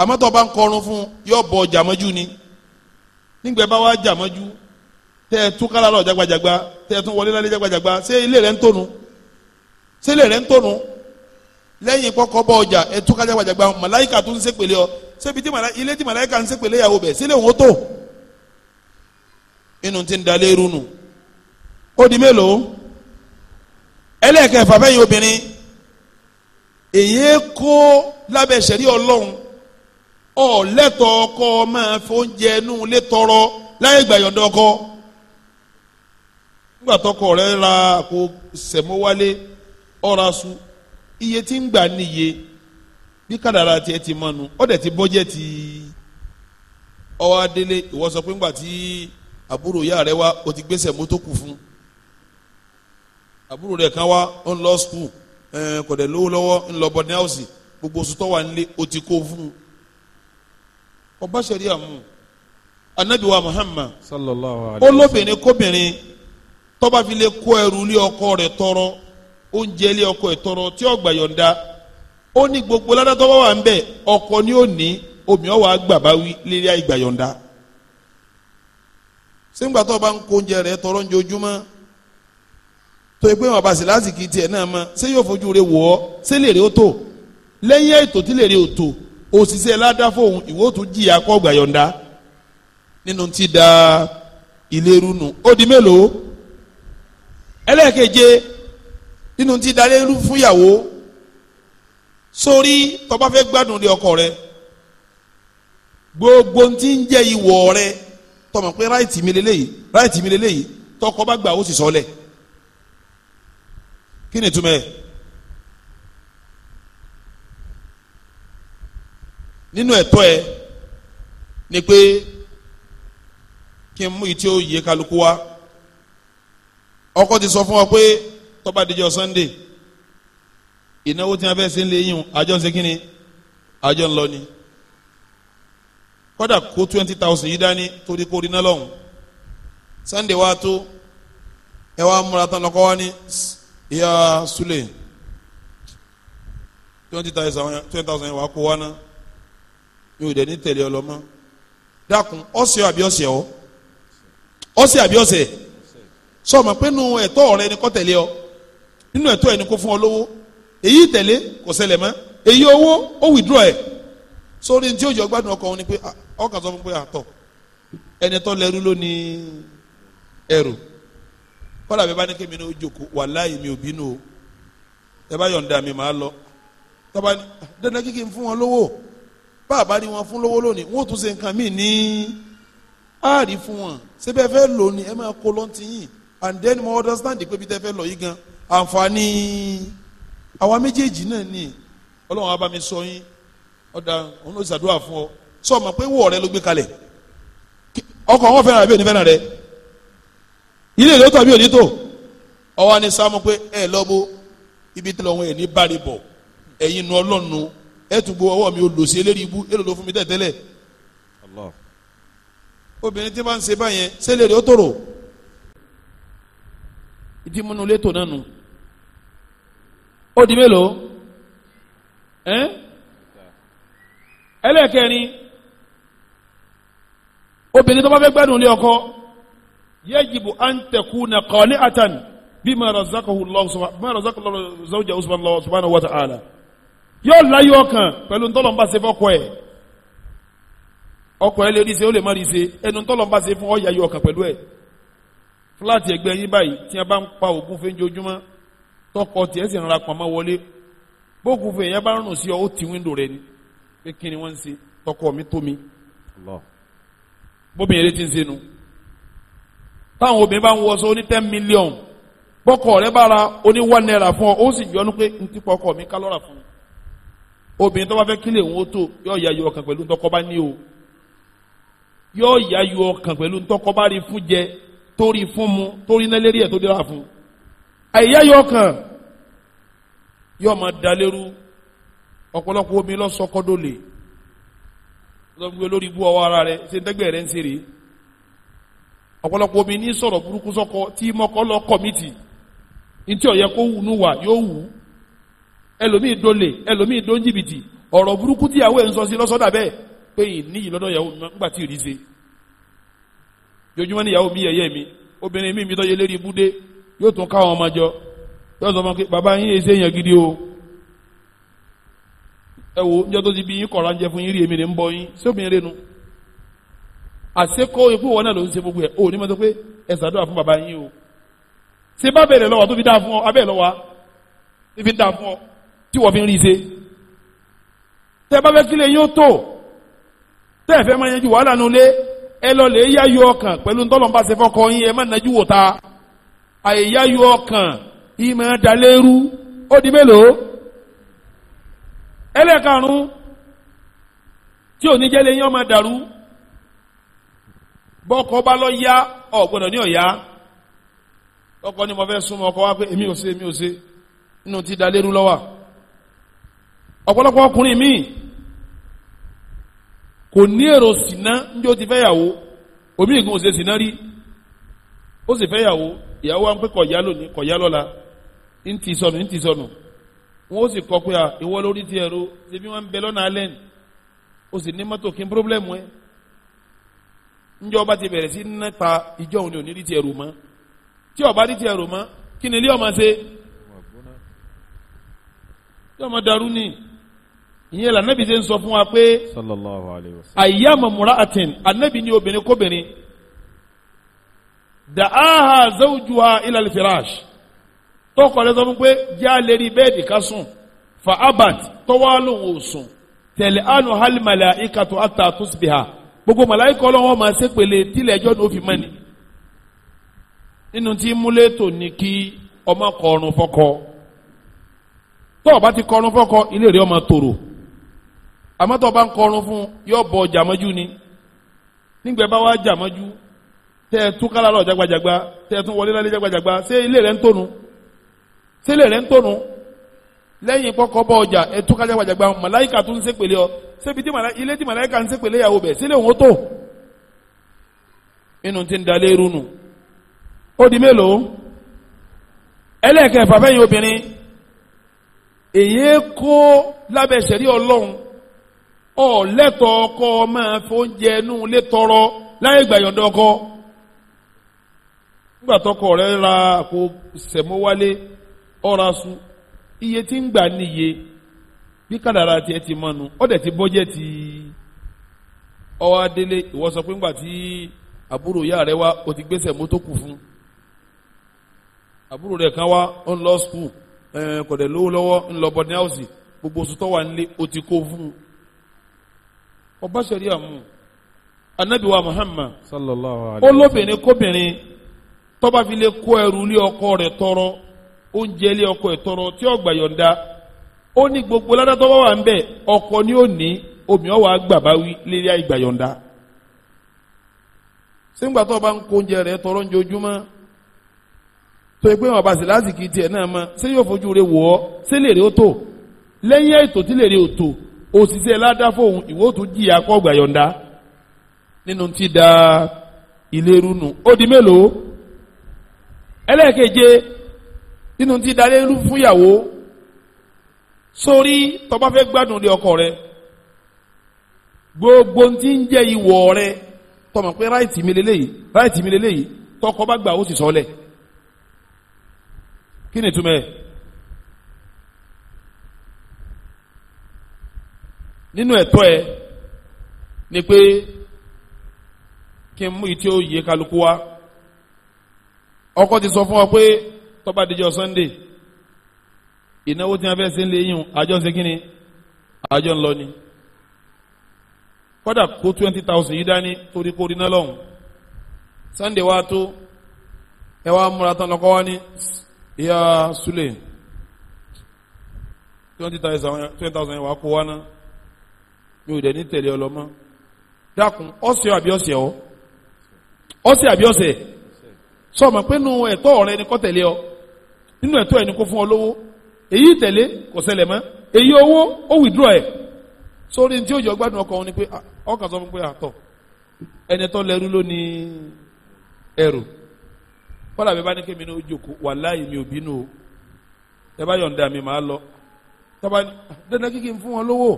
àmọ́ tọ́ ọ bá ń kọrun fún yóò bọ jàmọ́jú ni nígbà bá wá jàmọ́jú tẹ́ ẹ tún kálá lọ jagbajagba tẹ́ ẹ tún wọlé lálẹ́ jagbajagba ṣé ilé rẹ̀ ń tónu ṣé ilé rẹ̀ ń tónu lẹ́yìn kọ́kọ́ bọ́ ọjà ẹ tó kájà wàjà gba màláìka tó ń sèpèlè ọ ṣebí tí màláìka ilé tí màláìka ń sèpèlè yàwó bẹ̀ sílẹ̀ òun tó inú ti ń dalé runu ó di mélòó ẹlẹ́ẹ̀kẹfà bẹ́yìn obìnrin èyí kó lábẹ́ sẹ̀rí ọlọ́run ọ lẹ́tọ̀ ọkọ máa fi inú ilé tọrọ láyé ìgbà ọkọ nígbà tọkọ rẹ ra kó sẹ̀mó wálé ọ̀ra iye tí ń gbà níye bí tiẹ̀ ti mọ́nu ó dẹ̀ ti bọ́jẹ́tì ọwọ́ adélé ìwọ sọ pé ńgbà tí àbúrò yá rẹ wá o ti gbèsè mọ́tò kù fún àbúrò rẹ kan wá ó ń lọ skul eh, ẹ̀ lówó lọ́wọ́ gbogbo wà nílé o ti kó fún un ọba ṣẹlẹ àmú anabiwa Muhammad olóbìnrin kóbìnrin fi lè kó ẹrù ọkọ tọrọ oúnjẹ ilé ọkọ ẹ̀ tọrọ tí ọgbà yọ̀ǹda ó ní gbogbo ládàtọ́ bá wà ń bẹ̀ ọkọ ni ó ní omi ọ̀wà gbàbá wí lérí àìgbà yọ̀ǹda sígbà tó o bá ń kó oúnjẹ rẹ tọrọ oúnjẹ ojúmọ́ tó o pé wọn bá sì lásìkò tiẹ̀ náà mọ́ ṣé yóò fojú rẹ wọ̀ ọ́ ṣé lè rí o tó lẹ́yìn ètò tí lè rí o tó òṣìṣẹ́ ládàá fóun ìwọ tó jìyà kọ́ ọgbà yọ̀ǹda nínú ti da ìlérú ó di mélòó ẹlẹ́ẹ̀keje nínú ti dalẹ́ rú fún ìyàwó sórí tó bá fẹ́ gbádùn lé ọkọ rẹ gbogbo ti ń jẹ́ ìwọ̀ rẹ tó mọ̀ pé ráìtì mi lélẹ́yìí ráìtì mi lélẹ́yìí tọkọ bá gbà ó sì sọlẹ̀ kí ni túmẹ̀ nínú ẹ̀tọ́ ẹ ni pé kí n mú ìtí ó yẹ kálukú wa ọkọ ti sọ fún wa pé tó bá Sunday ìnáwó tí wọ́n fẹ́ sí ń lé yín àjọ ń ṣe ni àjọ ń lọ ni kódà kó twenty thousand yìí dání torí kó rinná lọ́hùn Sunday wa tó ẹ wá múra tán lọ́kọ́ wá ní ìyá Sule twenty thousand yẹn wà kó wá náà mi ò dẹ̀ ní tẹ̀lé ọ lọ mọ́ dákun ọ̀sẹ̀ àbí ọ̀sẹ̀ ọ ọ̀sẹ̀ àbí ọ̀sẹ̀ sọ ma pé nu ẹ̀tọ́ ọ̀rẹ́ ni kọ́ tẹ̀lé ọ nínú ẹ̀tọ́ ẹni kó fún ọ lówó èyí tẹ̀lé kò ṣẹlẹ̀ mọ́ èyí owó ó withdraw ẹ̀ sórí tí ó jọ gbádùn ọkọ òun ni pé ọkàn ah, sọ fún pé àtọ̀ ah, ẹni tọ́ lẹ́rú ló ní ẹrù kọ́lá bẹ́ẹ̀ bá ní kémi ní ó jókòó wàláhì mi ò bínú o ẹ bá yọ̀ǹda mi màá lọ tọ́ba ní ah, dandan kíkì fún wọn lówó bàbá ni wọn fún lówó lónìí wọn ò tún ṣe nǹkan míì ní àárí fún wọn ṣé bẹ́ẹ̀ fẹ́ lò ẹ máa kó lọ́ntì and then mo understand pé bí tẹ́ fẹ́ lọ yìí gan-an àǹfààní àwa méjèèjì náà ni ọlọ́run abá mi sọ yín ọ̀dà òun ló ṣàdúrà fún ọ sọ ma pé wọ̀ rẹ ló gbé kalẹ̀ ọkọ̀ wọn fẹ́ràn àbí òní fẹ́ràn rẹ ilé ìlú tàbí òní tó ọwọ́ ni sáà pé ẹ ibi tí lọ́wọ́ ẹ̀ bá rí bọ̀ ẹ̀yin nu ọlọ́nu tún gbọ́ ọwọ́ mi ò lò sí eléyìí ibú ó di mélòó ẹ́n ẹlẹ́ẹ̀kẹrin obìnrin tó bá fẹ́ gbádùn ilé ọkọ yajibu an takuna qani'atan bima razaqahu Allah bima razaqahu zawjahu subhanahu wa ta'ala yóò láyọ̀ kan pẹ̀lú ntọ́lọ́mbà ṣe fọ́kọ ẹ̀ ọkọ ẹ lè rí ṣe ó lè má rí ṣe ẹnu ntọ́lọ́mbà ṣe fún ọ̀yà yọ̀ kan pẹ̀lú ẹ̀ fúláàtì ẹgbẹ́ yín báyìí tí a bá ń pa ògún fẹ́ńjojúmọ́ tọkọ tiẹ̀ sì rárá pamọ́ wọlé bókun fún èèyàn bá rùn sí ọ ó ti wíńdò rẹ ni pé kí ni wọ́n ń ṣe tọkọ mi tó mi bóbi yẹn ti ń ṣe nu táwọn obìnrin bá ń wọ sọ ní ten million bọ́kọ̀ rẹ bá ra oní one naira fún ọ ó sì yọnu pé n ti pọkọ mi ká lọ́ra fún mi obìnrin tó bá fẹ́ kílè òun ó tó yọ ìyá yọ ọkàn pẹ̀lú ntọ́kọ́ bá ní o yọ ìyá yọ ọkàn pẹ̀lú ntọ́kọ́ bá rí fún jẹ torí fún mu torí náà lérí ẹ̀ tó dé ra fún un. àyíyá yọ kàn yọ ma da lérú ọ̀pọ̀lọpọ̀ omi lọ́sọkọ́dọ̀ lè lọ́gbẹ́ lórí ibú ọwọ́ ara rẹ ṣe dẹ́gbẹ́ nsiri ń ṣeré ọ̀pọ̀lọpọ̀ omi ní sọ̀rọ̀ burúkú sọ́kọ tí mọ́kọ́ lọ kọ̀mìtì ntí ó yẹ kó wù nù wà yóò wù ẹlòmíì ẹlòmíì dó jìbìtì burúkú ń sọ sí pé mi nígbà tí jojúmọ́ ni mi mi obìnrin yóò tún káwọn ọmọ jọ yóò sọ fún pé bàbá yín èsì èèyàn gidi o ẹ wo njẹ́ tó ti bí yín kọ̀ọ̀rọ̀ jẹ fún yín rí èmi ní ń bọ yín sóbìnrin rẹ nu àsekó ikú wọn náà ló ń ṣe gbogbo ẹ o ní ma sọ pé ẹ ṣàdúrà fún bàbá yín o ṣe bá bẹ̀rẹ̀ lọ́wọ́ tó fi dáa fún ọ abẹ́ lọ́wọ́ tó fi dáa fún ọ tí wọ́n fi ń rí ṣe tẹ bá fẹ́ kílẹ̀ yín ó tó tẹ ẹ fẹ́ máa yanjú wàhálà nulẹ̀ ẹ lọ lè yá yọ ọkàn pẹ̀lú ntọ́lọ́mbàṣẹ́fọ́kọ yín ẹ má nàjú wò ta. àyíyáyọ ọkàn ìmọ̀ dalẹ́rú ó di mélòó ẹlẹ́karùn-ún tí ò ní jẹ́lé yín ọmọ dàrú bọ́kọ bá lọ yá ní ọ̀yá ọkọ ni mo fẹ́ súnmọ́ ọkọ wa pé èmi ò ṣe ti dalẹ́rú lọ́wọ́ ọ̀pọ̀lọpọ̀ ọkùnrin kò ní èrò sínà ní o ti fẹ́ omi ìgbìmọ̀ sínà rí ó sì fẹ́ ìyàwó wa ń pé kọ̀yá lónìí kọ̀yá lọ́la ń ti sọnù ń ti sọnù wọn ó sì kọ pé ìwọ lórí ti ẹ̀rọ ṣebí wọn ń bẹ lọ́nà alẹ́ ni o sì ní mọ́tò kí n pírọ́blẹ́mù ẹ ǹjẹ́ ọba ti bẹ̀rẹ̀ sí nípa ìjọ òun ni ò ní rí ti ẹ̀rù mọ́ tí ọba rí ti ẹ̀rù mọ́ kí ni ilé ọmọ ṣe tí ọmọ darú ni ìyẹn lànàbì ṣe ń sọ fún wa pé àyàmọ̀ mùrà àtìn ànàbì ni obìnrin kóbìnrin. da'aha zawjuha ila al-firash tọkọ rẹ̀ sọ fún pé jẹ́ alẹ́ rí ká sùn fa abat tọ́wọ́ lòun ò sùn tẹ̀lé anu hal malaikatu tusbiha gbogbo màláìkà ọlọ́wọ́ máa ṣe pèlè tílẹ̀ ẹjọ́ ní òfin mẹ́ni nínú tí múlẹ̀ tò ní kí ọmọ kọrun fọkọ tọ́ ọba ti kọrun fọkọ ilé ọmọ tòrò ọba ń kọrun fún yọ ni nígbà bá wá jàmọ́jú tẹ́ ẹ tún kálá lọ jagbajagba tẹ́ ẹ tún wọlé lálẹ́ jagbajagba ṣé ilé rẹ̀ ń tónu ṣé ilé rẹ̀ ń tónu lẹ́yìn kọ́kọ́ bọ́ ọjà ẹ tún kájà jagbajagba màláìka tún ń sèpèlé ọ ṣébi ilé tí màláìka ń sèpèlé yàwó bẹ̀ sílé òun ó tó inú ti ń dalé rúnu ó di mélòó ẹlẹ́ẹ̀kẹfà fẹ́yìn obìnrin èyí kó lábẹ́ sẹ̀rí ọlọ́run ọ̀lẹ́tọ̀ ọkọ máa fóúnjẹ inú ilé láyé ìgbà nígbà tọkọ rẹ̀ ra àpò sẹ̀mó wálé ọ̀ra iye tí ń gbà níye bí ti mọ́nu ti sọ pé ńgbà tí àbúrò wá o ti gbèsè mọ́tò kù fún àbúrò rẹ̀ kan wá ó ń lọ skul kọ̀dẹ̀ lówó lọ́wọ́ gbogbo oṣù wà nílé o ti kó fún Muhammad tọ́ba fi lè kó ẹrù lé ọkọ rẹ̀ tọrọ oúnjẹ lé ọkọ rẹ̀ tọrọ tí ọgbà yọ̀ǹda ó ní gbogbo ládàtọ́wọ́ wà ń bẹ̀ ọkọ ni ó ní obìnrin wà gbàbá wí lérí ìgbà yọ̀ǹda sígbà tó o bá ń kó oúnjẹ rẹ̀ tọrọ ojoojúmọ́ tó o pé wọn bá sì lásìkò tiẹ̀ náà mọ́ ṣé yóò fojú rẹ̀ wọ̀ ọ́ ṣé lè rí o tó lẹ́yìn ètò tí lè rí o tó òṣìṣẹ́ ládàá fóun ìwọ́ tó jìyà kọ́ ọgbà ẹlẹ́ẹ̀keje nínú ti dalérú fún ìyàwó sórí tó bá fẹ́ gbádùn lé ọkọ rẹ gbogbo ti ń jẹ́ ìwọ̀ rẹ tó mọ̀ pé ráìtì mi lélẹ́yìí ráìtì mi lélẹ́yìí tọkọ bá gbà ó sì sọlẹ̀ kí ni ìtumọ̀ nínú ẹ̀tọ́ ẹ̀ ni pé kí n mú ìtí ó yẹ kálukú wá. ọkọ ti sọ fún ọ pé tọ́ba díjọ sunday ìnáwó tí wọ́n fẹ́ ṣe ń lé yín àjọ ṣe kí ni àjọ ń lọ ni kọ́dà kó twenty thousand yìí dání torí kó wa tó ẹ wá múra tán ní ìyá sule twenty thousand yẹn wà kó wá náà mi ò dẹ̀ ní tẹ̀lé ọ sọ ma pé nu ẹ̀tọ́ rẹ ni kó tẹ̀lé ọ nínú ẹ̀tọ́ ẹ ni kó fún ọ lówó èyí tẹ̀lé kò ṣẹlẹ̀ mọ́ èyí owó ó withdraw ẹ sórí tí ó jọ gbádùn ọkọ òun ni pé ah, ọkàn sọ fún pé àtọ ah, ẹni tó lẹ́rú ló ní ẹrù kọ́lá bẹ́ẹ̀ bá ní kémi ní ó jòkó wàláhì mi ò bínú o ẹ bá yọ̀ǹda mi màá lọ tọ́ba ní ah, dandan kíkì fún wọn lówó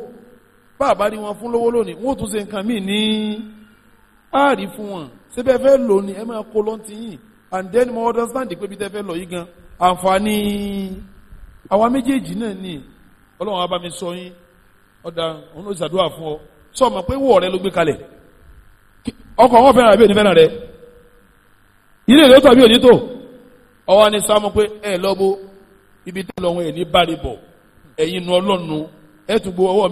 bàbá ni wọn fún lówó lónìí wọn ò tún ṣe nǹkan míì ní àárí fún wọn síbẹ̀ fẹ́ lò ẹ máa kó lọ́ntì and then mo understand pé bí tẹ́fẹ́ lọ yìí gan àǹfààní àwa méjèèjì náà ni ọlọ́run abá mi sọ yín ọ̀dà òun ló ṣàdúrà fún ma pé ló gbé kalẹ̀ ọkọ̀ ọkọ̀ fẹ́ràn àbí rẹ ilé ìlú tàbí òní tó ọwọ́ ni ibi ẹ̀ ní bọ̀ ẹ̀yin nu ọlọ́nu ẹ̀ tún gbọ́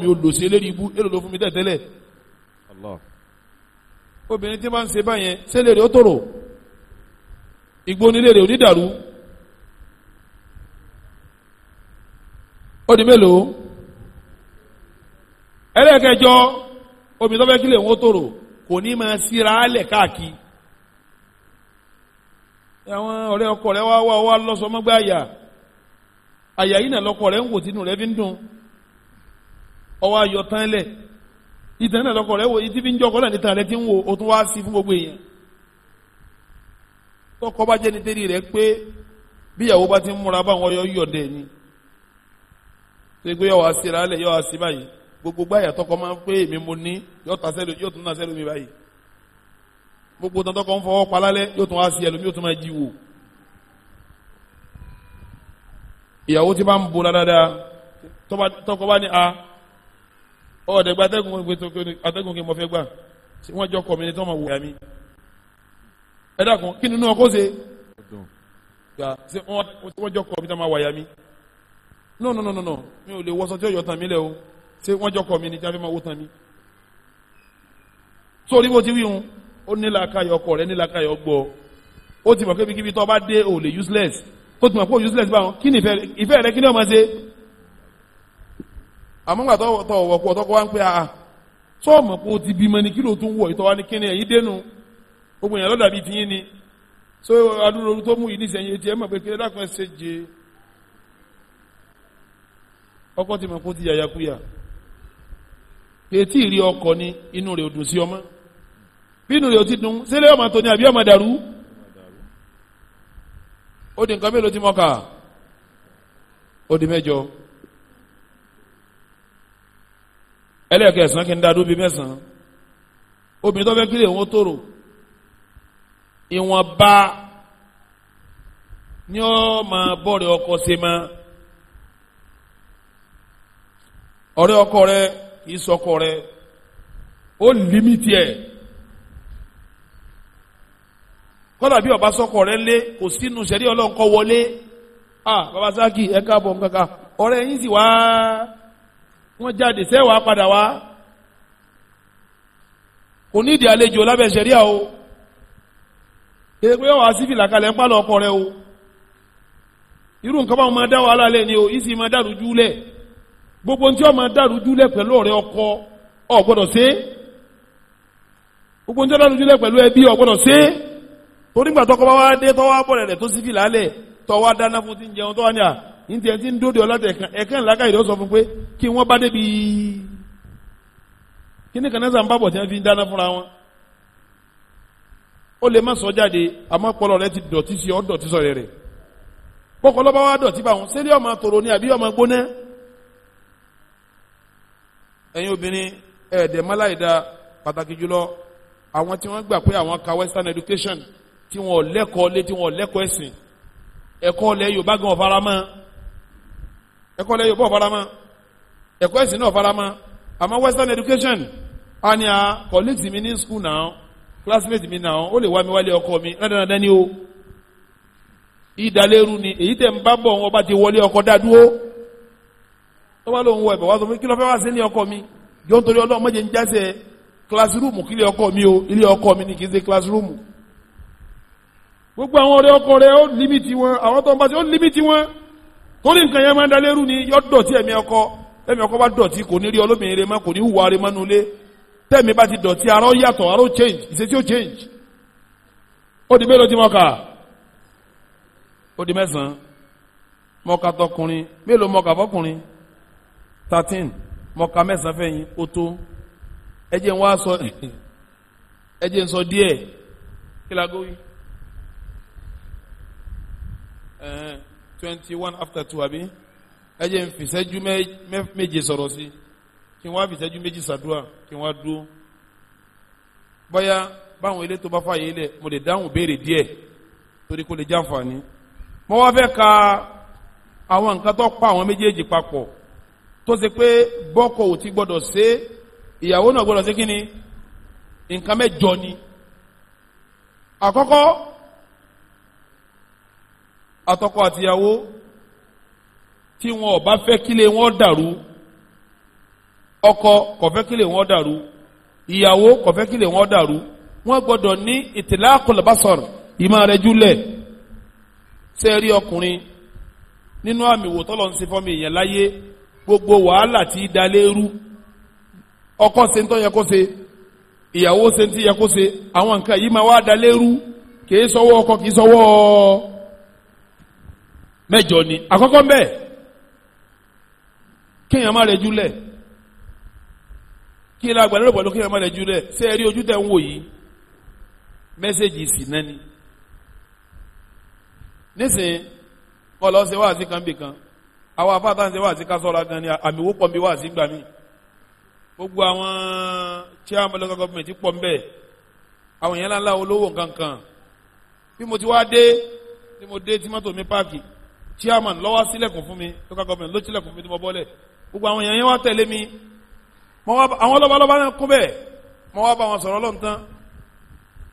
igbó onílé rẹ̀ onídàrú ó di mélòó ẹlẹ́ẹ̀kẹjọ omi tó fẹ́ kílẹ̀ ń tòrò kò ní máa síra álẹ̀ káàkiri àwọn ọ̀rẹ́ ọkọ rẹ wá wá wá lọ́sọmọ́gbá àyà àyà yìí náà lọ́kọ rẹ ń wò tínú rẹ fi ń dùn ọwọ́ ayọ̀ tán lẹ̀ ìtàn náà lọ́kọ rẹ wò náà gbogbo èèyàn tọkọ bá jẹni dérí rẹ pé bíyàwó bá ti ń múra báwọn yọ yọ̀dẹ̀ ni ṣe pé yọ̀wá síra alẹ̀ yọ̀wá sí báyìí gbogbo gbáyà tọkọ máa ń pé èmi mo ní yóò tún náà sẹ́lómi báyìí gbogbo tán tọkọ ń fọwọ́ pa lálẹ́ yóò tún wá sí ẹlòmí yóò tún máa jí wò ìyàwó tí bá ń bora dáadáa tọkọ bá ní a ọ̀ọ́dẹ̀gba atẹ́gùn atẹ́gùn kí n mọ̀ fẹ́ gbà wọ́n jọ kọ̀ mi ni tọ́ ma wò yà mí ẹ dákun kí nínú ọkọ ṣe ṣe wọ́n jọ kọ́ mi tá máa wáyà mi no no no no mi ò lè wọ́sọ tí ọ̀yọ́ tán mi lẹ̀ o ṣé wọ́n jọ kọ́ mi ni tí wọ́n fi máa wó tán mi. sórí bó ti wí hun ó ní làákàyọ̀ ọkọ rẹ̀ ní làákàyọ̀ gbọ́ ó ti mọ̀ pé kíbi tó bá dé ò lè useless tó ti mọ̀ pé useless báwọn kí ni ìfẹ́ rẹ kí ni ọmọ ṣe. àmọ́ gbà tọ́ kú ọ̀tọ́kọ wá ń pẹ́ àà sọ́ọ̀mọ̀ pé ó ah, ah. ti bímọ ni kí ló tún wọ̀ ìtọ́wá gbogbo èèyàn lọ́dà bíi tiyín ni so adúlóru tó mú yìí nísìnyí etí ẹ mọ̀ pé kí ẹ dákun ẹ ṣe jẹ ọkọ ti mọ̀ kó ti yàyà kúyà etí rí ọkọ ni inú rẹ̀ ò dùn sí ọmọ bí inú rẹ̀ ò ti dùn sílẹ̀ ọmọ tó ní àbí ọmọ dàrú ó di nǹkan mélòó tí mo kà ó di mẹ́jọ ẹlẹ́ẹ̀kẹsàn-án kí n dá dúbí mẹ́sàn-án obìnrin tó fẹ́ kílè wọn tóró ìwọ̀nba ni ó máa bọ̀rẹ̀ ọkọ ṣe mọ́ ọ̀rẹ́ ọkọ rẹ kì í sọkọ rẹ ó límítì ẹ̀ kọ́dà bí ọba sọkọ rẹ lé kò sínú sẹ́rí ọlọ́nkọ́ wọlé ah baba saki ẹ káàbọ̀ nǹkankan ọ̀rẹ́ yín sì wá wọ́n jáde sẹ́wàá padà wá kò ní ìdí àlejò lábẹ́ sẹ́ríà o kéde pé ọwọ́ àsìfì làkàlẹ̀ ń pàlọ́ ọkọ rẹ o irú nǹkan báwọn máa dá wàhálà lẹ̀ ni o ìsì máa dàrú júlẹ̀ gbogbo ntí ọ máa dàrú júlẹ̀ pẹ̀lú ọ̀rẹ́ ọkọ ọ gbọ́dọ̀ ṣe gbogbo ntí ọ dàrú júlẹ̀ pẹ̀lú ẹbí ọ gbọ́dọ̀ ṣe torí gbàtọ́ kọ́ bá wá dé tọ́ wá bọ̀ rẹ̀ tó sífì lálẹ̀ tọ́ wá dáná fún ti ń jẹun tọ́ wá ó lè má sọ jáde àmọ́ ọpọlọ rẹ ti dọ̀tí sí ọ dọ̀tí sọ̀rẹ́ rẹ̀ kọ́kọ́lọ́ bá wá dọ̀tí bá wọn sẹ́lẹ̀ ọmọ tòrò ni àbí ọmọ gbóná ẹ̀yin obìnrin ẹ̀ẹ́dẹ̀ máláìda pàtàkì jùlọ àwọn tí wọ́n gbà pé àwọn ka western education tí wọ́n lẹ́kọ̀ọ́ lé tí wọ́n lẹ́kọ̀ọ́ ẹ̀sìn ẹ̀kọ́ lẹ Yorùbá gan ọ̀fara mọ́ ẹ̀kọ́ lẹ Yorùbá ọ̀fara mọ́ ẹ̀kọ́ ẹ̀sìn náà ọ̀fara àmọ́ western education a ní a colleagues mi ní school náà classmate mi náà ó lè wá mi wálé ọkọ mi rádaràdá ni o ìdálérú ni èyí tẹ̀ ń bá bọ̀ wọn bá ti wọlé ọkọ dádúró wọ́n bá lóun wọ ẹ̀bẹ̀ wá sọ fún mi kí ló fẹ́ wá sí ilé ọkọ mi yóò ń torí ọlọ́run mọ́jẹ̀ ń jáṣẹ́ classroom kí ilé ọkọ mi o ilé ọkọ mi ni kì í ṣe classroom gbogbo àwọn ọ̀rẹ́ ọkọ rẹ ó límìtì wọn àwọn tó ń bá ṣe ó límìtì wọn torí nǹkan yẹn máa ń dalérú ni yọ dọ̀tí ẹ̀mí ọkọ ẹ̀mí ọkọ bá dọ̀tí kò ní rí ọlọ́mìnira mọ́ kò ní hùwà rẹ mọ́nulé tẹ́mi bá ti dọ̀tí ara ó yàtọ̀ ara ó change ìṣesí ó change ó di mélòó tí mo kà ó di mẹ́sàn-án mo kà tọkùnrin mélòó mo kà fọkùnrin thirteen mo kà mẹ́sàn-án fẹ́yìn ó tó ẹ jẹ́ n wá sọ ẹ jẹ́ sọ díẹ̀ kí la gbóyè twenty one after two àbí ẹ jẹ́ n fi ìṣẹ́jú méje sọ̀rọ̀ sí i kí wọ́n á fi ìṣẹ́jú méjì ṣàdúrà kí wọ́n á dúró bóyá báwọn elétò bá fààyè lẹ̀ mo lè dáhùn béèrè díẹ̀ torí kó lè jẹ́ àǹfààní mo wá fẹ́ ka àwọn nǹkan tó pa àwọn méjèèjì papọ̀ tó ṣe pé bọ́kọ ò ti gbọ́dọ̀ ṣe ìyàwó náà gbọ́dọ̀ ṣe kí ni nǹkan mẹ́jọ ni àkọ́kọ́ àtọkọ àtìyàwó tí wọn ò bá fẹ́ kílé wọn dàrú ọkọ kọfẹkìlẹ wọn dàrú ìyàwó kọfẹkìlẹ wọn dàrú wọn gbọ́dọ̀ ní ìtìlá kọlọbásọrọ ìmọ̀ rẹ júlẹ̀ sẹ́ẹ̀rí ọkùnrin nínú àmì wò tọ́lọ̀ ń ṣe fọ́mi èèyàn láyé gbogbo wàhálà tí í da léru ọkọ ṣe ń tọ́ yẹ kó ṣe ìyàwó ṣe ń tí yẹ kó ṣe àwọn nǹkan yìí máa wá da léru kìí sọwọ́ ọkọ kìí sọwọ́ mẹ́jọ ni àkọ́kọ́ mbẹ́ kéèyàn má rẹ júlẹ̀ kí ẹ lágbàá lọ́rọ̀ pẹ̀lú kí ẹ má rẹ̀ jù rẹ̀ ṣé ẹ rí ojú tẹ̀ ń wò yìí mẹ́sẹ̀gì sì náà ni. nísìnyí kọ́ ṣe wáàsí kan bì kan àwọn afáàtà ṣe wáàsí ká sọ́ra gan ni àmì owó pọ̀ wáàsí gbà mí. gbogbo àwọn chairman local government pọ̀ ń bẹ̀ àwọn èèyàn ńláńlá olówó nǹkan bí mo ti wá dé ni mo dé tí mi páàkì chairman ló sílẹ̀kùn fún mi local government ló sílẹ̀kùn fún mi tí mo bọ́lẹ̀ gbogbo àwọn yẹn wá tẹ̀lé mi àwọn lọ́balọ́ba náà kún bẹ́ẹ̀ mo wá bá wọn sọ̀rọ̀ lọ tán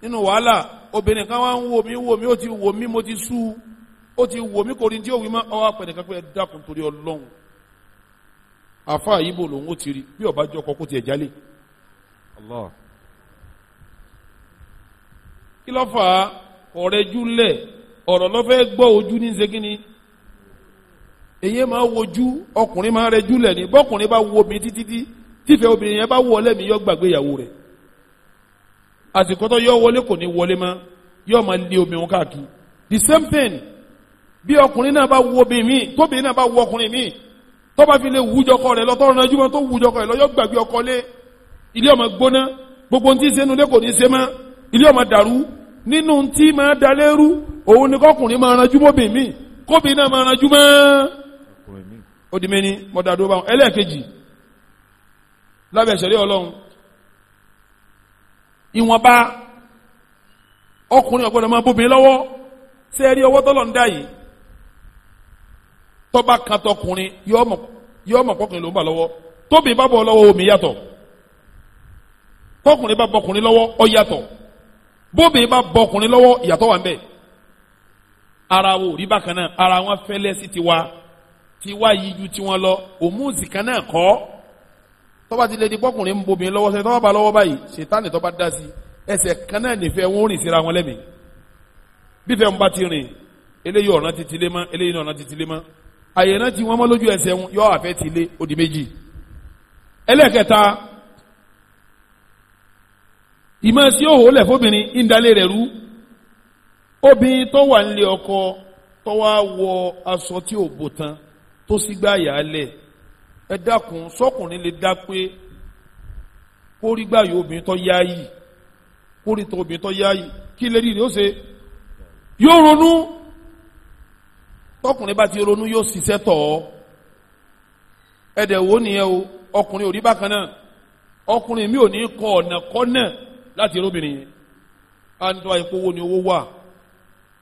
nínú wàhálà obìnrin kan wá ń wò mí wò mí ó ti wò mí mo ti sú ó ti wò mí kò ní tí ó wí mọ́ ọ wá pẹ̀lẹ́ kápẹ́ dákun torí ọlọ́run àfa yìí lòun ó ti rí bí ọba jọkọ kó tiẹ̀ jálè kí ló fà á ọ̀rọ̀ lọ́fẹ́ gbọ́ ojú ní èyí máa wojú ọkùnrin máa wo mi títí tífẹ̀ obìnrin yẹn bá wọlé mi yọ gbàgbé ìyàwó rẹ̀ àsìkò tó yọ wọlé kò ní wọlé mọ́ yọ máa lé obìnrin káàkiri the same thing bí ọkùnrin náà bá wo obìnrin míì tóbìnrin náà bá wo ọkùnrin míì tó bá fi lè wùjọkọ rẹ̀ lọ́tọ́ ọ̀rọ̀ ẹjúmọ́ tó wùjọkọ rẹ̀ lọ́yọ́ gbàgbé ọkọ lé ilé ọmọ gbóná gbogbo ntí sẹ́nu lé kò ní ṣe mọ́ ilé ọmọ dàrú nínú ntí máa dalẹ́rú òun ni kọkùnrin máa ranjú mọ́ bèmí kóbìnrin náà máa ranjú mọ́ ó di mẹ́ni mọ́dàdó báwọn ẹlẹ́ẹ̀kejì lábẹ́ ìṣẹ̀lẹ̀ ọlọ́run ìwọ̀nba ọkùnrin ọ̀gbọ́dọ̀ máa bóbi lọ́wọ́ ṣé ẹ rí ọwọ́ tọ́lọ̀ ń dá yìí tọ́ba kan tọkùnrin yọ ọmọ pọkùnrin ló ń bà lọ́wọ́ tóbi bá bọ̀ lọ́wọ́ omi yàtọ̀ tọkùnrin bá bọkùnrin lọ́wọ́ ọ yàtọ̀ bóbi bá bọkùnrin lọ́wọ́ ìyàtọ̀ wà ń bẹ̀ ara wo rí bákan náà ara wọn fẹ́lẹ́ sí tiwa tiwa yíjú tiwọn lọ òmùsì kan náà kọ́ ọ́ tọ́ba ti lè di pọ́kùnrin ń bomi lọ́wọ́ sẹ́ni tọ́ba bá lọ́wọ́ báyìí ṣètánì tọ́ba dá sí ẹsẹ̀ kan náà nífẹ̀ẹ́ wọn ó rìn síra wọn lẹ́mí bífẹ̀ ń bá ti rìn eléyìí ọ̀nà ti tilé mọ́ eléyìí ọ̀nà ti tilé mọ́ àyè náà ti wọ́n mọ́ lójú ẹsẹ̀ wọn yọ àfẹ́ tilé ó di méjì ẹlẹ́kẹta ìmọ̀ sí òhò lẹ̀ fóbìnrin ìdálé rẹ̀ rú obìnrin tó wà nílé ọkọ tó wá wọ aṣọ tí ò bò tán tó sígbà yà á lẹ̀ ẹ dákun sọkùnrin lè dá pé kórí gbàyè obìnrin tó yá yìí kórí tó obìnrin tó yá yìí kí lè rí rè ó ṣe yóò ronú tọkùnrin bá ti ronú yóò ṣiṣẹ́ tọ̀ ọ́ ẹ̀dẹ̀ wo nìyẹn o ọkùnrin ò rí bákan náà ọkùnrin mi ò ní kọ ọ̀nà náà láti róbìnrin yẹn á ní tó wáyé kówó ni owó wà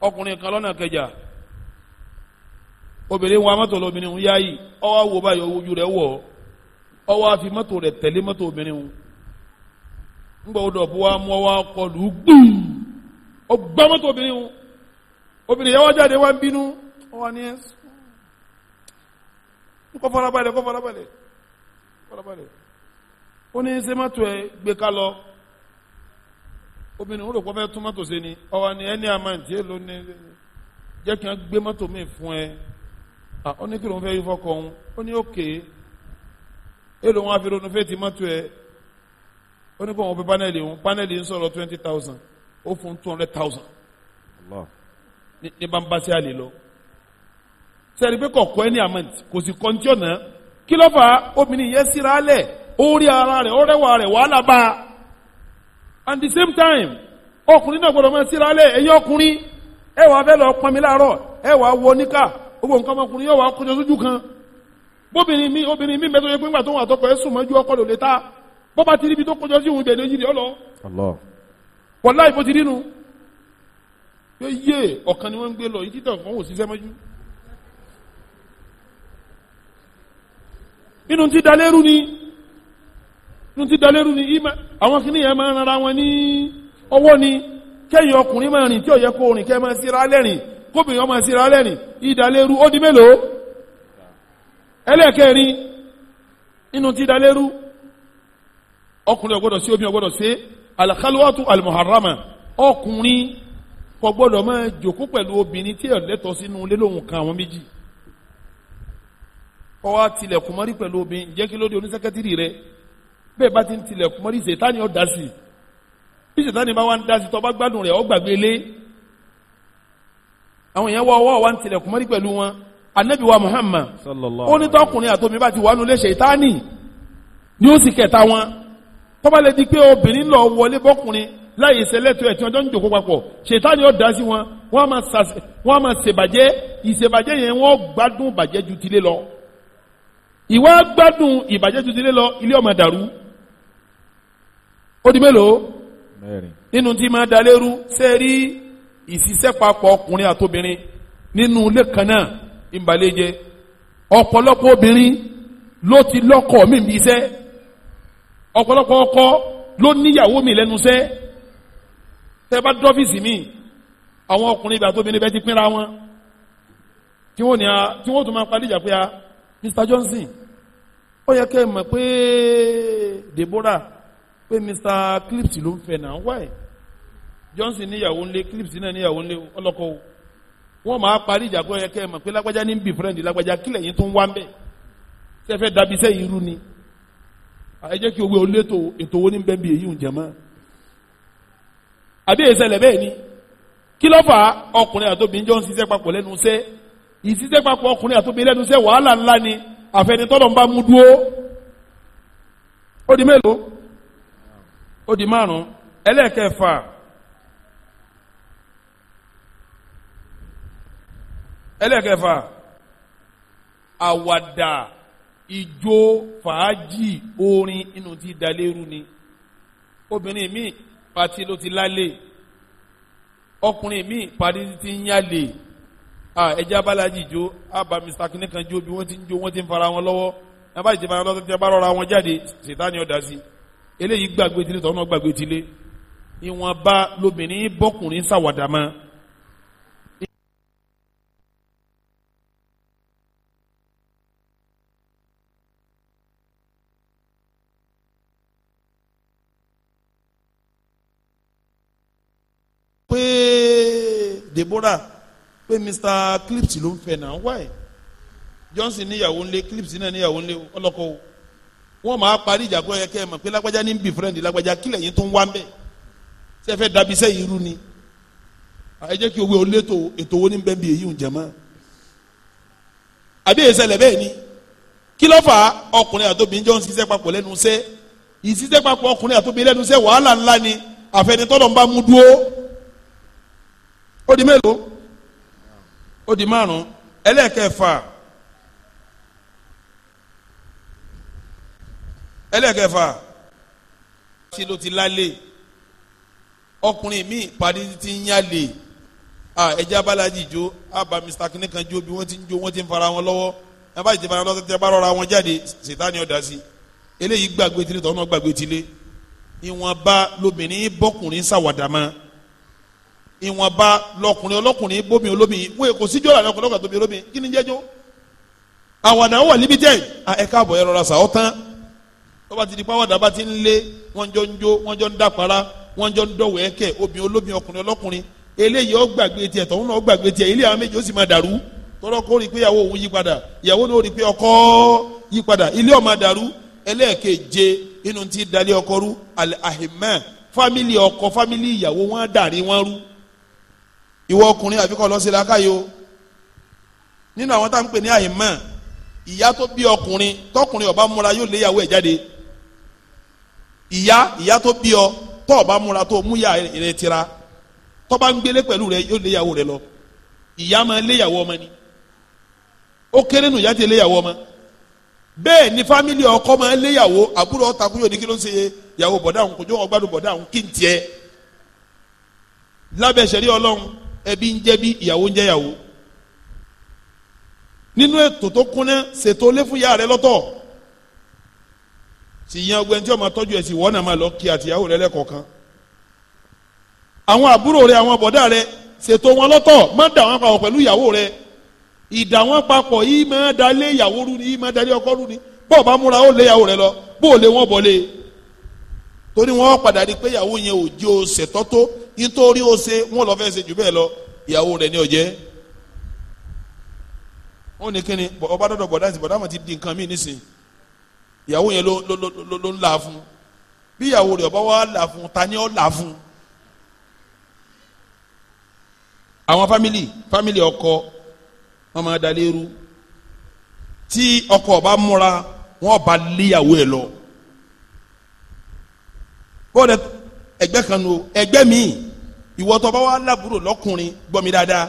ọkùnrin kan lọ́nà kẹjà. obìnrin wa mọ́tò lóbìnrin ń yáyì ọwọ́ wo báyọ̀ ojú rẹ̀ wọ̀ ọwọ́ àfi mọ́tò rẹ̀ tẹ̀lé mọ́tò obìnrin ń gbọ́ ọdọ̀ bó wa mú ọwọ́ akọlù gbìn ó gbá mọ́tò obìnrin ń obìnrin yà wá jáde wá ń bínú ọwọ́ ni ẹ kó farabalẹ̀ kó farabalẹ̀ farabalẹ̀ ó ní ṣe mọ́tò ẹ gbé ká lọ obìnrin ń rò pé tún mọ́tò ṣe ni ọwọ́ ni ẹni àmà ìdíyẹ ló ní jẹ́ kí wọ́n gbé mọ́tò mi fún ẹ. Ah, ó ní kí ló ń fẹ́ yí fọkọ òun ó ní òkè èlò wọn àfi ronú fẹ́ẹ́ ti mọ́tò ẹ̀ ó ní kó wọn fi panẹ́lì òun panẹ́lì ń sọ̀rọ̀ twenty thousand ó fún two hundred thousand ní bá ń bá sí àlè lọ sẹ́ni pé kọ̀ọ̀kọ́ ẹni àmọ́ǹtì kò sì kọ́ńtì ọ̀nà kí ló fà á obìnrin yẹn síra lẹ̀ ó rí ara rẹ̀ ó rẹwà rẹ̀ wàhálà bá a and the same time ọkùnrin náà gbọ́dọ̀ máa síra lẹ̀ ẹ̀yin ọkùnrin ẹ wàá fẹ́ lọ pọnmi láàárọ̀ ẹ wàá wọ níkà gbogbo nǹkan ọmọkùnrin yóò wá kọjá sójú kan bóbìnrin mi obìnrin mi mẹ́tọ́ yẹ pé ńgbà tó wà tọkọ ẹ̀ sùn mọ́jú ọkọ lòlẹ́ ta bó bá ti ríbi tó kọjá sí òun ibẹ̀ lójú rẹ̀ ọlọ. wàláì bó ti rí nu pé yé ọ̀kan ni wọ́n ń gbé lọ yìí títà fún òṣìṣẹ́ mọ́jú. inú ti dalérú ni inú ti dalérú ni àwọn kìnìyàn máa ń rara wọn ní ọwọ́ ni kẹ́yìn ọkùnrin máa rìn tí ó yẹ kó rìn kẹ́ máa síra lẹ́rìn kóbìnrin ọmọ ẹ̀sìn rálẹ̀ nì ìdálérú ó di mélòó ẹlẹ́ẹ̀kẹrin nínú ti ìdálérú ọkùnrin ọgbọ́dọ̀ sí obìnrin ọgbọ́dọ̀ sí alakaliwatu alimuharama ọkùnrin kò gbọ́dọ̀ máa jòkó pẹ̀lú obìnrin tí ọ̀lẹ́tọ̀ sínú lélóhùn kan àwọn méjì ọwọ́ tilẹ̀kùn mọ́rí pẹ̀lú obìnrin jẹ́ kí ló dé onísẹ́kẹ́tìrì rẹ bẹ́ẹ̀ bá ti ń tilẹ̀kùn mọ́rí ṣètánì bí ṣètánì bá wà ń dá sí bá gbádùn rẹ̀ ó àwọn èèyàn wọ́ ọwọ́ wa ń tilẹ̀kùn mọ́rí pẹ̀lú wọn anabi wa muhammad ó ní tọkùnrin àtòmí bá ti wà nulẹ̀ ṣètánì ni ó sì kẹta wọn tọ́ba lè di pé obìnrin lọ wọlé bọ́kùnrin láyé ìṣẹ̀lẹ̀tọ̀ ẹ̀tí ọjọ́ ń jòkó papọ̀ ṣètánì ó dá sí wọn wọ́n á máa ṣèbàjẹ́ ìṣèbàjẹ́ yẹn wọ́n gbádùn ìbàjẹ́ ju tilé lọ ìwà gbádùn ìbàjẹ́ ju tilé lọ ilé ọmọ dàrú ó di mélòó nínú tí máa dalérú ṣe rí ìṣiṣẹ́ papọ̀ ọkùnrin àtobìnrin nínú ilé kan náà ìbàlẹ̀ jẹ ọ̀pọ̀lọpọ̀ obìnrin ló ti lọ́kọ mi bí iṣẹ́ ọ̀pọ̀lọpọ̀ ọkọ ló níyàwó mi lẹ́nu iṣẹ́ tẹ́ bá dọ́fíìsì mi àwọn ọkùnrin ìgbà tóbi níbẹ̀ ti pínra wọn tí wọ́n ní a tí wọ́n tún máa parí ìjà pé a Mr Johnson ó yẹ kẹ́ ẹ mọ̀ pé Deborah pé Mr Clips ló ń fẹ́ náà wáyé johnson níyàwó ńlé clips náà níyàwó ńlé ọlọ́kọ o wọ́n máa parí ìjà kọ́ ẹ̀kẹ́ mọ̀ pé lágbájá ní bí friend lágbájá kílẹ̀ yín tó ń wá ń bẹ̀ sẹ́fẹ́ dabi sẹ́yìn irú ni ẹ jẹ́ kí owó olétò ètò owó ní bẹ́ẹ̀ bí èyí ń jẹ mọ́ àbí ìṣẹ̀lẹ̀ bẹ́ẹ̀ ni kí ló fà ọkùnrin àtòbí jọ ń ṣiṣẹ́ papọ̀ lẹ́nu iṣẹ́ ìṣiṣẹ́ papọ̀ ọkùnrin àtòbí lẹ́nu iṣẹ́ wàhálà ńlá ni àfẹnitọ́lọ́ ń bá mú dúró ó di mélòó ó di márùn-ún ẹlẹ́ẹ̀kẹfà ẹlẹ́kẹfà àwàdà ìjó fàájì orin inú ti dalérú ni obìnrin míì pati ló ti lálé ọkùnrin mi pati ti ń yálé ẹja balaji jó àbá mr kìnìkan jó bí wọ́n ti ń jó wọ́n ti ń fara wọn lọ́wọ́ nàbà ìjẹba lọ́tọ́ tí a bá rọra wọn jáde sèta-ni ọ̀dà sí eléyìí gbàgbé tilé tọ́nà gbàgbé tilé ìwọ̀nba lobìnrin bọ́kùnrin sàwàdà máa. Deborah pé Mr Clips ló ń fẹ́ náà why Johnson níyàwó ńlé Clips náà níyàwó ńlé ọlọ́kọ o wọ́n máa parí ìjà kúrò yẹ kẹ́ ẹ mọ̀ pé lágbájá ní bí friend lágbájá kílẹ̀ yín tó ń wá ń bẹ̀ ṣe fẹ́ dabi sẹ́yìn irú ni ẹ jẹ́ kí owó olétò ètò owó ní bẹ́ẹ̀ bí èyí ń jẹ mọ́ àbí ìṣẹ̀lẹ̀ bẹ́ẹ̀ ni kí ló fà á ọkùnrin àtòbí jọ ń ṣiṣẹ́ papọ̀ lẹ́nu iṣẹ́ ìṣiṣẹ́ papọ̀ ọkùnrin àtòbí lẹ́nu iṣẹ́ wàhálà ńlá ni àfẹnitọ́dọ̀ ń bá mú dúró ó di mélòó ó di márùn ẹlẹ́ẹ̀kẹfà ẹlẹ́ẹ̀kẹfà ṣe ló ti lálé ọkùnrin mi parí ti ń yálé ẹja balaji jó àbá mr kìnìkan jó bí wọ́n ti ń jó wọ́n ti ń fara wọn lọ́wọ́ ẹ bá ìjẹba lọ́tọ́ tẹ bá rọra wọn jáde sètáni ọ̀dà sí eléyìí gbàgbé tilé tọ́nà gbàgbé tilé ìwọ̀nba lobìnrin bọ́kùnrin ṣàwàdà ìwọ̀nba lọkùnrin ọlọ́kùnrin bómi olómi wọ́n kò síjọ́ rà lọkùnrin ọlọ́kùnrin tóbi olómi kí ni jẹ́jọ́ àwàdà wà limited ẹ káàbọ̀ ẹ rọra sà ọ́ tán wọ́n bá ti di pa àwàdà bá ti ń lé wọ́n jọ ń jó wọ́n jọ ń dàpara wọ́n jọ ń dọ̀wọ̀ ẹ̀kẹ́ obìnrin olómi ọkùnrin ọlọ́kùnrin eléyìí ó gbàgbé tiẹ̀ tọ̀hún náà ó gbàgbé tiẹ̀ ilé àwọn méjì ó sì máa dàrú tọ́lọ́ kó rí i pé ìyàwó òun yí padà ìyàwó náà ó rí pé ọkọ yí padà ilé ó máa dàrú ẹlẹ́ẹ̀keje inú ti dalẹ̀ ọkọ rú àhìmẹ́ fámìlì ọkọ fámìlì ìyàwó wọn dàrí wọn rú ìwọ ọkùnrin àfikọ́ lọ sí làákàyè o nínú àwọn tá à ń pè ní àyèmọ́ ìyá tó bí ọkùnrin tọkùnrin ọba múra yóò lé ìyàwó ẹ̀ jáde ìyá ìyá tó bí ọ tọ ọba múra tó mú ìyá rẹ tira tọba ń gbélé pẹ̀lú rẹ yóò lé ìyàwó rẹ lọ ìyá máa lé ìyàwó ọmọ ni ó kéré nù ìyá ti lé ìyàwó ọmọ bẹ́ẹ̀ ni fámìlì ọkọ máa lé ìyàwó àbúrò ọ̀tàkùn yóò ní kí ló ń ṣe ìyàwó bọ̀dá òun kò jó kí n tiẹ̀ lábẹ́ ìṣẹ̀rí ẹbí ń jẹbi ìyàwó ń jẹyàwó nínú ètò tó kúnná ṣètò ilé fún ìyá rẹ lọ́tọ̀ sì yan ọgbẹ́ni tí ọmọ tọ́jú ẹ̀ sì wọ́n náà máa lọ kí àtìyàwó rẹ lẹ́kọ̀ọ̀kan àwọn àbúrò rẹ àwọn bọ̀dá rẹ ṣètò wọn lọ́tọ̀ má dà wọn papọ̀ pẹ̀lú ìyàwó rẹ ìdà wọn papọ̀ yìí máa da lé ìyàwó rú ni yìí máa da ọkọ rú ni bọ́ọ̀ bá múra ó lé ìyàwó rẹ lọ bó o lé wọn bọ̀ lé torí wọn padà rí pé ìyàwó yẹn ò jẹ́ o ṣètọ́ tó nítorí ó ṣe wọn lọ fẹ́ ṣe jù bẹ́ẹ̀ lọ ìyàwó rẹ̀ ni ọ̀jẹ́ wọn ní kíni ọba dọ̀dọ̀ bọ̀dá sí bọ̀dá wọn ti di nǹkan míì nísìn ìyàwó yẹn ló ló ló ló ń là fún bí ìyàwó rẹ̀ ọba wa là fún ta ni ó là fún àwọn fámìlì fámìlì ọkọ wọn máa da léru tí ọkọ ọba múra wọn ọba léyàwó ẹ lọ ẹgbẹ́ kan nu o ẹgbẹ́ míì ìwọ tó bá wà lábúrò lọ́kùnrin gbọ́ mi dáadáa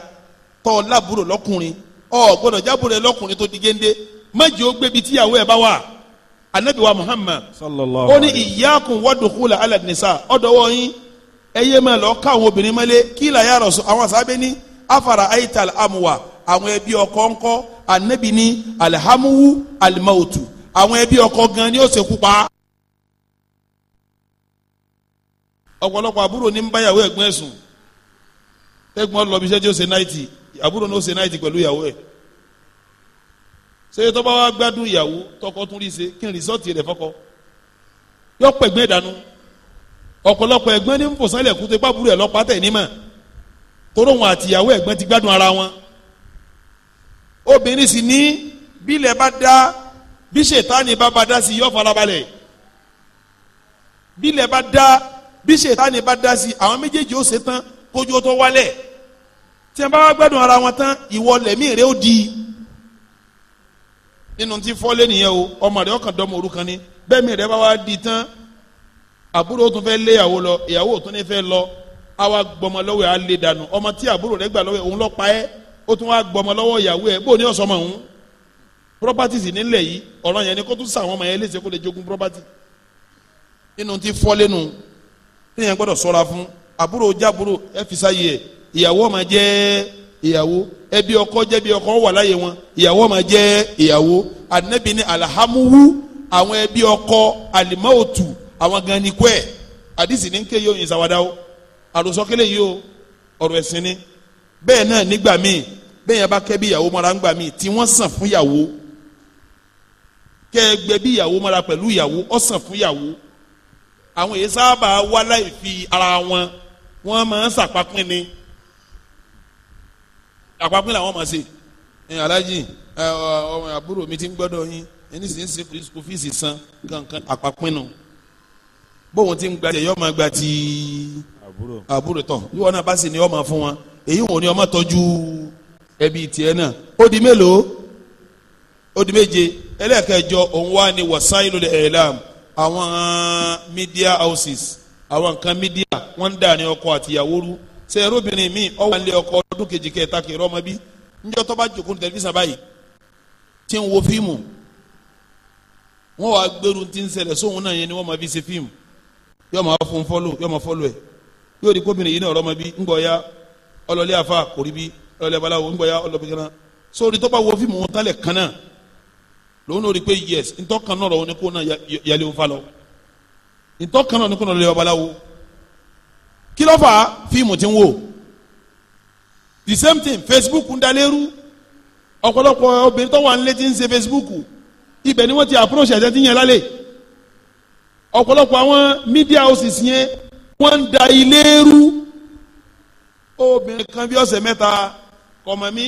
tó lábúrò lọ́kùnrin ọ gbọ́dọ̀ jábúrò lọ́kùnrin tó di géńdé méje ó gbébi tíyàwó ẹ̀ bá wà anabi wa muhammad sallallahu ó ní iyyakum wadkhula ala nisa ọ̀dọ̀wọ́ yín ẹ yé máa lọ ká àwọn obìnrin mọ́lé kí là yà rasul àwọn sábẹ́ ní afara aital amuwa àwọn ẹbí ọkọ ńkọ́ anabi ní alhamuhu alimautu àwọn ẹbí ọkọ gan ni ó ṣekú pa. ọ̀pọ̀lọpọ̀ àbúrò ní ń bá yàwó ẹ̀gbọ́n ẹ̀sùn ẹ̀gbọ́n lọ bí iṣẹ́ tí ó ṣe náìtì àbúrò náà ó ṣe náìtì pẹ̀lú yàwó ẹ̀ ṣé tó bá wá gbádùn ìyàwó tọkọ tún rí ṣe kí n rìsọ́ọ̀tì rẹ̀ fọkọ yọ pẹ̀gbẹ́ ìdánù ọ̀pọ̀lọpọ̀ ẹ̀gbọ́n ní ń fò sálẹ̀ kúté pàbúrò ẹ̀ lọ́pàá tẹ̀ nímọ̀ toró wọn ní bí ṣètánì bá dá bí ṣètánì bá dá sí àwọn méjèèjì ó ṣe tán kójú tó wálẹ̀ tí wọn bá wá gbádùn ara wọn tán ìwọ lẹ́mí rẹ ó di nínú tí fọ́lé nìyẹn o ọmọ rẹ ọkàn dọ́mọ òrukàn ni bẹ́ẹ̀ mi rẹ bá wá di tán àbúrò tún fẹ́ lé ìyàwó lọ ìyàwó tún ní fẹ́ lọ àwa gbọmọ lọ́wọ́ ẹ̀ á lé dànù ọmọ tí àbúrò rẹ gbà lọ́wọ́ ẹ̀ òun lọ́ọ́ pa ẹ́ ó tún wá gbọmọ lọ́wọ́ ìyàwó ẹ̀ bó ní ọ̀sán mọ̀ òun properties nílẹ̀ yìí ọ̀ràn yẹn ni kó tún sàwọn ọmọ yẹn léṣe kó lè jogún property nínú tí fọ́lé nù téèyàn gbọ́dọ̀ sọ́ra fún àbúrò jábúrò ẹ fi sáyé ẹ ìyàwó ọmọ jẹ́ ìyàwó ẹbí ọkọ jẹ́ bí ọkọ wà láyé wọn ìyàwó ọmọ jẹ́ ìyàwó anabi ni alhamuhu àwọn ẹbí ọkọ alimawutu àwọn gan ni kúẹ àdìsí ni nké yóò yin sàwádà o àròsọkẹlẹ yìí o ọ̀rọ̀ ẹ̀sìn ni bẹ́ẹ̀ náà nígbà míì bẹ́ẹ̀ yẹn bá kẹ́ bí ìyàwó mara ńgbà míì tí wọ́n sàn fún ìyàwó kẹ́ ẹ bí ìyàwó mara pẹ̀lú ìyàwó ó fún ìyàwó àwọn èyí sábà wá láì fi ara wọn wọn máa ń sàpapín ni àpapín làwọn máa ṣe ẹ̀yin alájì ọmọ àbúrò mi ti ń gbọ́dọ̀ yín ẹni sì ń ṣe kò fíìsì san kankan àpapín nu bóun ti ń gba tiẹ̀ yọ máa gba ti àbúrò tán yíwọ náà bá sì ni ọmọ fún wọn èyí wọn ni ọmọ tọ́jú ẹbí tiẹ̀ náà ó di mélòó ó di méje ẹlẹ́ẹ̀kẹjọ òun wá ní wasailul i'lam. àwọn media houses àwọn nǹkan media wọn ń dà ní ọkọ àtìyàwó rú ṣe ẹrọbìnrin mi ọ wà ọkọ ọdún kejì kẹta kẹrẹ ọmọ bí níjọ́ tó bá jókòó ní tẹlifíṣàn báyìí tí ń wo fíìmù wọ́n wàá so tí ń ni wọ́n máa fi ṣe fíìmù yóò máa fún fọlù yóò máa fọlù ẹ yóò di kóbìnrin yìí náà ọmọ bí afa kò rí bí ọlọlẹ sórí tó bá wo fíìmù wọn tálẹ lòun náà rí pé yes ntọ́kan náà rọ̀ wọn ni kó náà yẹlé wọn fa lọ ntọ́kan náà ni kó náà lè babaláwo kí ló fà á fíìmù ti ń wò the same thing Facebook ń dalérú ọ̀pọ̀lọpọ̀ obìnrin tó wà ń létí ń ṣe Facebook ibẹ̀ ni wọ́n ti approach ẹ̀jẹ̀ yẹn lálẹ́ ọ̀pọ̀lọpọ̀ àwọn media houses yẹn wọ́n ń da ilé rú obìnrin kan bí ọ̀sẹ̀ mẹ́ta kọ̀ mọ̀ mí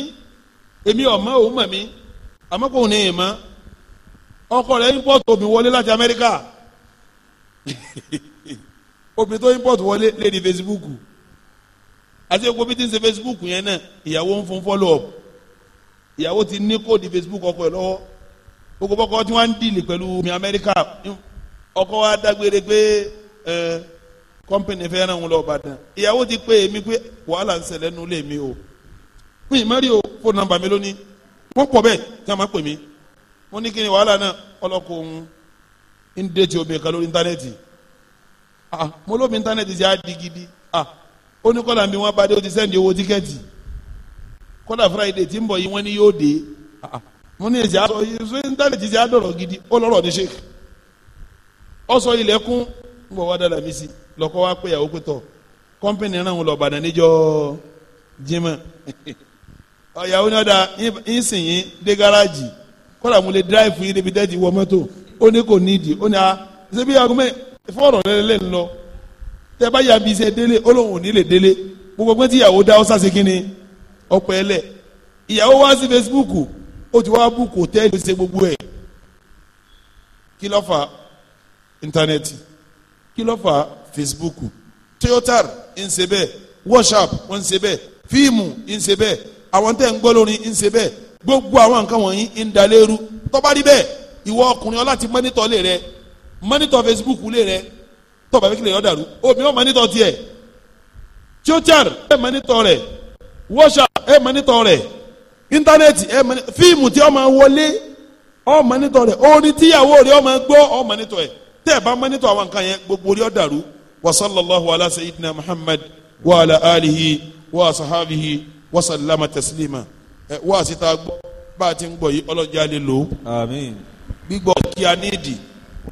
èmi ọ̀ mọ́ òun mọ̀ mí àmọ́ kò ní ìmọ̀ ọkọ rẹ̀ import obìnrin wọlé láti Amẹ́ríkà obìnrin tó import wọlé lédi Facebook àti epo bí ti ń ṣe Facebook yẹn náà ìyàwó ń fún follow up ìyàwó ti ní kóòdù Facebook ọkọ ẹ̀ lọ́wọ́ gbogbo ọkọ tí wọ́n ń dìlì pẹ̀lú mi Amẹ́ríkà ọkọ wa dágbére pé ẹ kọ́mpìnì fẹ́ràn òun lọ́ọ́ Ìbàdàn ìyàwó ti pé èmi pé wàhálà ń ṣẹlẹ̀ nulẹ̀ mi o mi ì mẹ́rin o fóònù nàmbà mi lónìí wọ́n pọ̀ bẹ́ẹ̀ tí wọ́n máa pè mí mo ní kí ni wàhálà náà ọlọ́kọ òun ń déètì obìnrin kan lórí íńtánẹ́ẹ̀tì ah, ah mo lóbi íńtánẹ́ẹ̀tì sí àdì gidi ah ó ní kọ́là bí wọ́n bá dé ó ti sẹ́ndì owó tíkẹ́ẹ̀tì kọ́là friday tí ń bọ̀ yìí wọ́n ní yóò dé ah, ah mo ní èsì àsọ yìí sí íńtánẹ́ẹ̀tì sí àdọ̀rọ̀ gidi ó lọ́rọ̀ sheik ilẹ̀kùn ń bọ̀ mí lọ́kọ́ pé kọ́ńpìnì náà ń lọ níjọ́ ọ̀yàwó ọ̀dà kọ́lá mo lè dráìfù yín níbi dẹ́ẹ̀tì wọ mọ́tò ó ní kò nídìí ó ní a ṣe bí aago mẹ́rin fọ́ọ̀rọ̀ lẹ́lẹ́ ń lọ tẹ́ bá yà bí iṣẹ́ délé ó lóun ò ní lè délé gbogbo pé tíyàwó dá ọ́sà sí kínni ọ̀pọ̀ ẹlẹ̀ ìyàwó wá sí Facebook ó ti wá búùkù tẹ́lẹ̀ ó ṣe gbogbo ẹ̀ kí ló fà íńtánẹ́ẹ̀tì kí ló fà Facebook toyota ń ṣe bẹ́ẹ̀ WhatsApp ń ṣe bẹ́ẹ̀ fíìmù ń ṣe bẹ́ẹ̀ àwọn tẹ́ ń gbọ́ lórin ń ṣe bẹ́ẹ̀ gbogbo àwọn nǹkan wọ̀nyí ń dalérú tó bá rí bẹ́ẹ̀ ìwọ ọkùnrin ọlá ti mọ́nítọ̀ lé rẹ mọ́nítọ̀ Facebook lé rẹ tó bá fẹ́ kí lè yọ dàrú obìnrin mọ́nítọ̀ tiẹ̀ tíọ́tíàr ẹ̀ mọ́nítọ̀ rẹ̀ WhatsApp ẹ̀ mọ́nítọ̀ rẹ̀ íńtánẹ́ẹ̀tì ẹ̀ mọ́nítọ̀ fíìmù tí ó máa wọlé ọ mọ́nítọ̀ rẹ̀ orin tíyàwó rẹ̀ ó máa gbọ́ ọ mọ́nítọ̀ ẹ̀ tẹ́ ẹ̀ bá mọ́nítọ̀ àwọn nǹkan yẹn gbogbo rí ọ dàrú wa sallallahu ala sayyidina Muhammad wa ala alihi wa sahabihi wa sallama taslima wá síta gbọ́ bá a ti ń gbọ́ yìí ọlọ́jà lè lò gbígbọ́ kí a ní ìdí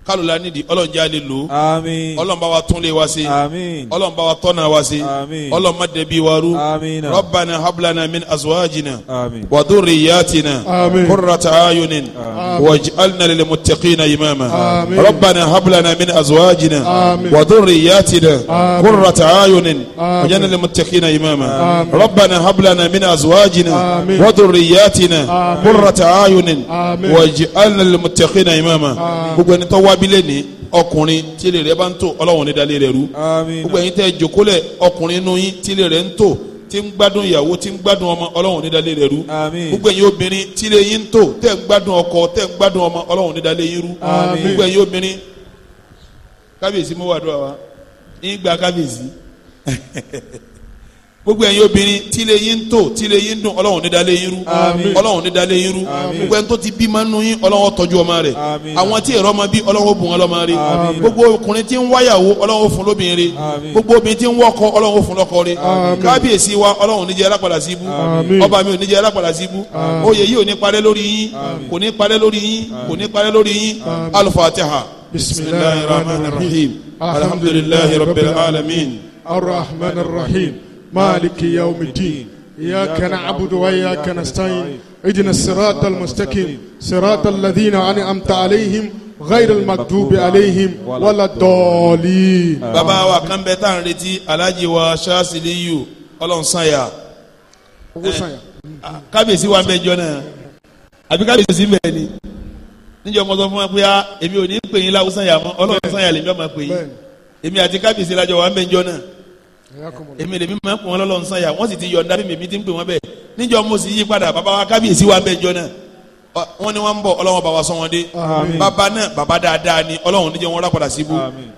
kálùlá nídìí ọlọ́run jẹ́ alẹ́ lò àmín ọlọ́run bá wa tún lé wa ṣe àmín ọlọ́run bá wa tọ́nà wa ṣe àmín ọlọ́run má dẹ̀bi wa rú àmín rabbana hablana min azwajina àmín wa dhurriyyatina àmín qurrata ayunin àmín waj'alna lil muttaqina imama àmín rabbana hablana min azwajina àmín wa dhurriyyatina àmín qurrata ayunin imama àmín hablana min azwajina àmín wa dhurriyyatina àmín qurrata ayunin waj'alna imama gbogbo ẹni tó wábílẹ̀ ní ọkùnrin tí ilé rẹ̀ bá ń tò ọlọ́run ní dalẹ̀ rẹ̀ rú gbogbo ẹ̀yin tẹ́ jòkólẹ̀ ọkùnrin inú yín tí ilé rẹ̀ ń tò tí ń gbádùn ìyàwó tí ń gbádùn ọmọ ọlọ́run ní dalẹ̀ rẹ̀ rú gbogbo ẹ̀yin obìnrin tí ilé yín ń tò tẹ́ ń gbádùn ọkọ tẹ́ ń gbádùn ọmọ ọlọ́run ní dalẹ̀ yín rú gbogbo ẹ̀yin obìnrin kábíyèsí mo wà dùn àwa ń gba kábíyèsí gbogbo ẹ̀yin obìnrin tí ilé yín ń tò tí ilé yín ń dùn ọlọ́run ní dalẹ̀ yín rú ọlọ́run ní dalẹ̀ yín rú gbogbo ẹni tó ti bí máa ń nu yín ọlọ́run tọ́jú ọmọ rẹ̀ àwọn tí èrò ọmọ bí ọlọ́run bùn ọlọ́mọ rẹ̀ gbogbo ọkùnrin tí ń wáyàwó ọlọ́run fún lóbìnrin gbogbo obìnrin tí ń wọ́kọ ọlọ́run fún lọ́kọ rẹ̀ kábíyèsí wa ọlọ́run níjẹ́ alápàdà sí ibú ọba mi ò níjẹ́ alápàdà sí ibú oyè yìí ò ní parẹ́ lórí yín kò ní parẹ́ alhamdulillahi rabbil alamin arrahmanir rahim. مالك يوم الدين إياك نعبد وإياك نستعين اهدنا الصراط المستقيم صراط الذين أنعمت عليهم غير المكتوب عليهم ولا الضالين bàbá wa kan bẹ tá à ń retí Alhaji wa Ṣaasiliyu Ọlọ́run sanya eh, ah, kábíyèsí wa ń bẹ jọ náà àbí kábíyèsí ń bẹ ni níjọ mo sọ fún wa pé a ah, èmi ò ní pè yín láwùsàn yà mọ Ọlọ́run sanya lèmi ọmọ pè yín èmi àti kábíyèsí lajọ wa ń bẹ jọ náà èmi lèmi máa ń pè wọn lọ́lọ́ nsànyà wọ́n sì ti yọ̀ ọ́dá mímì mi ti ń pè wọ́n bẹ́ẹ̀ níjọ́ mo sì yí padà bàbá wa kábíyèsí wa bẹ́ẹ̀ jọ náà wọ́n ní wọ́n ń bọ̀ ọlọ́wọ́n bá wa sọ wọn dé bàbá náà bàbá dáadáa ni ọlọ́wọ́n níjọ́ wọn rápadà sí ibú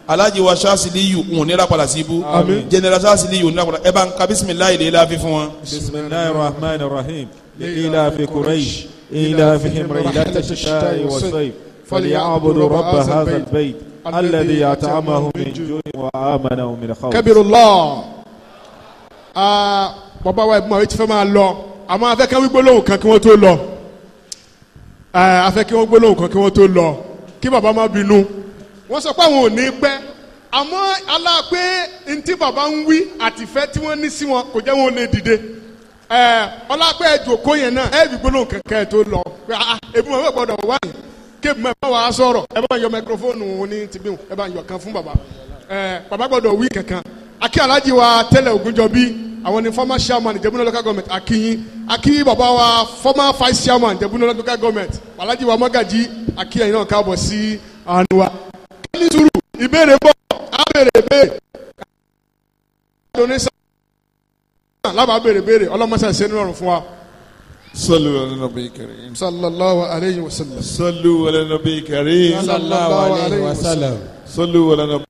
alhaji wa ṣáṣílíyù wọn ní rápadà sí ibú jẹnẹra ṣáṣílíyù wọn ní rápadà ẹ bá ń ka bisimilayi lè la fi fún wọn. bisimilayi rahman rahim ila fi kureish ila fi himre ila fi shita iwasai الذي at'amahum من ju'in وآمنه من min khawf. الله. bàbá بابا ìbùmọ̀ àwọn ti fẹ́ máa lọ àmọ́ afẹ́ ká wí gbólóhùn kan kí wọ́n tó lọ afẹ́ kí wọ́n gbólóhùn kan kí wọ́n tó lọ kí bàbá má bínú wọ́n sọ pé àwọn ò ní pẹ́ àmọ́ aláàpẹ́ ntí bàbá ń wí àtìfẹ́ tí wọ́n ní sí wọn kò jẹ́ wọn ò lè dìde ọlápẹ́ ẹ̀jọ̀ kó yẹn náà ẹ̀ẹ́dì gbólóhùn kẹ̀kẹ́ tó lọ ah, ah, ebi wọn fẹ́ gbọ́dọ̀ wá kébù mọ́ ẹ bá wàá sọ̀rọ̀ ẹ bá yọ mẹkrofóònù ní tìbí ẹ bá yọ kan fún bàbá ẹ bàbá gbọ́dọ̀ wí kankan akí alájí wa tẹ́lẹ̀ Ògúnjọbí àwọn ni former chairman Jẹ̀bú local government akíyín akí baba wa former vice chairman Jẹ̀bú local government alájí wa magaji. akí ẹ̀yin náà káàbọ̀ sí àánú wa. kẹ́lí sùúrù ìbéèrè bọ̀ á béèrè béèrè lábàá béèrè béèrè ọlọ́mọṣẹ́ ṣe ní fún wa. صلوا على النبي الكريم صلى الله عليه وسلم صلوا على النبي الكريم صلى الله عليه وسلم صلوا على النبي